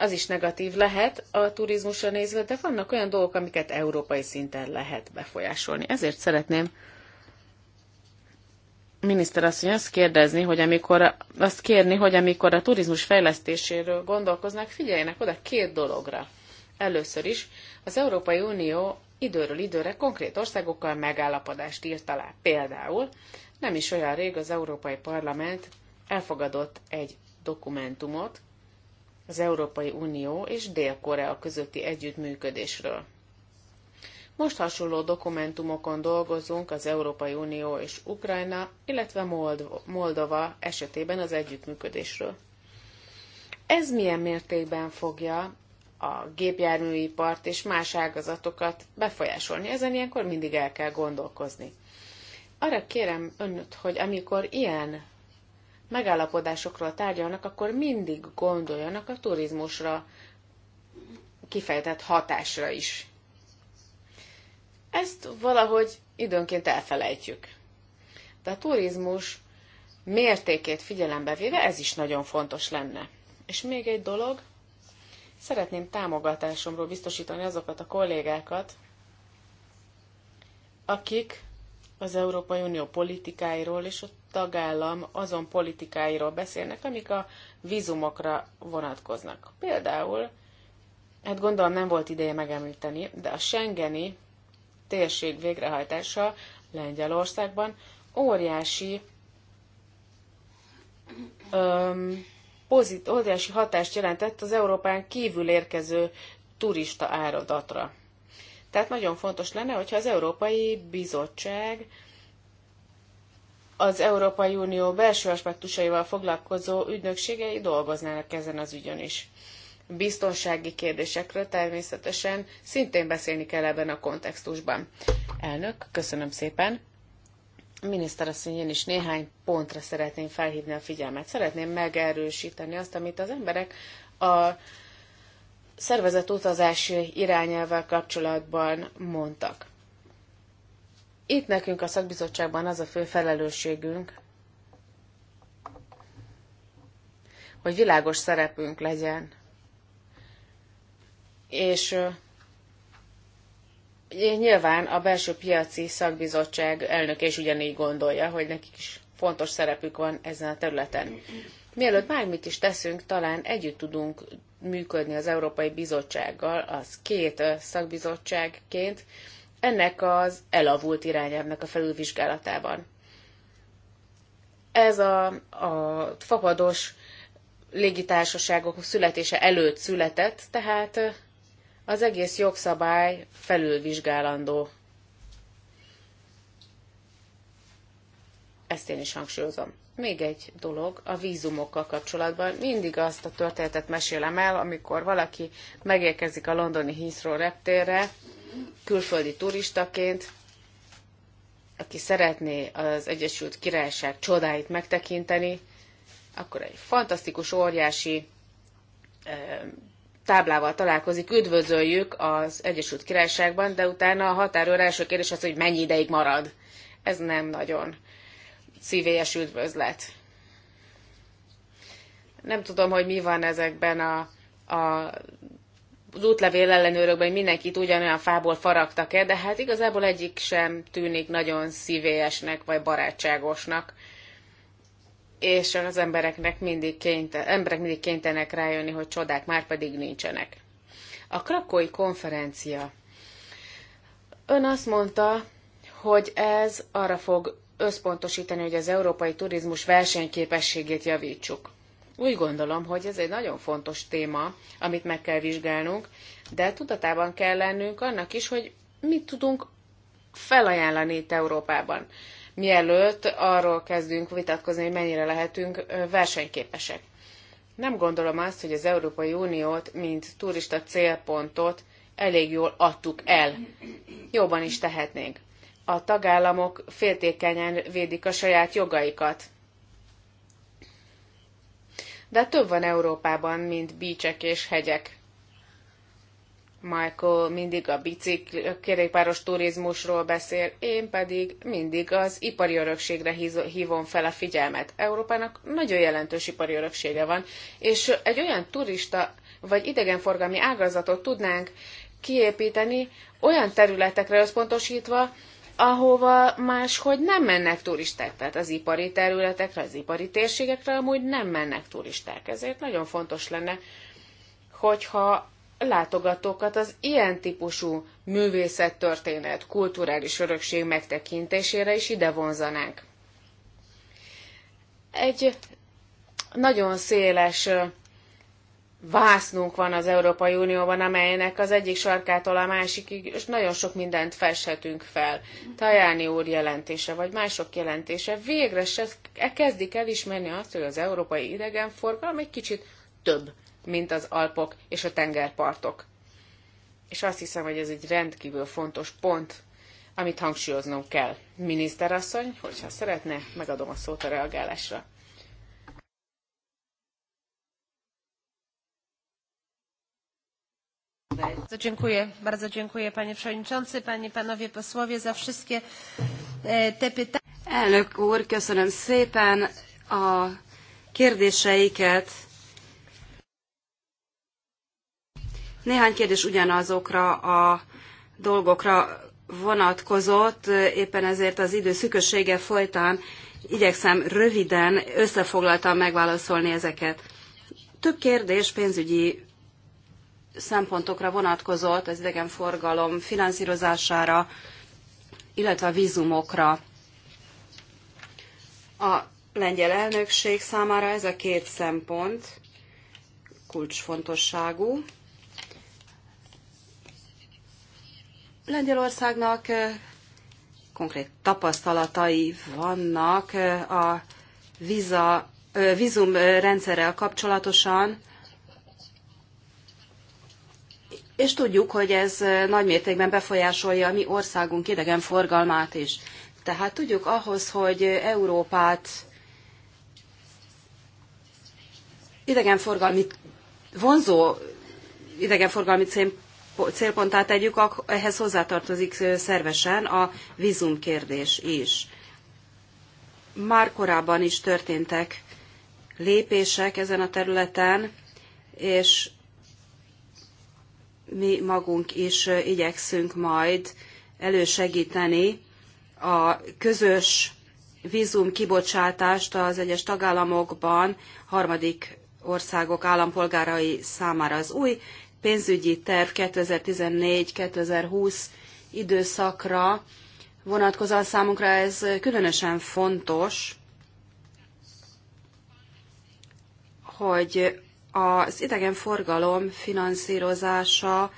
az is negatív lehet a turizmusra nézve, de vannak olyan dolgok, amiket európai szinten lehet befolyásolni. Ezért szeretném miniszter asszony azt kérdezni, hogy amikor, azt kérni, hogy amikor a turizmus fejlesztéséről gondolkoznak, figyeljenek oda két dologra. Először is az Európai Unió időről időre konkrét országokkal megállapodást írt alá. Például nem is olyan rég az Európai Parlament elfogadott egy dokumentumot az Európai Unió és Dél-Korea közötti együttműködésről. Most hasonló dokumentumokon dolgozunk az Európai Unió és Ukrajna, illetve Moldova, Moldova esetében az együttműködésről. Ez milyen mértékben fogja a gépjárműipart és más ágazatokat befolyásolni. Ezen ilyenkor mindig el kell gondolkozni. Arra kérem önt, hogy amikor ilyen megállapodásokról tárgyalnak, akkor mindig gondoljanak a turizmusra kifejtett hatásra is. Ezt valahogy időnként elfelejtjük. De a turizmus mértékét figyelembe véve ez is nagyon fontos lenne. És még egy dolog, Szeretném támogatásomról biztosítani azokat a kollégákat, akik az Európai Unió politikáiról és a tagállam azon politikáiról beszélnek, amik a vízumokra vonatkoznak. Például, hát gondolom nem volt ideje megemlíteni, de a Schengeni térség végrehajtása Lengyelországban óriási öm, pozit, óriási hatást jelentett az Európán kívül érkező turista áradatra. Tehát nagyon fontos lenne, hogyha az Európai Bizottság az Európai Unió belső aspektusaival foglalkozó ügynökségei dolgoznának ezen az ügyön is. Biztonsági kérdésekről természetesen szintén beszélni kell ebben a kontextusban. Elnök, köszönöm szépen asszony, én is néhány pontra szeretném felhívni a figyelmet. Szeretném megerősíteni azt, amit az emberek a szervezett utazási irányelvvel kapcsolatban mondtak. Itt nekünk a szakbizottságban az a fő felelősségünk, hogy világos szerepünk legyen. És Nyilván a belső piaci szakbizottság elnöke is ugyanígy gondolja, hogy nekik is fontos szerepük van ezen a területen. Mielőtt bármit is teszünk, talán együtt tudunk működni az Európai Bizottsággal, az két szakbizottságként, ennek az elavult irányelvnek a felülvizsgálatában. Ez a, a fapados légitársaságok születése előtt született, tehát az egész jogszabály felülvizsgálandó. Ezt én is hangsúlyozom. Még egy dolog a vízumokkal kapcsolatban. Mindig azt a történetet mesélem el, amikor valaki megérkezik a londoni Heathrow reptérre, külföldi turistaként, aki szeretné az Egyesült Királyság csodáit megtekinteni, akkor egy fantasztikus, óriási táblával találkozik, üdvözöljük az Egyesült Királyságban, de utána a határőr első kérdés az, hogy mennyi ideig marad. Ez nem nagyon szívélyes üdvözlet. Nem tudom, hogy mi van ezekben a, a az útlevél ellenőrökben, hogy mindenkit ugyanolyan fából faragtak-e, de hát igazából egyik sem tűnik nagyon szívélyesnek vagy barátságosnak és az embereknek mindig kényte, emberek mindig kénytelenek rájönni, hogy csodák már pedig nincsenek. A krakói konferencia. Ön azt mondta, hogy ez arra fog összpontosítani, hogy az európai turizmus versenyképességét javítsuk. Úgy gondolom, hogy ez egy nagyon fontos téma, amit meg kell vizsgálnunk, de tudatában kell lennünk annak is, hogy mit tudunk felajánlani itt Európában mielőtt arról kezdünk vitatkozni, hogy mennyire lehetünk versenyképesek. Nem gondolom azt, hogy az Európai Uniót, mint turista célpontot elég jól adtuk el. Jobban is tehetnénk. A tagállamok féltékenyen védik a saját jogaikat. De több van Európában, mint bícsek és hegyek. Michael mindig a bicikli, a kerékpáros turizmusról beszél, én pedig mindig az ipari örökségre hívom fel a figyelmet. Európának nagyon jelentős ipari öröksége van, és egy olyan turista vagy idegenforgalmi ágazatot tudnánk kiépíteni olyan területekre összpontosítva, ahova máshogy nem mennek turisták, tehát az ipari területekre, az ipari térségekre amúgy nem mennek turisták. Ezért nagyon fontos lenne, hogyha látogatókat az ilyen típusú művészettörténet, kulturális örökség megtekintésére is ide vonzanánk. Egy nagyon széles vásznunk van az Európai Unióban, amelynek az egyik sarkától a másikig, és nagyon sok mindent feshetünk fel. Tajáni úr jelentése, vagy mások jelentése végre se e- kezdik elismerni azt, hogy az európai idegenforgalom egy kicsit több, mint az Alpok és a tengerpartok. És azt hiszem, hogy ez egy rendkívül fontos pont, amit hangsúlyoznom kell. Miniszterasszony, hogyha szeretne, megadom a szót a reagálásra. Dziękuję, bardzo dziękuję panie przewodniczący, panie, panowie posłowie za wszystkie e, te pytania. Elnök úr, köszönöm szépen a kérdéseiket. Néhány kérdés ugyanazokra a dolgokra vonatkozott, éppen ezért az idő szükössége folytán igyekszem röviden összefoglaltan megválaszolni ezeket. Több kérdés pénzügyi szempontokra vonatkozott, az idegenforgalom finanszírozására, illetve a vízumokra. A lengyel elnökség számára ez a két szempont kulcsfontosságú. Lengyelországnak konkrét tapasztalatai vannak a víza, vízum rendszerrel kapcsolatosan, és tudjuk, hogy ez nagymértékben befolyásolja a mi országunk idegenforgalmát is. Tehát tudjuk ahhoz, hogy Európát idegenforgalmi vonzó idegenforgalmi célponttá tegyük, ehhez hozzátartozik szervesen a vízumkérdés is. Már korábban is történtek lépések ezen a területen, és mi magunk is igyekszünk majd elősegíteni a közös vízum kibocsátást az egyes tagállamokban harmadik országok állampolgárai számára. Az új pénzügyi terv 2014-2020 időszakra vonatkozóan számunkra ez különösen fontos, hogy az idegenforgalom finanszírozása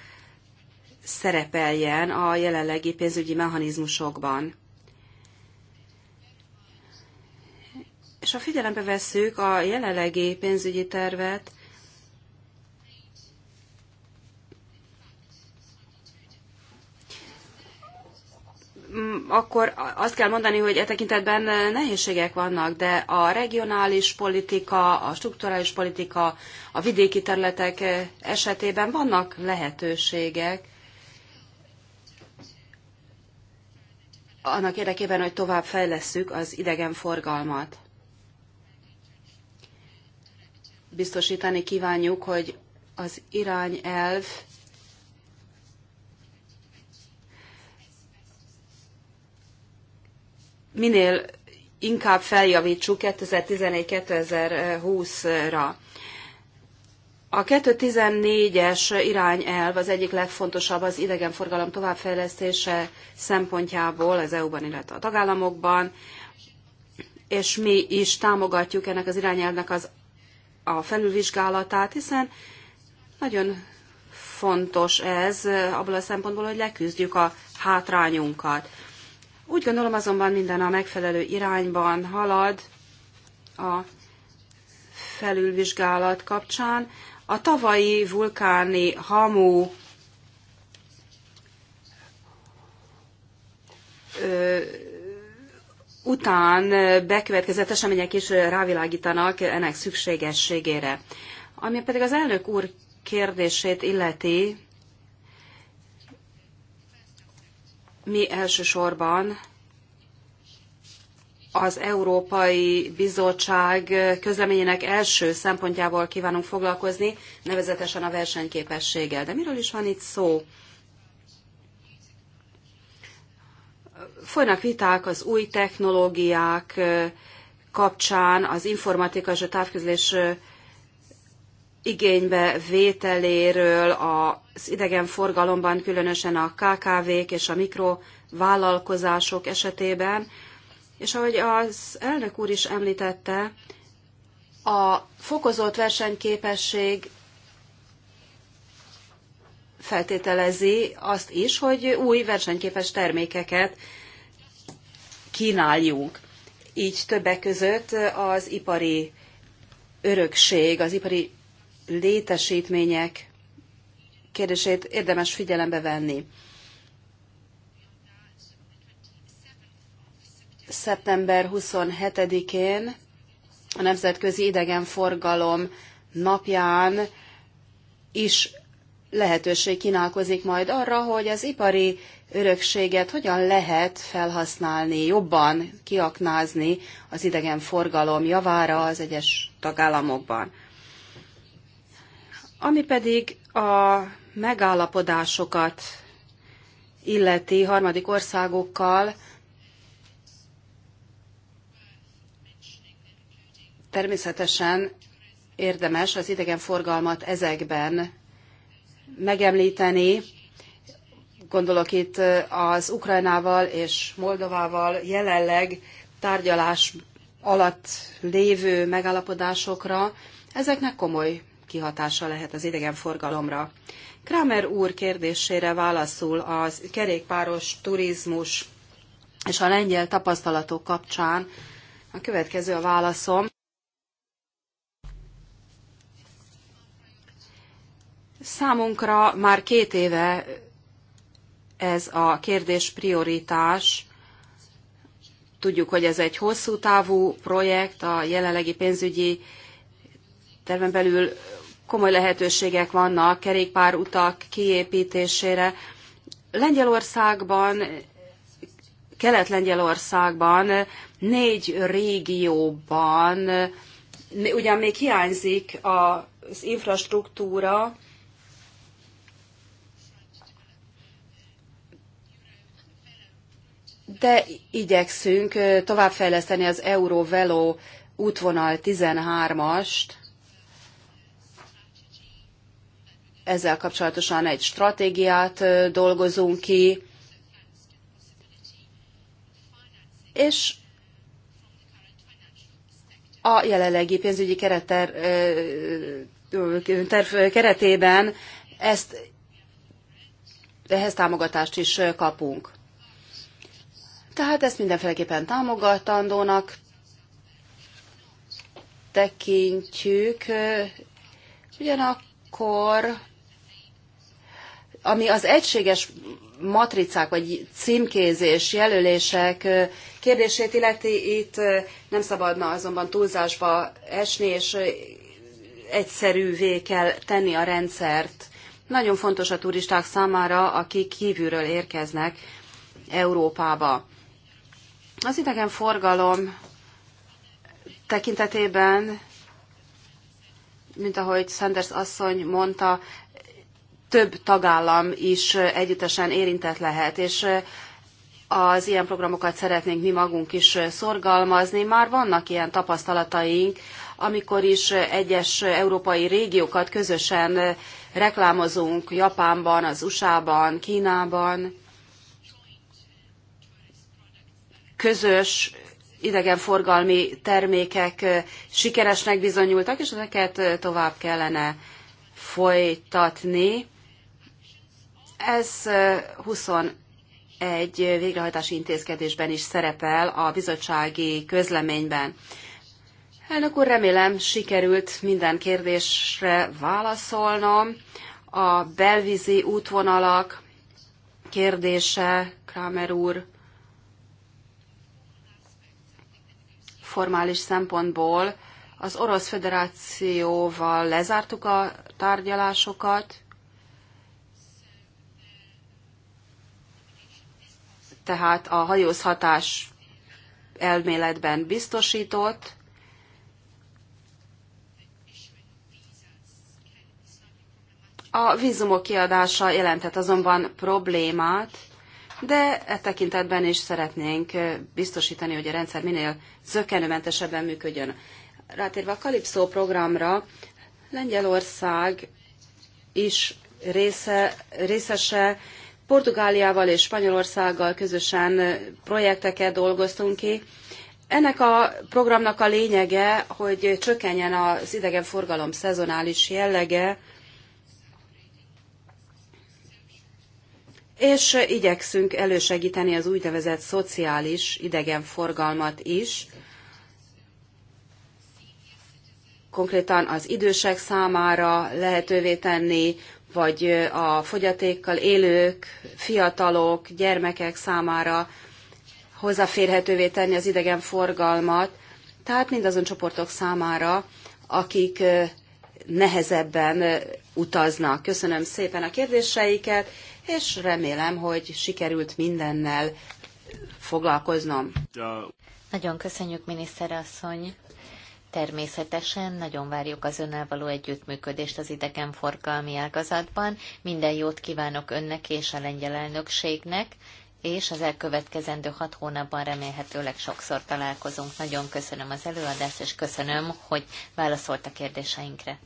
szerepeljen a jelenlegi pénzügyi mechanizmusokban. És ha figyelembe vesszük a jelenlegi pénzügyi tervet, Mm, akkor azt kell mondani, hogy e tekintetben eh, nehézségek vannak, de a regionális politika, a strukturális politika, a vidéki területek eh, esetében vannak lehetőségek annak érdekében, hogy tovább fejlesszük az idegenforgalmat. Biztosítani kívánjuk, hogy az irányelv minél inkább feljavítsuk 2011 2020 ra A 2014-es irányelv az egyik legfontosabb az idegenforgalom továbbfejlesztése szempontjából az EU-ban, illetve a tagállamokban, és mi is támogatjuk ennek az irányelvnek az, a felülvizsgálatát, hiszen nagyon fontos ez abból a szempontból, hogy leküzdjük a hátrányunkat. Úgy gondolom azonban minden a megfelelő irányban halad a felülvizsgálat kapcsán. A tavalyi vulkáni hamu után bekövetkezett események is rávilágítanak ennek szükségességére. Ami pedig az elnök úr kérdését illeti, mi elsősorban az Európai Bizottság közleményének első szempontjával kívánunk foglalkozni, nevezetesen a versenyképességgel. De miről is van itt szó? Folynak viták az új technológiák kapcsán, az informatika és a távközlés igénybe vételéről az idegenforgalomban, különösen a KKV-k és a mikrovállalkozások esetében. És ahogy az elnök úr is említette, a fokozott versenyképesség feltételezi azt is, hogy új versenyképes termékeket kínáljunk. Így többek között az ipari örökség, az ipari létesítmények kérdését érdemes figyelembe venni. Szeptember 27-én a Nemzetközi Idegenforgalom napján is lehetőség kínálkozik majd arra, hogy az ipari örökséget hogyan lehet felhasználni, jobban kiaknázni az idegenforgalom javára az egyes tagállamokban. Ami pedig a megállapodásokat illeti harmadik országokkal, természetesen érdemes az idegenforgalmat ezekben megemlíteni. Gondolok itt az Ukrajnával és Moldovával jelenleg tárgyalás alatt lévő megállapodásokra. Ezeknek komoly kihatása lehet az idegenforgalomra. Kramer úr kérdésére válaszul a kerékpáros turizmus és a lengyel tapasztalatok kapcsán a következő a válaszom. Számunkra már két éve ez a kérdés prioritás. Tudjuk, hogy ez egy hosszú távú projekt, a jelenlegi pénzügyi termen belül komoly lehetőségek vannak kerékpárutak kiépítésére. Lengyelországban, Kelet-Lengyelországban négy régióban ugyan még hiányzik az infrastruktúra, de igyekszünk továbbfejleszteni az Eurovelo útvonal 13-ast, ezzel kapcsolatosan egy stratégiát dolgozunk ki, és a jelenlegi pénzügyi keretter, terv keretében ezt, ehhez támogatást is kapunk. Tehát ezt mindenféleképpen támogatandónak tekintjük, ugyanakkor ami az egységes matricák vagy címkézés, jelölések kérdését illeti, itt nem szabadna azonban túlzásba esni, és egyszerűvé kell tenni a rendszert. Nagyon fontos a turisták számára, akik kívülről érkeznek Európába. Az idegen forgalom tekintetében, mint ahogy Sanders asszony mondta, több tagállam is együttesen érintett lehet, és az ilyen programokat szeretnénk mi magunk is szorgalmazni. Már vannak ilyen tapasztalataink, amikor is egyes európai régiókat közösen reklámozunk Japánban, az USA-ban, Kínában. Közös idegenforgalmi termékek sikeresnek bizonyultak, és ezeket tovább kellene folytatni ez 21 végrehajtási intézkedésben is szerepel a bizottsági közleményben. Elnök úr, remélem sikerült minden kérdésre válaszolnom. A belvízi útvonalak kérdése, Kramer úr, formális szempontból az Orosz Föderációval lezártuk a tárgyalásokat, tehát a hajózhatás elméletben biztosított, A vízumok kiadása jelentett azonban problémát, de e tekintetben is szeretnénk biztosítani, hogy a rendszer minél zökkenőmentesebben működjön. Rátérve a Kalipszó programra, Lengyelország is része, részese Portugáliával és Spanyolországgal közösen projekteket dolgoztunk ki. Ennek a programnak a lényege, hogy csökkenjen az idegenforgalom szezonális jellege, és igyekszünk elősegíteni az úgynevezett szociális idegenforgalmat is, konkrétan az idősek számára lehetővé tenni, vagy a fogyatékkal élők, fiatalok, gyermekek számára hozzáférhetővé tenni az idegenforgalmat, tehát mindazon csoportok számára, akik nehezebben utaznak. Köszönöm szépen a kérdéseiket, és remélem, hogy sikerült mindennel foglalkoznom. Nagyon köszönjük, miniszterasszony. Természetesen nagyon várjuk az önnel való együttműködést az idegenforgalmi ágazatban. Minden jót kívánok önnek és a lengyel elnökségnek, és az elkövetkezendő hat hónapban remélhetőleg sokszor találkozunk. Nagyon köszönöm az előadást, és köszönöm, hogy válaszolt a kérdéseinkre.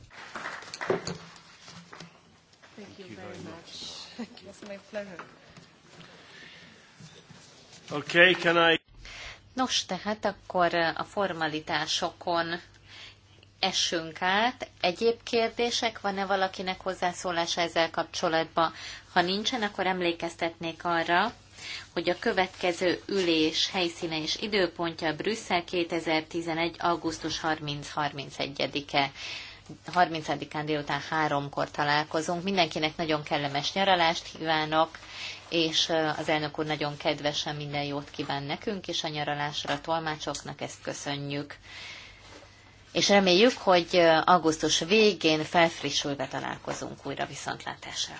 Thank you very much. It's my pleasure. Okay, can I... Nos, tehát akkor a formalitásokon essünk át. Egyéb kérdések? Van-e valakinek hozzászólása ezzel kapcsolatban? Ha nincsen, akkor emlékeztetnék arra, hogy a következő ülés helyszíne és időpontja Brüsszel 2011. augusztus 30-31-e. 30-án délután háromkor találkozunk. Mindenkinek nagyon kellemes nyaralást kívánok, és az elnök úr nagyon kedvesen minden jót kíván nekünk és a nyaralásra, a tolmácsoknak ezt köszönjük. És reméljük, hogy augusztus végén felfrissülve találkozunk újra viszontlátásra.